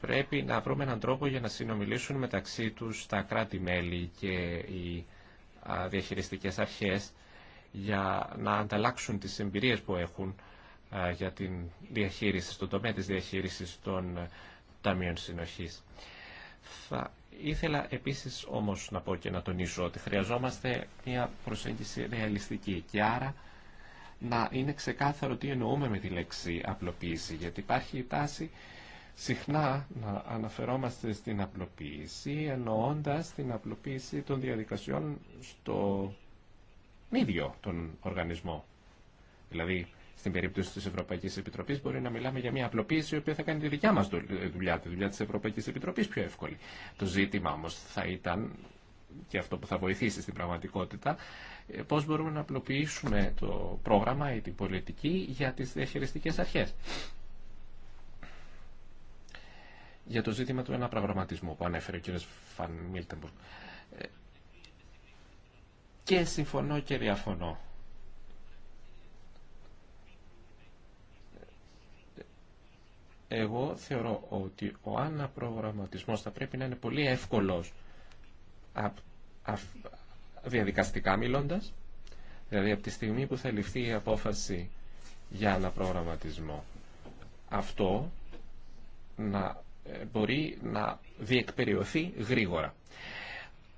πρέπει να βρούμε έναν τρόπο για να συνομιλήσουν μεταξύ τους τα κράτη-μέλη και οι διαχειριστικές αρχές για να ανταλλάξουν τις εμπειρίες που έχουν ε, για την διαχείριση, στον τομέα της διαχείρισης των ε, ταμείων συνοχής. Θα ήθελα επίσης όμως να πω και να τονίσω ότι χρειαζόμαστε μια προσέγγιση ρεαλιστική και άρα να είναι ξεκάθαρο τι εννοούμε με τη λέξη απλοποίηση, γιατί υπάρχει η τάση συχνά να αναφερόμαστε στην απλοποίηση εννοώντα την απλοποίηση των διαδικασιών στο ίδιο τον οργανισμό. Δηλαδή στην περίπτωση τη Ευρωπαϊκή Επιτροπή μπορεί να μιλάμε για μια απλοποίηση η οποία θα κάνει τη δικιά μα δουλειά, τη δουλειά τη Ευρωπαϊκή Επιτροπή πιο εύκολη. Το ζήτημα όμω θα ήταν και αυτό που θα βοηθήσει στην πραγματικότητα, ε, πώ μπορούμε να απλοποιήσουμε το πρόγραμμα ή την πολιτική για τι διαχειριστικέ αρχέ. Για το ζήτημα του αναπραγματισμού που ανέφερε ο κ. Φαν Μίλτεμπουργκ. Ε, και συμφωνώ και διαφωνώ Εγώ θεωρώ ότι ο αναπρογραμματισμός θα πρέπει να είναι πολύ εύκολος διαδικαστικά μιλώντας, δηλαδή από τη στιγμή που θα ληφθεί η απόφαση για αναπρογραμματισμό. Αυτό να ε, μπορεί να διεκπεριωθεί γρήγορα.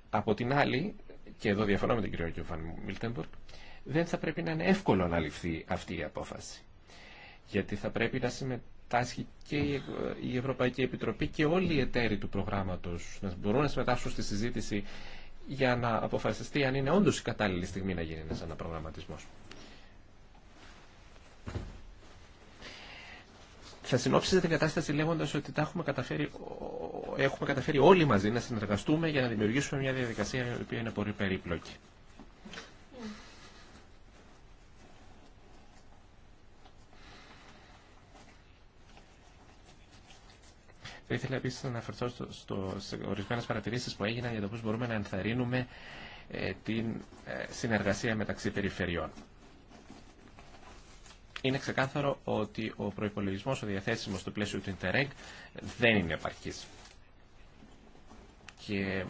Από την άλλη, και εδώ διαφωνώ με τον κύριο Κιωφάν Μιλτέμπορκ, δεν θα πρέπει να είναι εύκολο να ληφθεί αυτή η απόφαση. Γιατί θα πρέπει να συμμετέχει και η Ευρωπαϊκή Επιτροπή και όλοι οι εταίροι του προγράμματος να μπορούν να συμμετάσχουν στη συζήτηση για να αποφασιστεί αν είναι όντως η κατάλληλη στιγμή να γίνει ένας αναπρογραμματισμός. Θα συνόψιζα την κατάσταση λέγοντα ότι τα έχουμε καταφέρει, έχουμε καταφέρει όλοι μαζί να συνεργαστούμε για να δημιουργήσουμε μια διαδικασία η οποία είναι πολύ περίπλοκη. Θα ήθελα επίση να αναφερθώ στο, σε ορισμένε παρατηρήσει που έγιναν για το πώ μπορούμε να ενθαρρύνουμε ε, την ε, συνεργασία μεταξύ περιφερειών. Είναι ξεκάθαρο ότι ο προπολογισμό, ο διαθέσιμο στο πλαίσιο του Interreg δεν είναι επαρκή. Και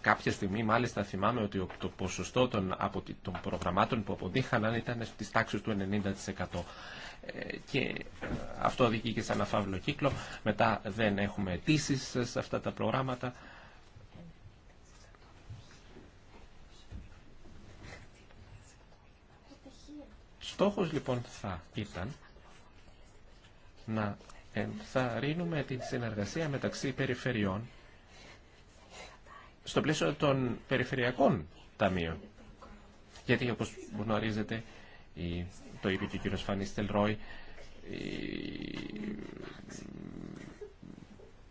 κάποια στιγμή μάλιστα θυμάμαι ότι το ποσοστό των, των προγραμμάτων που αποτύχαναν ήταν στις τάξεις του 90% και αυτό οδηγεί και σε ένα φαύλο κύκλο. Μετά δεν έχουμε αιτήσει σε αυτά τα προγράμματα. Στόχος λοιπόν θα ήταν να ενθαρρύνουμε την συνεργασία μεταξύ περιφερειών στο πλαίσιο των περιφερειακών ταμείων. Γιατί όπως γνωρίζετε η το είπε και ο κύριος Φανίστελ Ρόι, ε,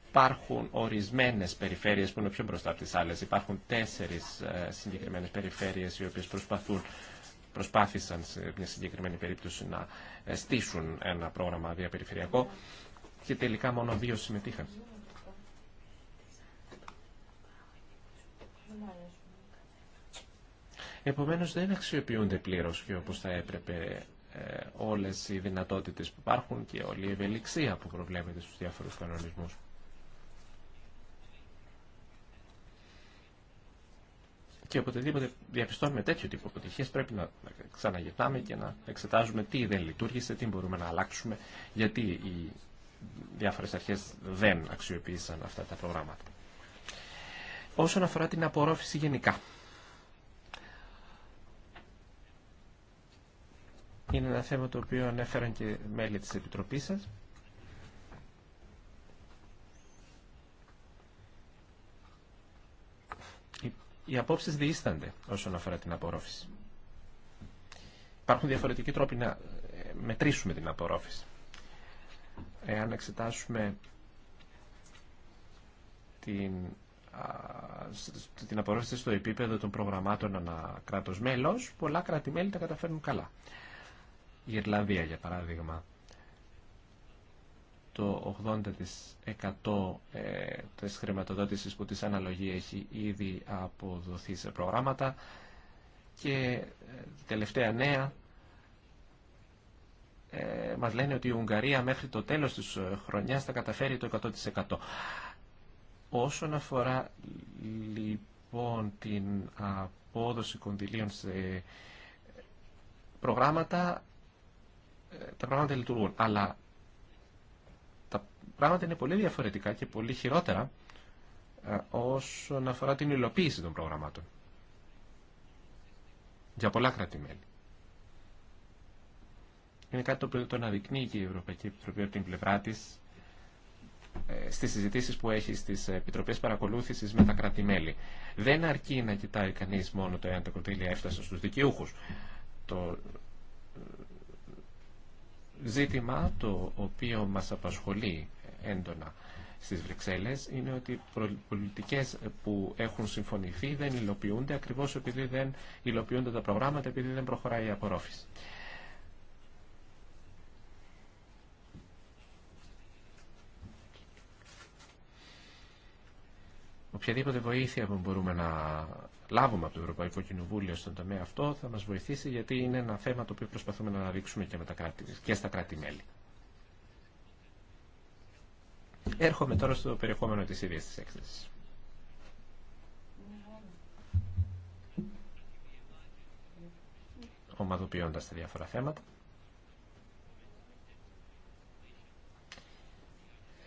υπάρχουν ορισμένες περιφέρειες που είναι πιο μπροστά από τις άλλες. Υπάρχουν τέσσερις ε, συγκεκριμένες περιφέρειες οι οποίες προσπαθούν προσπάθησαν σε μια συγκεκριμένη περίπτωση να ε, στήσουν ένα πρόγραμμα διαπεριφερειακό και τελικά μόνο δύο συμμετείχαν. Επομένως δεν αξιοποιούνται πλήρως και όπως θα έπρεπε ε, όλες οι δυνατότητες που υπάρχουν και όλη η ευελιξία που προβλέπεται στους διάφορους κανονισμούς. Και οποτεδήποτε διαπιστώνουμε τέτοιο τύπο αποτυχίες πρέπει να ξαναγυρνάμε και να εξετάζουμε τι δεν λειτουργήσε, τι μπορούμε να αλλάξουμε, γιατί οι διάφορες αρχές δεν αξιοποίησαν αυτά τα προγράμματα. Όσον αφορά την απορρόφηση γενικά, Είναι ένα θέμα το οποίο ανέφεραν και μέλη της Επιτροπής σας. Οι απόψεις διήστανται όσον αφορά την απορρόφηση. Υπάρχουν διαφορετικοί τρόποι να ε, μετρήσουμε την απορρόφηση. Εάν εξετάσουμε την, την απορρόφηση στο επίπεδο των προγραμμάτων ανά κράτος μέλος, πολλά κράτη-μέλη τα καταφέρνουν καλά. Η Ιρλανδία, για παράδειγμα, το 80% ε, της χρηματοδότησης που της αναλογεί έχει ήδη αποδοθεί σε προγράμματα και ε, τελευταία νέα ε, μας λένε ότι η Ουγγαρία μέχρι το τέλος της χρονιάς θα καταφέρει το 100%. Όσον αφορά λοιπόν την απόδοση κονδυλίων σε προγράμματα τα πράγματα λειτουργούν. Αλλά τα πράγματα είναι πολύ διαφορετικά και πολύ χειρότερα ε, όσον αφορά την υλοποίηση των προγραμμάτων. Για πολλά κράτη-μέλη. Είναι κάτι το οποίο το αναδεικνύει και η Ευρωπαϊκή Επιτροπή από την πλευρά τη ε, στις συζητήσεις που έχει στις επιτροπές παρακολούθησης με τα κράτη-μέλη. Δεν αρκεί να κοιτάει κανείς μόνο το εάν τα κονδύλια έφτασαν στους δικαιούχους. Το ζήτημα το οποίο μας απασχολεί έντονα στις Βρυξέλλες είναι ότι οι πολιτικές που έχουν συμφωνηθεί δεν υλοποιούνται ακριβώς επειδή δεν υλοποιούνται τα προγράμματα, επειδή δεν προχωράει η απορρόφηση. Οποιαδήποτε βοήθεια που μπορούμε να λάβουμε από το Ευρωπαϊκό Κοινοβούλιο στον τομέα αυτό θα μας βοηθήσει γιατί είναι ένα θέμα το οποίο προσπαθούμε να αναδείξουμε και, και στα κράτη-μέλη. Έρχομαι τώρα στο περιεχόμενο της ίδιας της έκθεσης. Ομαδοποιώντας τα διάφορα θέματα.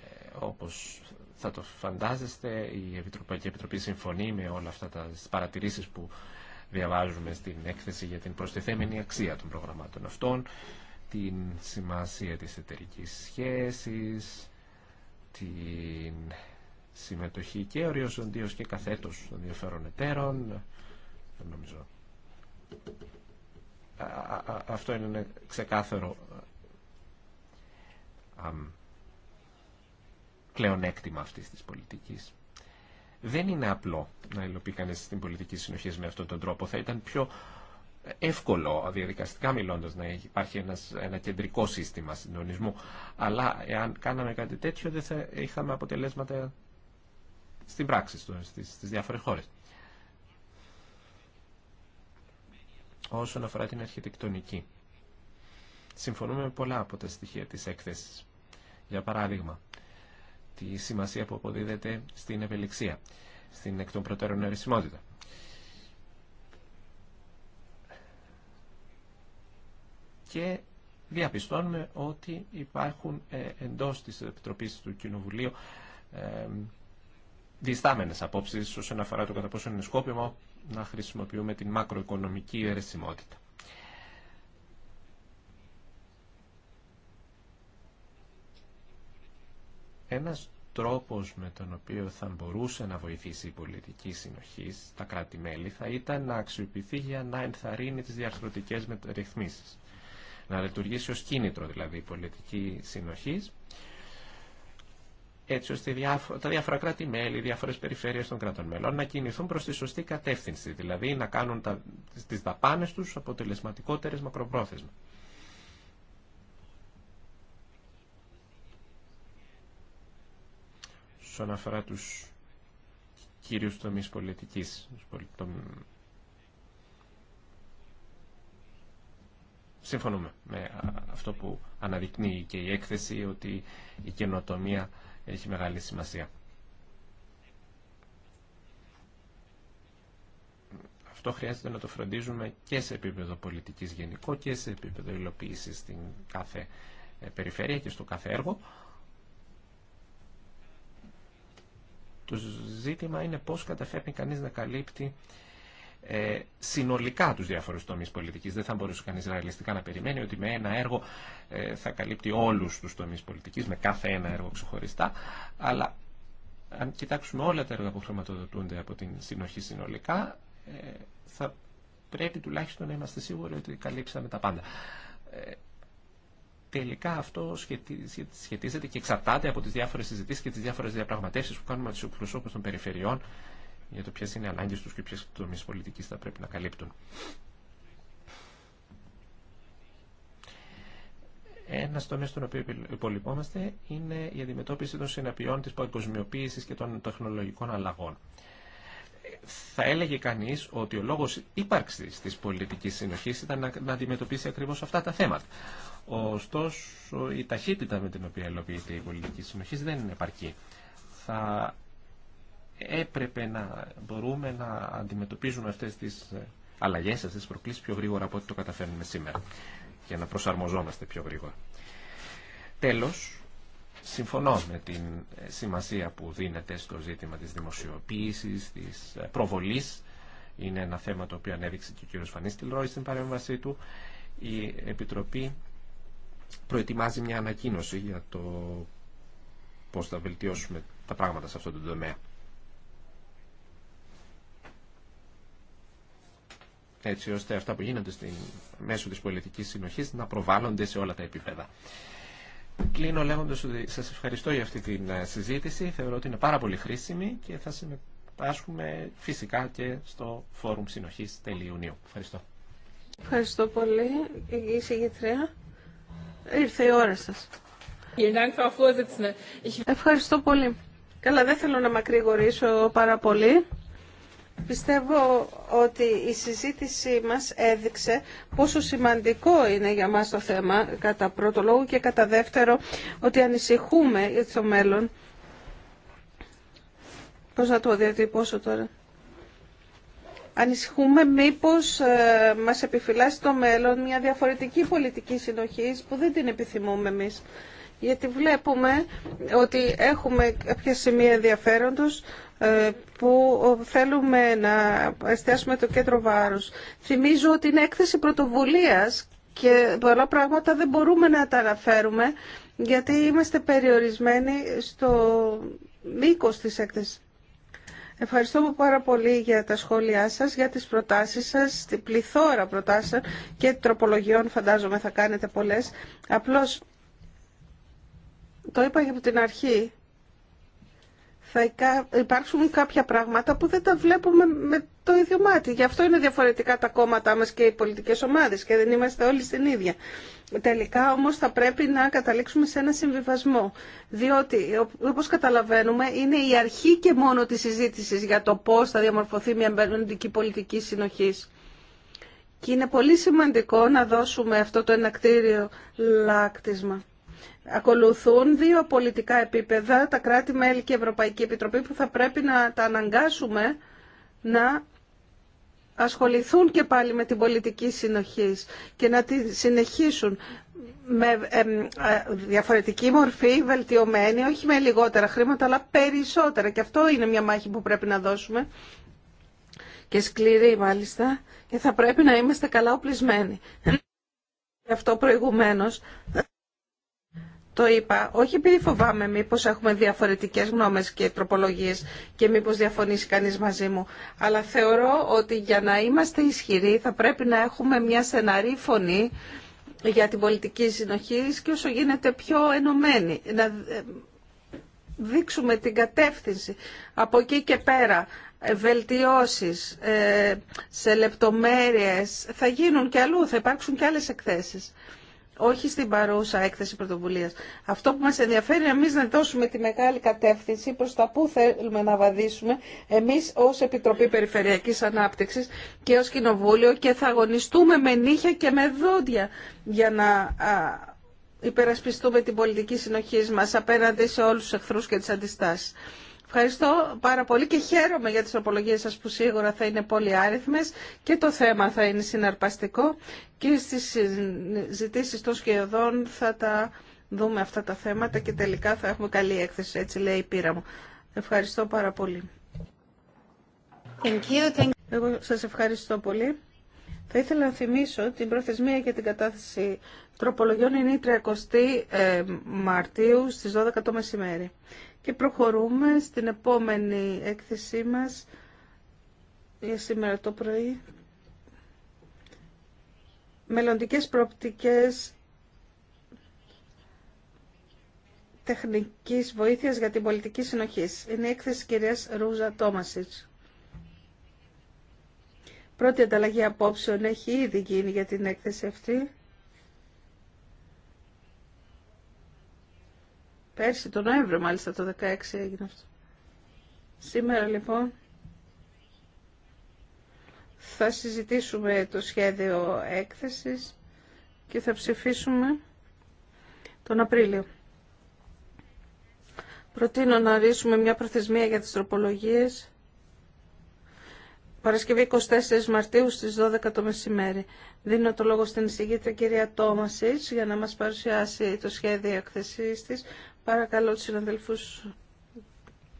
Ε, όπως θα το φαντάζεστε, η Ευρωπαϊκή Επιτροπή συμφωνεί με όλα αυτά τα παρατηρήσει που διαβάζουμε στην έκθεση για την προστιθέμενη αξία των προγραμμάτων αυτών, την σημασία της εταιρική σχέσης, την συμμετοχή και οριοσοντίως και καθέτως των διαφέρων εταίρων. Νομίζω. Αυτό είναι ξεκάθαρο ξεκάθαρο πλεονέκτημα αυτής της πολιτικής. Δεν είναι απλό να υλοποιεί κανεί την πολιτική συνοχή με αυτόν τον τρόπο. Θα ήταν πιο εύκολο διαδικαστικά μιλώντα να υπάρχει ένας, ένα κεντρικό σύστημα συντονισμού. Αλλά εάν κάναμε κάτι τέτοιο δεν θα είχαμε αποτελέσματα στην πράξη στις, στις διάφορες Όσον αφορά την αρχιτεκτονική. Συμφωνούμε με πολλά από τα στοιχεία της έκθεσης. Για παράδειγμα, τη σημασία που αποδίδεται στην ευελιξία, στην εκ των προτέρων αρισιμότητα. Και διαπιστώνουμε ότι υπάρχουν ε, εντός της Επιτροπής του Κοινοβουλίου ε, διστάμενες απόψεις όσον αφορά το κατά πόσο είναι σκόπιμο να χρησιμοποιούμε την μακροοικονομική ερεσιμότητα. Ένας τρόπος με τον οποίο θα μπορούσε να βοηθήσει η πολιτική συνοχή στα κράτη-μέλη θα ήταν να αξιοποιηθεί για να ενθαρρύνει τις διαρθρωτικές μεταρρυθμίσεις. Να λειτουργήσει ως κίνητρο δηλαδή η πολιτική συνοχή έτσι ώστε τα διάφορα κράτη-μέλη, οι διάφορε περιφέρειε των κρατών μελών να κινηθούν προ τη σωστή κατεύθυνση, δηλαδή να κάνουν τι δαπάνε του αποτελεσματικότερε μακροπρόθεσμα. όσον αφορά τους κύριους τομείς πολιτικής, συμφωνούμε με αυτό που αναδεικνύει και η έκθεση ότι η καινοτομία έχει μεγάλη σημασία. Αυτό χρειάζεται να το φροντίζουμε και σε επίπεδο πολιτικής γενικό και σε επίπεδο υλοποίησης στην κάθε ε, περιφέρεια και στο κάθε έργο. Το ζήτημα είναι πώς καταφέρνει κανείς να καλύπτει ε, συνολικά τους διάφορους τομείς πολιτικής. Δεν θα μπορούσε κανείς ρεαλιστικά να περιμένει ότι με ένα έργο ε, θα καλύπτει όλους τους τομείς πολιτικής, με κάθε ένα έργο ξεχωριστά, αλλά αν κοιτάξουμε όλα τα έργα που χρηματοδοτούνται από την συνοχή συνολικά, ε, θα πρέπει τουλάχιστον να είμαστε σίγουροι ότι καλύψαμε τα πάντα. Ε, τελικά αυτό σχετίζεται και εξαρτάται από τι διάφορε συζητήσει και τι διάφορε διαπραγματεύσει που κάνουμε με του εκπροσώπου των περιφερειών για το ποιε είναι οι ανάγκε του και ποιε τομεί πολιτική θα πρέπει να καλύπτουν. Ένα τομέα στον οποίο υπολοιπόμαστε είναι η αντιμετώπιση των συναπιών τη παγκοσμιοποίηση και των τεχνολογικών αλλαγών. Θα έλεγε κανεί ότι ο λόγο ύπαρξη τη πολιτική συνοχή ήταν να αντιμετωπίσει ακριβώ αυτά τα θέματα. Ωστόσο, η ταχύτητα με την οποία ελοποιείται η πολιτική συνοχή δεν είναι επαρκή. Θα έπρεπε να μπορούμε να αντιμετωπίζουμε αυτές τις ε, αλλαγές, αυτές τις προκλήσεις πιο γρήγορα από ό,τι το καταφέρνουμε σήμερα για να προσαρμοζόμαστε πιο γρήγορα. Τέλος, συμφωνώ με την ε, σημασία που δίνεται στο ζήτημα της δημοσιοποίησης, της ε, προβολής. Είναι ένα θέμα το οποίο ανέδειξε και ο κ. Φανίστηλ Ρόι στην παρέμβασή του. Η Επιτροπή προετοιμάζει μια ανακοίνωση για το πώς θα βελτιώσουμε τα πράγματα σε αυτό το τομέα. έτσι ώστε αυτά που γίνονται στην, μέσω της πολιτικής συνοχής να προβάλλονται σε όλα τα επίπεδα. Κλείνω λέγοντας ότι σας ευχαριστώ για αυτή τη ε, συζήτηση. Θεωρώ ότι είναι πάρα πολύ χρήσιμη και θα συμμετάσχουμε φυσικά και στο Φόρουμ Συνοχής Ιουνίου. Ευχαριστώ. Ευχαριστώ πολύ, η συγγετρία. Ήρθε η ώρα σας. Ευχαριστώ πολύ. Καλά, δεν θέλω να μακρηγορήσω πάρα πολύ. Πιστεύω ότι η συζήτησή μας έδειξε πόσο σημαντικό είναι για μας το θέμα, κατά πρώτο λόγο και κατά δεύτερο, ότι ανησυχούμε για το μέλλον. Πώς να το διατυπώσω τώρα. Ανησυχούμε μήπως ε, μας επιφυλάσσει το μέλλον μια διαφορετική πολιτική συνοχής που δεν την επιθυμούμε εμείς. Γιατί βλέπουμε ότι έχουμε κάποια σημεία ενδιαφέροντος ε, που θέλουμε να εστιάσουμε το κέντρο βάρους. Θυμίζω ότι είναι έκθεση πρωτοβουλίας και πολλά πράγματα δεν μπορούμε να τα αναφέρουμε γιατί είμαστε περιορισμένοι στο μήκος της έκθεσης. Ευχαριστώ πάρα πολύ για τα σχόλιά σας, για τις προτάσεις σας, την πληθώρα προτάσεων και τροπολογιών φαντάζομαι θα κάνετε πολλές. Απλώς το είπα από την αρχή θα υπάρξουν κάποια πράγματα που δεν τα βλέπουμε με το ίδιο μάτι. Γι' αυτό είναι διαφορετικά τα κόμματά μας και οι πολιτικές ομάδες και δεν είμαστε όλοι στην ίδια. Τελικά όμως θα πρέπει να καταλήξουμε σε ένα συμβιβασμό, διότι όπως καταλαβαίνουμε είναι η αρχή και μόνο της συζήτησης για το πώς θα διαμορφωθεί μια μελλοντική πολιτική συνοχής. Και είναι πολύ σημαντικό να δώσουμε αυτό το ενακτήριο λάκτισμα ακολουθούν δύο πολιτικά επίπεδα, τα κράτη-μέλη και η Ευρωπαϊκή Επιτροπή, που θα πρέπει να τα αναγκάσουμε να ασχοληθούν και πάλι με την πολιτική συνοχής και να τη συνεχίσουν με ε, διαφορετική μορφή, βελτιωμένη, όχι με λιγότερα χρήματα, αλλά περισσότερα. Και αυτό είναι μια μάχη που πρέπει να δώσουμε και σκληρή μάλιστα και θα πρέπει να είμαστε καλά οπλισμένοι. αυτό προηγουμένως το είπα, όχι επειδή φοβάμαι μήπως έχουμε διαφορετικές γνώμες και τροπολογίες και μήπως διαφωνήσει κανείς μαζί μου, αλλά θεωρώ ότι για να είμαστε ισχυροί θα πρέπει να έχουμε μια στεναρή φωνή για την πολιτική συνοχή και όσο γίνεται πιο ενωμένη. Να δείξουμε την κατεύθυνση από εκεί και πέρα ε, βελτιώσεις ε, σε λεπτομέρειες θα γίνουν και αλλού, θα υπάρξουν και άλλες εκθέσεις όχι στην παρούσα έκθεση πρωτοβουλίας. Αυτό που μας ενδιαφέρει εμείς να δώσουμε τη μεγάλη κατεύθυνση προς τα που θέλουμε να βαδίσουμε εμείς ως Επιτροπή Περιφερειακής Ανάπτυξης και ως Κοινοβούλιο και θα αγωνιστούμε με νύχια και με δόντια για να υπερασπιστούμε την πολιτική συνοχή μας απέναντι σε όλους τους εχθρούς και τις αντιστάσεις. Ευχαριστώ πάρα πολύ και χαίρομαι για τις απολογίες σας που σίγουρα θα είναι πολύ άριθμες και το θέμα θα είναι συναρπαστικό και στις συζητήσεις των σχεδόν θα τα δούμε αυτά τα θέματα και τελικά θα έχουμε καλή έκθεση, έτσι λέει η πείρα μου. Ευχαριστώ πάρα πολύ. Thank you, Εγώ σας ευχαριστώ πολύ. Θα ήθελα να θυμίσω την προθεσμία για την κατάθεση τροπολογιών είναι η 30 ε, Μαρτίου στις 12 το μεσημέρι. Και προχωρούμε στην επόμενη έκθεσή μας για σήμερα το πρωί. Μελλοντικές προοπτικές τεχνικής βοήθειας για την πολιτική συνοχή. Είναι η έκθεση τη κυρίας Ρούζα Τόμασιτς. Πρώτη ανταλλαγή απόψεων έχει ήδη γίνει για την έκθεση αυτή. Πέρσι, τον Νοέμβριο μάλιστα, το 16 έγινε αυτό. Σήμερα λοιπόν θα συζητήσουμε το σχέδιο έκθεσης και θα ψηφίσουμε τον Απρίλιο. Προτείνω να ρίσουμε μια προθεσμία για τις τροπολογίες. Παρασκευή 24 Μαρτίου στις 12 το μεσημέρι. Δίνω το λόγο στην εισηγήτρια κυρία Τόμασης για να μας παρουσιάσει το σχέδιο εκθεσής της Παρακαλώ τους συναδελφούς,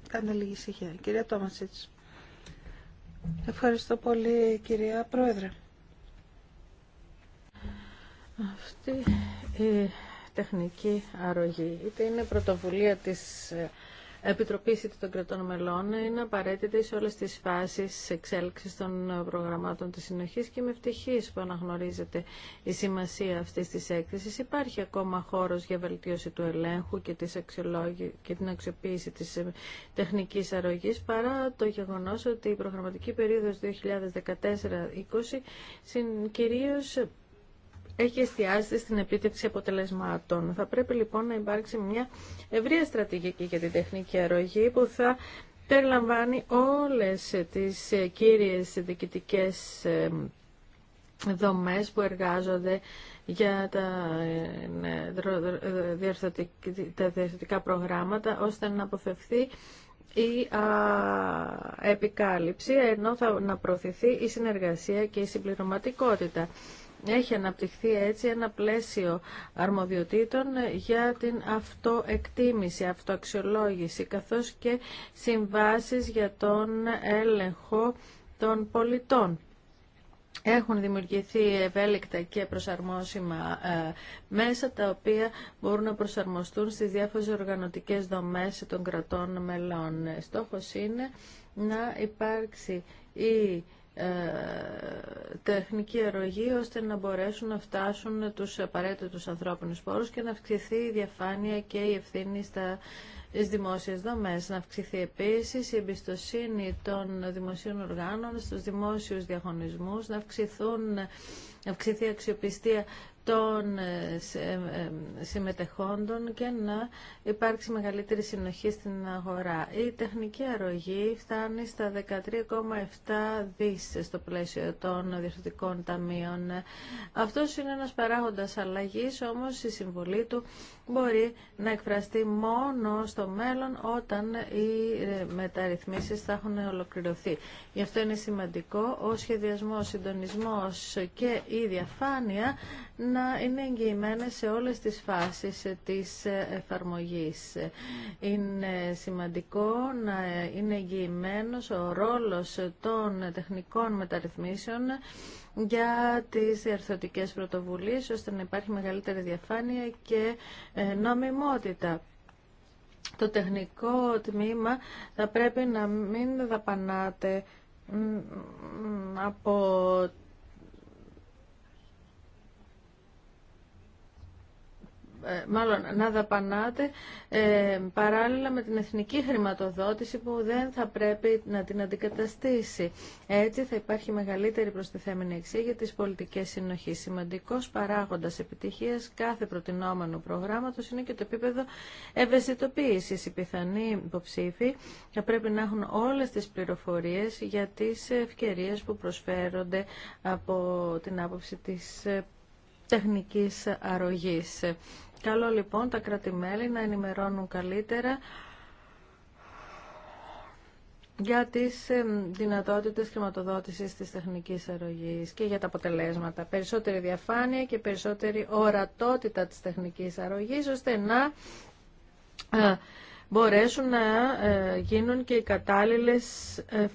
κάντε λίγη ησυχία. Κυρία Τόμασίτς. Ευχαριστώ πολύ κυρία Πρόεδρε. Αυτή η τεχνική αρρωγή είτε είναι πρωτοβουλία της ε, Επιτροπή των Κρατών Μελών είναι απαραίτητη σε όλες τις φάσεις εξέλιξης των προγραμμάτων της συνοχής και είμαι ευτυχής που αναγνωρίζεται η σημασία αυτής της έκθεσης. Υπάρχει ακόμα χώρος για βελτίωση του ελέγχου και, της και την αξιοποίηση της τεχνικής αρρωγής παρά το γεγονός ότι η προγραμματική περίοδος 2014-2020 κυρίω έχει εστιάσει στην επίτευξη αποτελεσμάτων. Θα πρέπει λοιπόν να υπάρξει μια ευρεία στρατηγική για την τεχνική αρρωγή που θα περιλαμβάνει όλες τις ε, κύριες διοικητικές ε, δομές που εργάζονται για τα ε, διορθωτικά προγράμματα ώστε να αποφευθεί η επικάλυψη, ενώ θα να προωθηθεί η συνεργασία και η συμπληρωματικότητα έχει αναπτυχθεί έτσι ένα πλαίσιο αρμοδιοτήτων για την αυτοεκτίμηση, αυτοαξιολόγηση, καθώς και συμβάσεις για τον έλεγχο των πολιτών. Έχουν δημιουργηθεί ευέλικτα και προσαρμόσιμα ε, μέσα τα οποία μπορούν να προσαρμοστούν στις διάφορες οργανωτικές δομές των κρατών μελών. Ε, στόχος είναι να υπάρξει η ε, τεχνική αρρωγή ώστε να μπορέσουν να φτάσουν τους απαραίτητους ανθρώπινους πόρους και να αυξηθεί η διαφάνεια και η ευθύνη στα στις δημόσιες δομές. Να αυξηθεί επίσης η εμπιστοσύνη των δημοσίων οργάνων στους δημόσιους διαγωνισμούς, να αυξηθούν αυξηθεί η αξιοπιστία των ε, ε, ε, συμμετεχόντων και να υπάρξει μεγαλύτερη συνοχή στην αγορά. Η τεχνική αρρωγή φτάνει στα 13,7 δις στο πλαίσιο των διευθυντικών ταμείων. Αυτός είναι ένας παράγοντας αλλαγής, όμως η συμβολή του μπορεί να εκφραστεί μόνο στο μέλλον όταν οι μεταρρυθμίσεις θα έχουν ολοκληρωθεί. Γι' αυτό είναι σημαντικό ο σχεδιασμός, συντονισμός και η διαφάνεια να είναι εγγυημένες σε όλες τις φάσεις της εφαρμογής. Είναι σημαντικό να είναι εγγυημένος ο ρόλος των τεχνικών μεταρρυθμίσεων για τις διαρθρωτικές πρωτοβουλίες, ώστε να υπάρχει μεγαλύτερη διαφάνεια και ε, νομιμότητα. Το τεχνικό τμήμα θα πρέπει να μην δαπανάται από Ε, μάλλον να δαπανάτε ε, παράλληλα με την εθνική χρηματοδότηση που δεν θα πρέπει να την αντικαταστήσει. Έτσι θα υπάρχει μεγαλύτερη προστιθέμενη εξήγηση για τις πολιτικές συνοχής. Σημαντικός παράγοντας επιτυχίας κάθε προτινόμενου προγράμματος είναι και το επίπεδο ευαισθητοποίησης. Οι πιθανοί υποψήφοι θα πρέπει να έχουν όλες τις πληροφορίες για τις ευκαιρίες που προσφέρονται από την άποψη της τεχνικής αρρωγής. Καλό λοιπόν τα κρατημέλη να ενημερώνουν καλύτερα για τις δυνατότητες χρηματοδότησης της τεχνικής αρρωγής και για τα αποτελέσματα. Περισσότερη διαφάνεια και περισσότερη ορατότητα της τεχνικής αρρωγής, ώστε να ε, μπορέσουν να ε, γίνουν και οι κατάλληλες ε,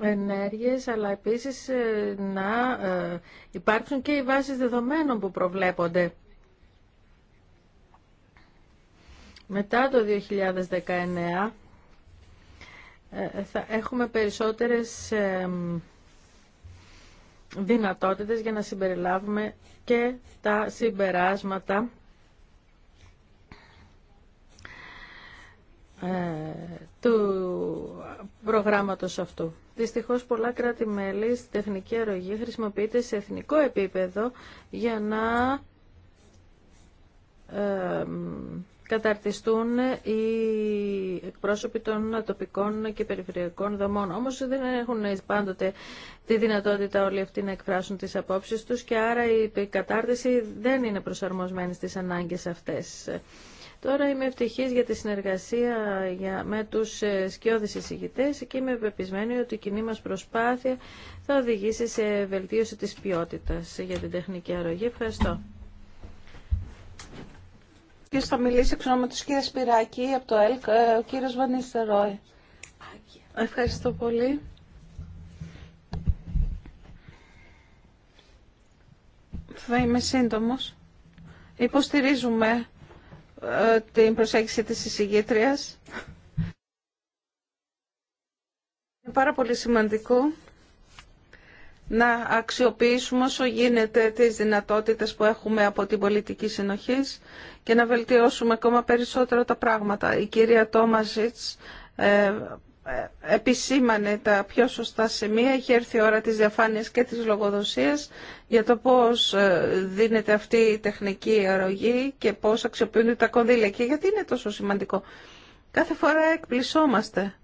ενέργειες, αλλά επίσης ε, να ε, υπάρξουν και οι βάσεις δεδομένων που προβλέπονται. Μετά το 2019 ε, θα έχουμε περισσότερες δυνατότητες για να συμπεριλάβουμε και τα συμπεράσματα Ε, του προγράμματος αυτού. Δυστυχώς πολλά κράτη-μέλη στην τεχνική αρρωγή χρησιμοποιείται σε εθνικό επίπεδο για να ε, καταρτιστούν οι εκπρόσωποι των τοπικών και περιφερειακών δομών. Όμως δεν έχουν πάντοτε τη δυνατότητα όλοι αυτοί να εκφράσουν τις απόψεις τους και άρα η κατάρτιση δεν είναι προσαρμοσμένη στις ανάγκες αυτές. Τώρα είμαι ευτυχής για τη συνεργασία για, με τους ε, σκιώδη εισηγητέ και είμαι πεπισμένη ότι η κοινή μα προσπάθεια θα οδηγήσει σε βελτίωση της ποιότητα για την τεχνική αρρωγή. Ευχαριστώ. Και θα μιλήσει εξ τη κύριε Σπυράκη από το ΕΛΚ, ε, ο κύριο Βανίστερ Ρόι. Ευχαριστώ πολύ. Θα είμαι σύντομος. Υποστηρίζουμε την προσέγγιση της εισηγήτριας. Είναι πάρα πολύ σημαντικό να αξιοποιήσουμε όσο γίνεται τις δυνατότητες που έχουμε από την πολιτική συνοχή και να βελτιώσουμε ακόμα περισσότερο τα πράγματα. Η κυρία Τόμαζιτς ε, ε, επισήμανε τα πιο σωστά σημεία. Έχει έρθει η ώρα της διαφάνειας και της λογοδοσίας για το πώς ε, δίνεται αυτή η τεχνική αρρωγή και πώς αξιοποιούνται τα κονδύλια. Και γιατί είναι τόσο σημαντικό. Κάθε φορά εκπλησόμαστε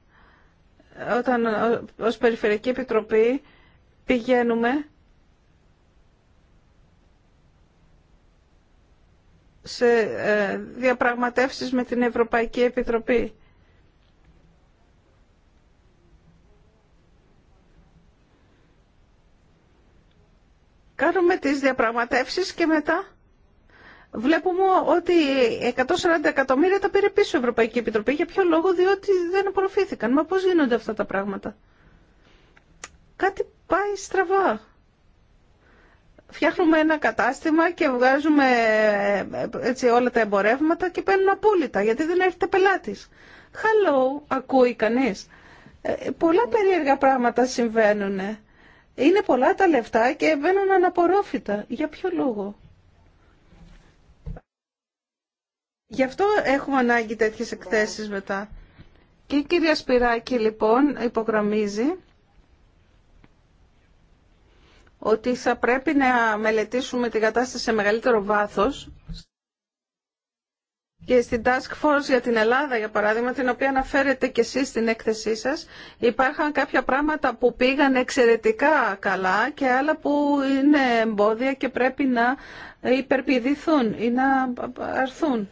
όταν ε, ως Περιφερειακή Επιτροπή πηγαίνουμε σε διαπραγματεύσεις με την Ευρωπαϊκή Επιτροπή. Κάνουμε τις διαπραγματεύσεις και μετά βλέπουμε ότι 140 εκατομμύρια τα πήρε πίσω η Ευρωπαϊκή Επιτροπή. Για ποιο λόγο, διότι δεν απορροφήθηκαν. Μα πώς γίνονται αυτά τα πράγματα. Κάτι πάει στραβά. Φτιάχνουμε ένα κατάστημα και βγάζουμε ε, έτσι, όλα τα εμπορεύματα και παίρνουν απόλυτα, γιατί δεν έρχεται πελάτης. Hello, ακούει κανείς. Ε, πολλά περίεργα πράγματα συμβαίνουν. Είναι πολλά τα λεφτά και μπαίνουν αναπορόφητα. Για ποιο λόγο. Γι' αυτό έχουμε ανάγκη τέτοιες εκθέσεις μετά. Και η κυρία Σπυράκη λοιπόν υπογραμμίζει ότι θα πρέπει να μελετήσουμε την κατάσταση σε μεγαλύτερο βάθος και στην Task Force για την Ελλάδα, για παράδειγμα, την οποία αναφέρετε και εσείς στην έκθεσή σας, υπάρχουν κάποια πράγματα που πήγαν εξαιρετικά καλά και άλλα που είναι εμπόδια και πρέπει να υπερπηδηθούν ή να αρθούν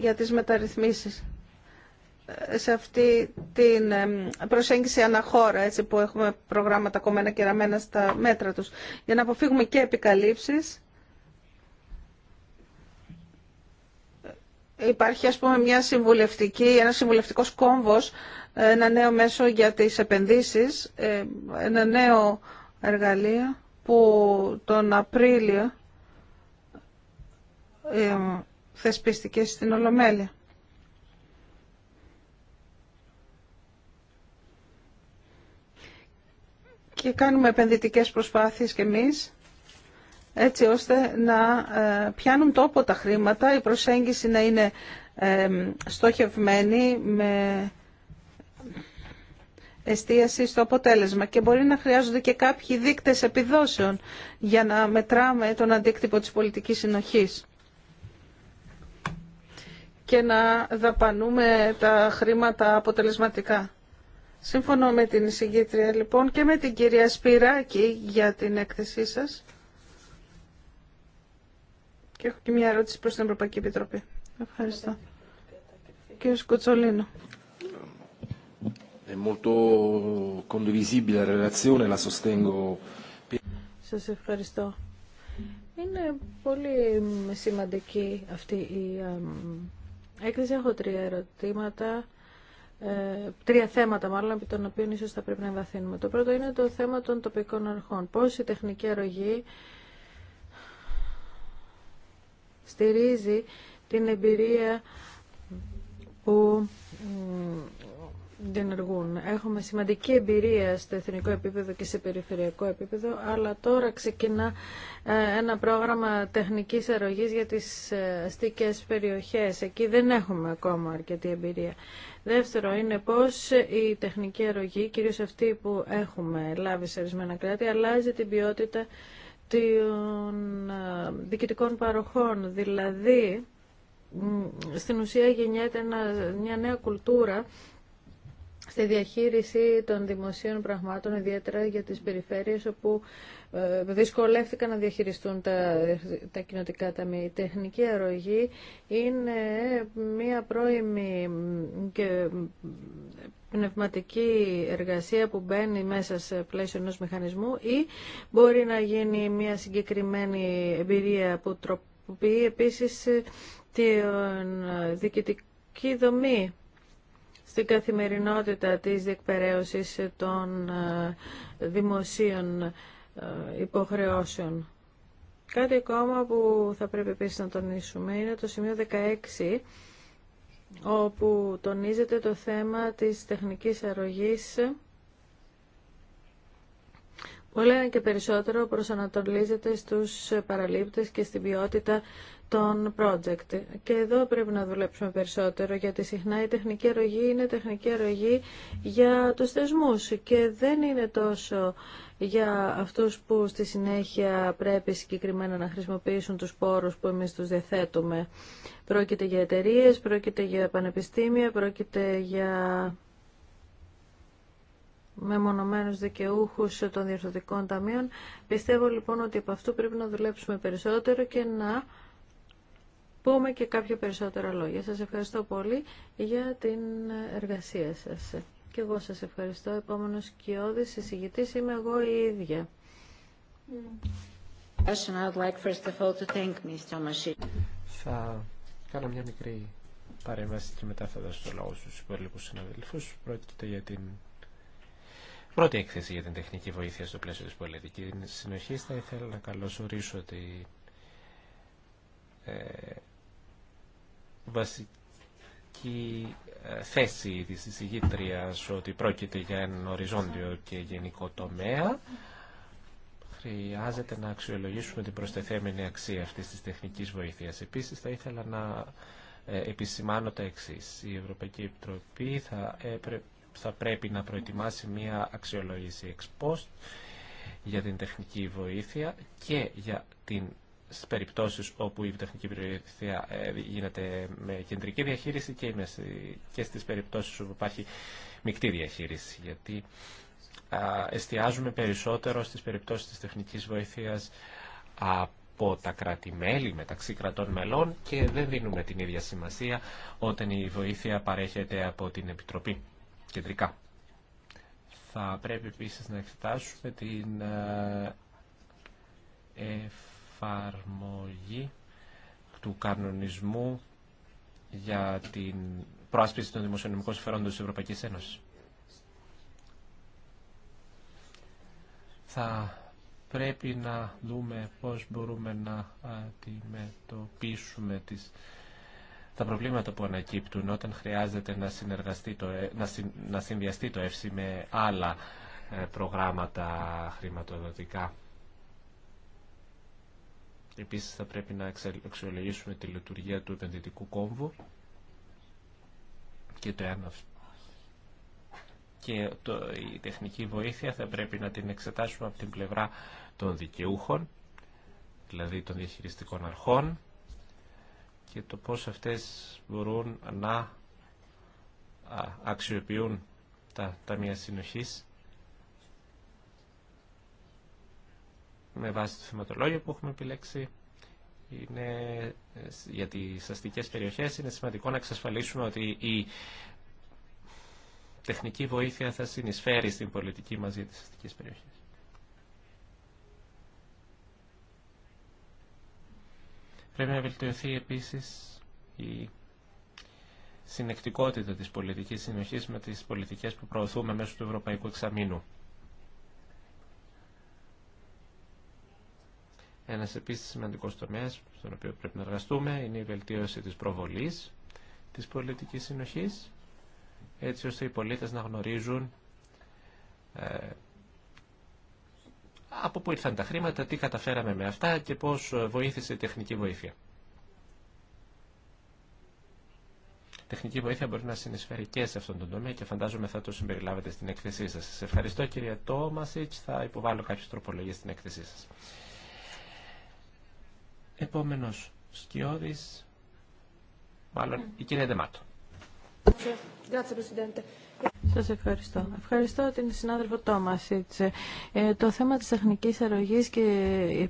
για τις μεταρρυθμίσεις σε αυτή την προσέγγιση αναχώρα έτσι, που έχουμε προγράμματα κομμένα και ραμμένα στα μέτρα τους για να αποφύγουμε και επικαλύψεις υπάρχει ας πούμε μια συμβουλευτική, ένα συμβουλευτικό κόμβος, ένα νέο μέσο για τις επενδύσεις, ε, ένα νέο εργαλείο που τον Απρίλιο ε, θεσπίστηκε στην Ολομέλεια. Και κάνουμε επενδυτικές προσπάθειες και εμείς έτσι ώστε να ε, πιάνουν τόπο τα χρήματα, η προσέγγιση να είναι ε, στοχευμένη με εστίαση στο αποτέλεσμα και μπορεί να χρειάζονται και κάποιοι δείκτες επιδόσεων για να μετράμε τον αντίκτυπο της πολιτικής συνοχής και να δαπανούμε τα χρήματα αποτελεσματικά. Σύμφωνο με την εισηγήτρια λοιπόν και με την κυρία Σπυράκη για την έκθεσή σας. Και έχω και μια ερώτηση προς την Ευρωπαϊκή Επιτροπή. Ευχαριστώ. Κύριε Σκοτσολίνο. Σας ευχαριστώ. Είναι πολύ σημαντική αυτή η έκθεση. Έχω τρία ερωτήματα, ε, τρία θέματα μάλλον, επί των οποίων ίσως θα πρέπει να εμβαθύνουμε. Το πρώτο είναι το θέμα των τοπικών αρχών. Πώς η τεχνική αρρωγή στηρίζει την εμπειρία που διενεργούν. Έχουμε σημαντική εμπειρία στο εθνικό επίπεδο και σε περιφερειακό επίπεδο, αλλά τώρα ξεκινά ε, ένα πρόγραμμα τεχνικής αρρωγής για τις ε, αστικές περιοχές. Εκεί δεν έχουμε ακόμα αρκετή εμπειρία. Δεύτερο είναι πώς η τεχνική αρρωγή, κυρίως αυτή που έχουμε λάβει σε ορισμένα κράτη, αλλάζει την ποιότητα των ε, διοικητικών παροχών. Δηλαδή, στην ουσία γεννιέται μια νέα κουλτούρα στη διαχείριση των δημοσίων πραγμάτων, ιδιαίτερα για τις περιφέρειες όπου ε, δυσκολεύτηκαν να διαχειριστούν τα, τα κοινοτικά ταμεία. Η τεχνική αρρωγή είναι μία πρώιμη και πνευματική εργασία που μπαίνει μέσα σε πλαίσιο ενός μηχανισμού ή μπορεί να γίνει μια συγκεκριμένη εμπειρία που τροποποιεί επίσης τη διοικητική δομή στην καθημερινότητα της διεκπαιρέωσης των ε, δημοσίων ε, υποχρεώσεων. Κάτι ακόμα που θα πρέπει επίσης να τονίσουμε είναι το σημείο 16 όπου τονίζεται το θέμα της τεχνικής αρρωγής που και περισσότερο προσανατολίζεται στους παραλήπτες και στην ποιότητα των project. Και εδώ πρέπει να δουλέψουμε περισσότερο, γιατί συχνά η τεχνική αρρωγή είναι τεχνική αρρωγή για τους θεσμούς και δεν είναι τόσο για αυτούς που στη συνέχεια πρέπει συγκεκριμένα να χρησιμοποιήσουν τους πόρους που εμείς τους διαθέτουμε. Πρόκειται για εταιρείε, πρόκειται για πανεπιστήμια, πρόκειται για μεμονωμένους δικαιούχους των διευθυντικών ταμείων. Πιστεύω λοιπόν ότι από αυτού πρέπει να δουλέψουμε περισσότερο και να πούμε και κάποια περισσότερα λόγια. Σας ευχαριστώ πολύ για την εργασία σας. Και εγώ σας ευχαριστώ. Επόμενος κοιόδης εισηγητής είμαι εγώ η ίδια. Θα κάνω μια μικρή παρέμβαση και μετά θα δώσω το λόγο στους υπόλοιπους συναδελφούς. Πρόκειται για την πρώτη έκθεση για την τεχνική βοήθεια στο πλαίσιο της πολιτικής συνοχής. Θα ήθελα να καλωσορίσω ότι ε, βασική βασική ε, θέση της εισηγήτριας ότι πρόκειται για έναν οριζόντιο και γενικό τομέα. Χρειάζεται να αξιολογήσουμε την προστεθέμενη αξία αυτής της τεχνικής βοήθειας. Επίσης θα ήθελα να ε, επισημάνω τα εξής. Η Ευρωπαϊκή Επιτροπή θα, ε, θα πρέπει να προετοιμάσει μια αξιολόγηση εξ για την τεχνική βοήθεια και για την στις περιπτώσεις όπου η τεχνική βοήθεια ε, γίνεται με κεντρική διαχείριση και, και στις περιπτώσεις όπου υπάρχει μεικτή διαχείριση. Γιατί εστιάζουμε περισσότερο στις περιπτώσεις της τεχνικής βοήθειας από τα κράτη-μέλη μεταξύ κρατών μελών και δεν δίνουμε την ίδια σημασία όταν η βοήθεια παρέχεται από την Επιτροπή κεντρικά. Θα πρέπει επίσης να εξετάσουμε την ε, εφαρμογή του κανονισμού για την προάσπιση των δημοσιονομικών συμφερόντων της Ευρωπαϊκής Ένωσης. Θα πρέπει να δούμε πώς μπορούμε να αντιμετωπίσουμε τις, τα προβλήματα που ανακύπτουν όταν χρειάζεται να, συνεργαστεί το, ε- να, να συνδυαστεί το ΕΦΣΥ με άλλα ε, προγράμματα χρηματοδοτικά. Επίσης θα πρέπει να αξιολογήσουμε τη λειτουργία του επενδυτικού κόμβου και το ένα. και το, η τεχνική βοήθεια θα πρέπει να την εξετάσουμε από την πλευρά των δικαιούχων, δηλαδή των διαχειριστικών αρχών και το πώς αυτές μπορούν να αξιοποιούν τα ταμεία συνοχής με βάση το θεματολόγιο που έχουμε επιλέξει είναι, για τις αστικές περιοχές είναι σημαντικό να εξασφαλίσουμε ότι η τεχνική βοήθεια θα συνεισφέρει στην πολιτική μας για τις αστικές περιοχές. Πρέπει να βελτιωθεί επίσης η συνεκτικότητα της πολιτικής συνοχής με τις πολιτικές που προωθούμε μέσω του Ευρωπαϊκού Εξαμήνου. Ένα επίσης σημαντικός τομέας στον οποίο πρέπει να εργαστούμε είναι η βελτίωση της προβολής της πολιτικής συνοχής έτσι ώστε οι πολίτες να γνωρίζουν ε, από πού ήρθαν τα χρήματα, τι καταφέραμε με αυτά και πώς βοήθησε η τεχνική βοήθεια. Η τεχνική βοήθεια μπορεί να συνεισφέρει και σε αυτόν τον τομέα και φαντάζομαι θα το συμπεριλάβετε στην έκθεσή σας. Σε ευχαριστώ κύριε Τόμασιτς, θα υποβάλω κάποιες τροπολογίες στην έκθεσή σας. Επόμενος σκιώδης, μάλλον η κυρία Ντεμάτο. Σα ευχαριστώ. Ευχαριστώ την συνάδελφο Ε, το θέμα της τεχνικής αρρωγής και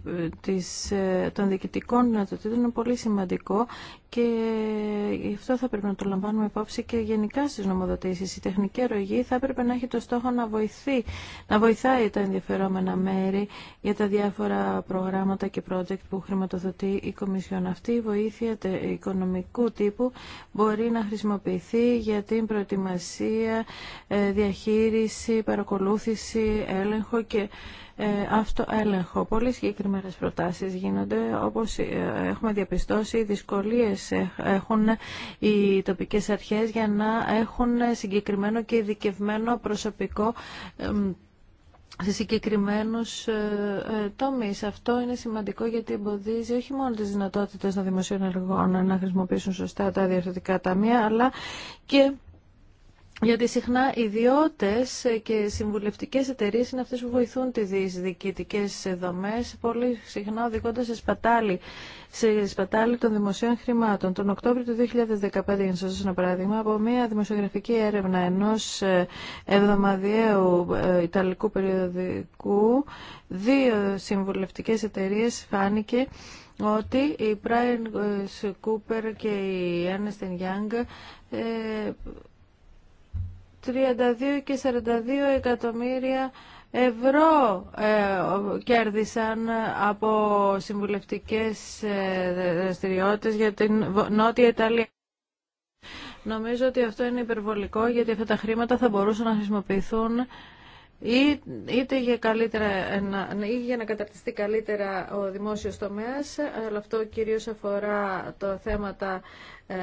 ε, της, ε, των διοικητικών δυνατοτήτων είναι πολύ σημαντικό και ε, γι' αυτό θα πρέπει να το λαμβάνουμε υπόψη και γενικά στις νομοδοτήσεις. Η τεχνική αρρωγή θα έπρεπε να έχει το στόχο να, βοηθεί, να βοηθάει τα ενδιαφερόμενα μέρη για τα διάφορα προγράμματα και project που χρηματοδοτεί η Κομισιόν. Αυτή η βοήθεια οικονομικού τύπου μπορεί να χρησιμοποιηθεί για την προετοιμασία ε, διαχείριση, παρακολούθηση, έλεγχο και ε, αυτοέλεγχο. Πολύ συγκεκριμένε προτάσεις γίνονται, όπως ε, έχουμε διαπιστώσει, οι δυσκολίες έχουν οι τοπικές αρχές για να έχουν συγκεκριμένο και ειδικευμένο προσωπικό σε συγκεκριμένους τομείς. Αυτό είναι σημαντικό γιατί εμποδίζει όχι μόνο τις δυνατότητες των δημοσίων εργών να χρησιμοποιήσουν σωστά τα διευθυντικά ταμεία, αλλά και γιατί συχνά ιδιώτες και συμβουλευτικέ εταιρείε είναι αυτέ που βοηθούν τι διοικητικές δομέ, πολύ συχνά οδηγώντα σε σπατάλη, σε σπατάλη των δημοσίων χρημάτων. Τον Οκτώβριο του 2015, για να σα δώσω ένα παράδειγμα, από μια δημοσιογραφική έρευνα ενός ε, εβδομαδιαίου ε, Ιταλικού περιοδικού, δύο συμβουλευτικέ εταιρείε φάνηκε ότι η Brian ε, Cooper και η Ernest Young 32 και 42 εκατομμύρια ευρώ ε, κέρδισαν από συμβουλευτικές ε, δραστηριότητες για την Νότια Ιταλία. Νομίζω ότι αυτό είναι υπερβολικό γιατί αυτά τα χρήματα θα μπορούσαν να χρησιμοποιηθούν ή, είτε για, καλύτερα, ναι, ή για να καταρτιστεί καλύτερα ο δημόσιος τομέας, αλλά αυτό κυρίως αφορά το θέματα ε,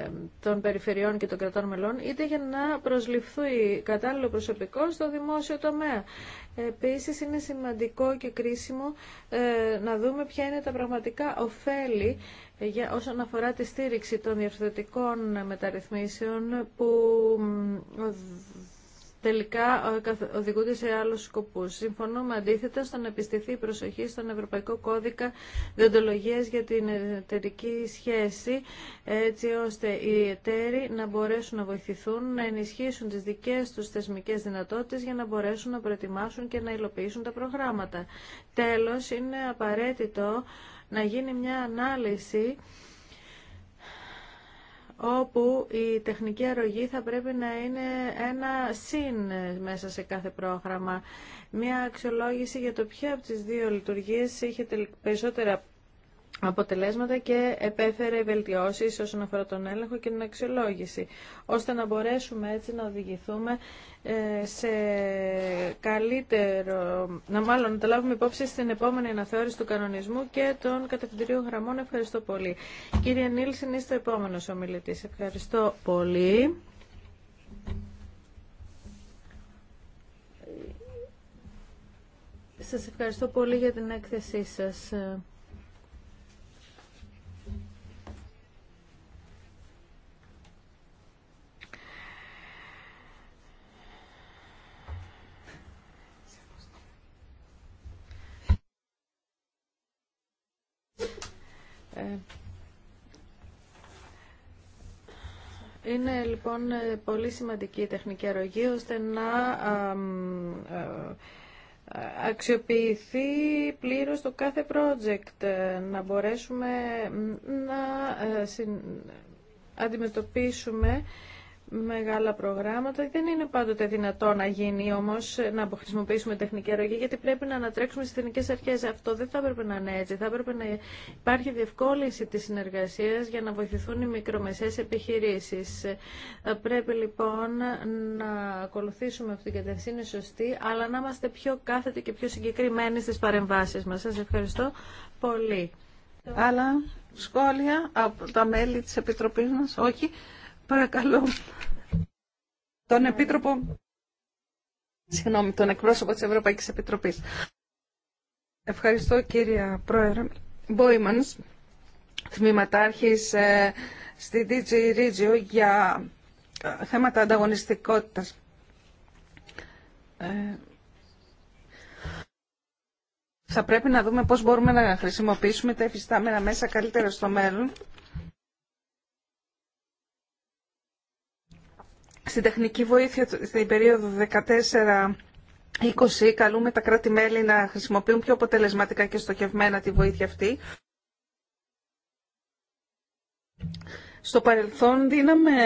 ε, των περιφερειών και των κρατών μελών, είτε για να προσληφθεί κατάλληλο προσωπικό στο δημόσιο τομέα. Επίσης είναι σημαντικό και κρίσιμο ε, να δούμε ποια είναι τα πραγματικά ωφέλη για όσον αφορά τη στήριξη των διευθυντικών μεταρρυθμίσεων που τελικά ε, οδηγούνται σε άλλου σκοπούς. Συμφωνούμε αντίθετα στο να επιστηθεί η προσοχή στον Ευρωπαϊκό Κώδικα Διοντολογία για την εταιρική σχέση, έτσι ώστε οι εταίροι να μπορέσουν να βοηθηθούν, να ενισχύσουν τις δικές τους θεσμικέ δυνατότητες για να μπορέσουν να προετοιμάσουν και να υλοποιήσουν τα προγράμματα. Τέλο, είναι απαραίτητο να γίνει μια ανάλυση όπου η τεχνική αρρωγή θα πρέπει να είναι ένα συν μέσα σε κάθε πρόγραμμα. Μια αξιολόγηση για το ποια από τις δύο λειτουργίες είχε περισσότερα αποτελέσματα και επέφερε βελτιώσεις όσον αφορά τον έλεγχο και την αξιολόγηση, ώστε να μπορέσουμε έτσι να οδηγηθούμε ε, σε καλύτερο, να μάλλον να τα λάβουμε υπόψη στην επόμενη αναθεώρηση του κανονισμού και των κατευθυντηρίων γραμμών. Ευχαριστώ πολύ. Κύριε Νίλσεν, είστε επόμενος ομιλητής. Ευχαριστώ πολύ. Σας ευχαριστώ πολύ για την έκθεσή σας. Ε, είναι λοιπόν πολύ σημαντική η τεχνική αρρωγή ώστε να ε, αξιοποιηθεί πλήρως το κάθε project, ε, να μπορέσουμε να αντιμετωπίσουμε μεγάλα προγράμματα. Δεν είναι πάντοτε δυνατό να γίνει όμω να χρησιμοποιήσουμε τεχνική αρρωγή, γιατί πρέπει να ανατρέξουμε στι εθνικέ αρχέ. Αυτό δεν θα έπρεπε να είναι έτσι. Θα έπρεπε να υπάρχει διευκόλυνση τη συνεργασία για να βοηθηθούν οι μικρομεσαίες επιχειρήσει. Πρέπει λοιπόν να ακολουθήσουμε αυτή την κατευθύνση σωστή, αλλά να είμαστε πιο κάθετοι και πιο συγκεκριμένοι στι παρεμβάσει μα. Σα ευχαριστώ πολύ. Άλλα σχόλια από τα μέλη της Επιτροπής μας, όχι. Παρακαλώ τον Επίτροπο, συγγνώμη, τον εκπρόσωπο της Ευρωπαϊκής Επιτροπής. Ευχαριστώ κύριε Πρόεδρε. Μπόιμανς, τμήματάρχης ε, στη DG Regio για ε, θέματα ανταγωνιστικότητας. Ε, θα πρέπει να δούμε πώς μπορούμε να χρησιμοποιήσουμε τα εφιστάμενα μέσα καλύτερα στο μέλλον Στην τεχνική βοήθεια στην περίοδο 14 20 καλούμε τα κράτη-μέλη να χρησιμοποιούν πιο αποτελεσματικά και στοχευμένα τη βοήθεια αυτή. Στο παρελθόν δίναμε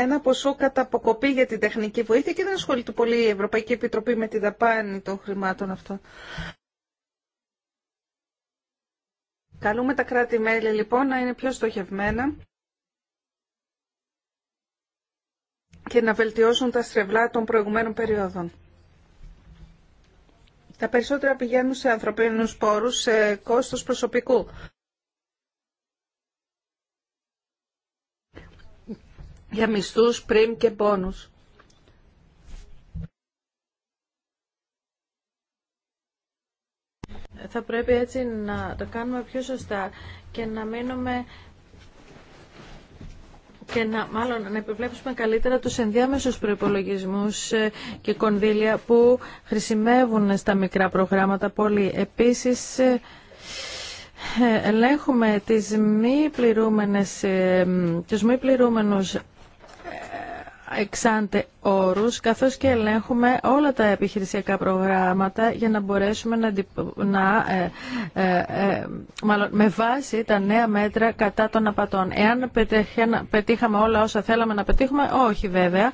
ένα ποσό κατά αποκοπή για την τεχνική βοήθεια και δεν ασχολείται πολύ η Ευρωπαϊκή Επιτροπή με τη δαπάνη των χρημάτων αυτών. Καλούμε τα κράτη-μέλη λοιπόν να είναι πιο στοχευμένα και να βελτιώσουν τα στρεβλά των προηγουμένων περίοδων. Τα περισσότερα πηγαίνουν σε ανθρωπίνους πόρους, σε κόστος προσωπικού. Για μισθούς, πριμ και πόνους. Θα πρέπει έτσι να το κάνουμε πιο σωστά και να μείνουμε και να, μάλλον, να επιβλέψουμε καλύτερα τους ενδιάμεσους προϋπολογισμούς ε, και κονδύλια που χρησιμεύουν στα μικρά προγράμματα πολύ. Επίσης, ε, ε, ελέγχουμε τις μη πληρούμενες, τους μη πληρούμενους εξάντε όρους, καθώς και ελέγχουμε όλα τα επιχειρησιακά προγράμματα για να μπορέσουμε να, να ε, ε, ε, με βάση τα νέα μέτρα κατά των απατών. Εάν πετύχαμε όλα όσα θέλαμε να πετύχουμε, όχι βέβαια,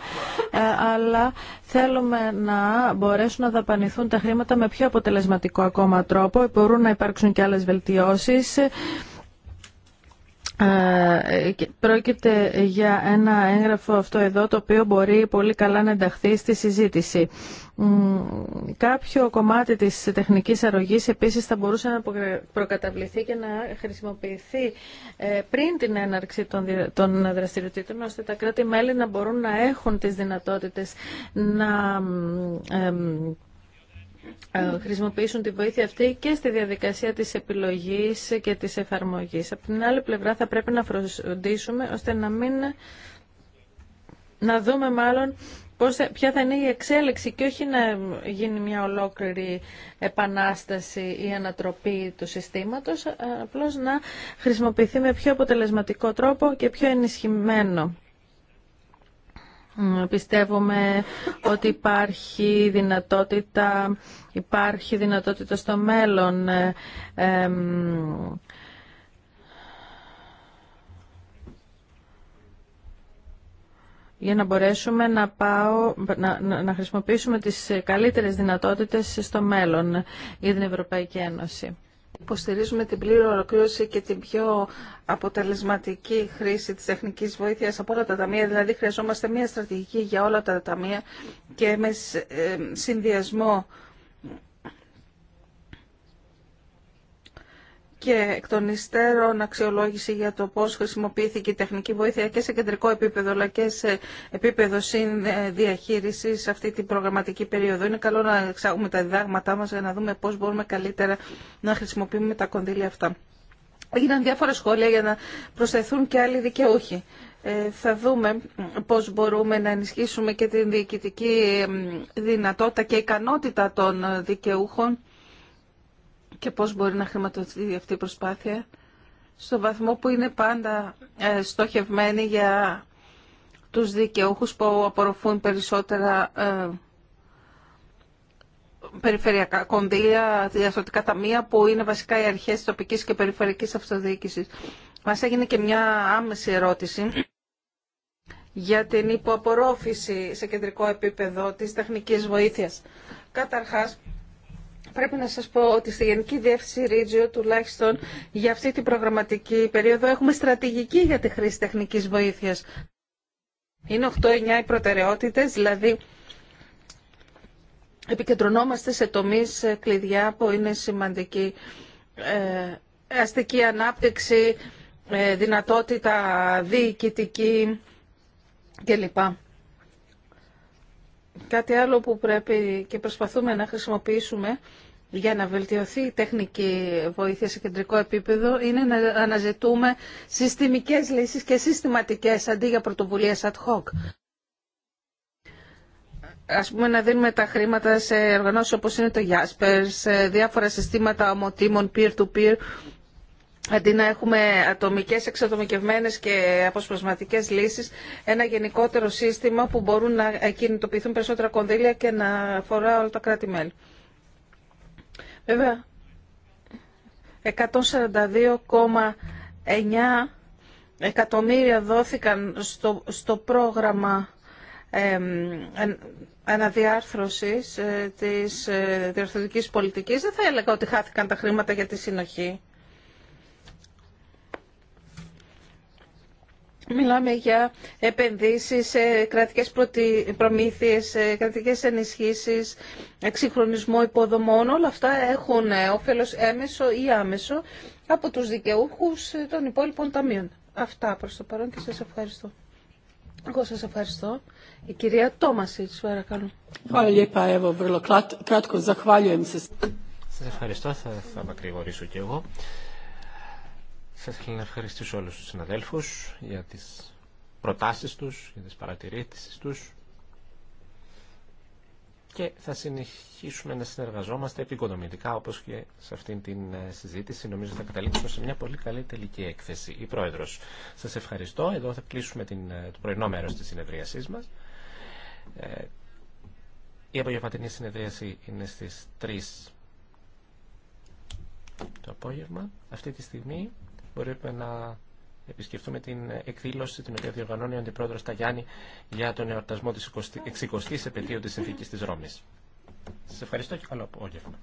αλλά θέλουμε να μπορέσουν να δαπανηθούν τα χρήματα με πιο αποτελεσματικό ακόμα τρόπο. Μπορούν να υπάρξουν και άλλες βελτιώσεις. Πρόκειται για ένα έγγραφο αυτό εδώ το οποίο μπορεί πολύ καλά να ενταχθεί στη συζήτηση. Κάποιο κομμάτι της τεχνικής αρρωγής επίσης θα μπορούσε να προκαταβληθεί και να χρησιμοποιηθεί ε, πριν την έναρξη των δραστηριοτήτων ώστε τα κράτη-μέλη να μπορούν να έχουν τις δυνατότητες να ε, ε, χρησιμοποιήσουν τη βοήθεια αυτή και στη διαδικασία της επιλογής και της εφαρμογής. Από την άλλη πλευρά θα πρέπει να φροντίσουμε ώστε να μην να δούμε μάλλον πώς, ποια θα είναι η εξέλιξη και όχι να γίνει μια ολόκληρη επανάσταση ή ανατροπή του συστήματος, απλώς να χρησιμοποιηθεί με πιο αποτελεσματικό τρόπο και πιο ενισχυμένο. Πιστεύουμε ότι υπάρχει δυνατότητα, υπάρχει δυνατότητα στο μέλλον ε, για να μπορέσουμε να, πάω, να, να χρησιμοποιήσουμε τις καλύτερες δυνατότητες στο μέλλον για την Ευρωπαϊκή Ένωση. Υποστηρίζουμε την πλήρη ολοκλήρωση και την πιο αποτελεσματική χρήση της τεχνικής βοήθειας από όλα τα ταμεία. Δηλαδή χρειαζόμαστε μια στρατηγική για όλα τα ταμεία και με ε, συνδυασμό και εκ των υστέρων αξιολόγηση για το πώς χρησιμοποιήθηκε η τεχνική βοήθεια και σε κεντρικό επίπεδο αλλά και σε επίπεδο συνδιαχείριση σε αυτή την προγραμματική περίοδο. Είναι καλό να εξάγουμε τα διδάγματά μας για να δούμε πώς μπορούμε καλύτερα να χρησιμοποιούμε τα κονδύλια αυτά. Έγιναν διάφορα σχόλια για να προσθεθούν και άλλοι δικαιούχοι. Ε, θα δούμε πώς μπορούμε να ενισχύσουμε και την διοικητική δυνατότητα και ικανότητα των δικαιούχων και πώς μπορεί να χρηματοδοτηθεί αυτή η προσπάθεια στο βαθμό που είναι πάντα ε, στοχευμένη για τους δικαιούχους που απορροφούν περισσότερα ε, περιφερειακά κονδύλια, διαφθορτικά ταμεία που είναι βασικά οι αρχές της τοπικής και περιφερειακής αυτοδιοίκησης. Μας έγινε και μια άμεση ερώτηση για την υποαπορρόφηση σε κεντρικό επίπεδο της τεχνικής βοήθειας. Καταρχάς, Πρέπει να σας πω ότι στη Γενική Διεύθυνση Ρίτζιο, τουλάχιστον για αυτή την προγραμματική περίοδο, έχουμε στρατηγική για τη χρήση τεχνικής βοήθειας. Είναι 8-9 οι προτεραιότητες, δηλαδή επικεντρωνόμαστε σε τομείς ε, κλειδιά που είναι σημαντική ε, αστική ανάπτυξη, ε, δυνατότητα διοικητική κλπ. Κάτι άλλο που πρέπει και προσπαθούμε να χρησιμοποιήσουμε για να βελτιωθεί η τεχνική βοήθεια σε κεντρικό επίπεδο είναι να αναζητούμε συστημικές λύσεις και συστηματικές αντί για πρωτοβουλίες ad hoc. Ας πούμε να δίνουμε τα χρήματα σε οργανώσεις όπως είναι το Jasper, σε διάφορα συστήματα ομοτήμων peer-to-peer, αντί να έχουμε ατομικές, εξατομικευμένες και αποσπασματικές λύσεις, ένα γενικότερο σύστημα που μπορούν να κινητοποιηθούν περισσότερα κονδύλια και να αφορά όλα τα κράτη-μέλη. Βέβαια, 142,9 εκατομμύρια δόθηκαν στο, στο πρόγραμμα ε, αναδιάρθρωσης ε, της ε, διορθωτικής πολιτικής. Δεν θα έλεγα ότι χάθηκαν τα χρήματα για τη συνοχή. Μιλάμε για επενδύσεις, κρατικές προμήθειες, κρατικές ενισχύσεις, εξυγχρονισμό υποδομών. Όλα αυτά έχουν όφελος έμεσο ή άμεσο από τους δικαιούχους των υπόλοιπων ταμείων. Αυτά προς το παρόν και σας ευχαριστώ. Εγώ σας ευχαριστώ. Η κυρία Τόμασιτς, παρακαλώ. Σας ευχαριστώ, θα, θα μακρηγορήσω κι εγώ. Θα ήθελα να ευχαριστήσω όλου του συναδέλφου για τι προτάσει του, για τι παρατηρήσει του. και θα συνεχίσουμε να συνεργαζόμαστε επικοδομητικά όπω και σε αυτήν την ε, συζήτηση. Νομίζω θα καταλήξουμε σε μια πολύ καλή τελική έκθεση. Η πρόεδρο. Σα ευχαριστώ. Εδώ θα κλείσουμε την, ε, το πρωινό μέρο τη συνεδρίασή μα. Ε, η απογευματινή συνεδρίαση είναι στι 3 το απόγευμα. Αυτή τη στιγμή μπορούμε να επισκεφτούμε την εκδήλωση την οποία διοργανώνει ο Αντιπρόεδρος Ταγιάννη για τον εορτασμό της 60ης επαιτίου της συνθήκης της Ρώμης. Σας ευχαριστώ και καλό απόγευμα.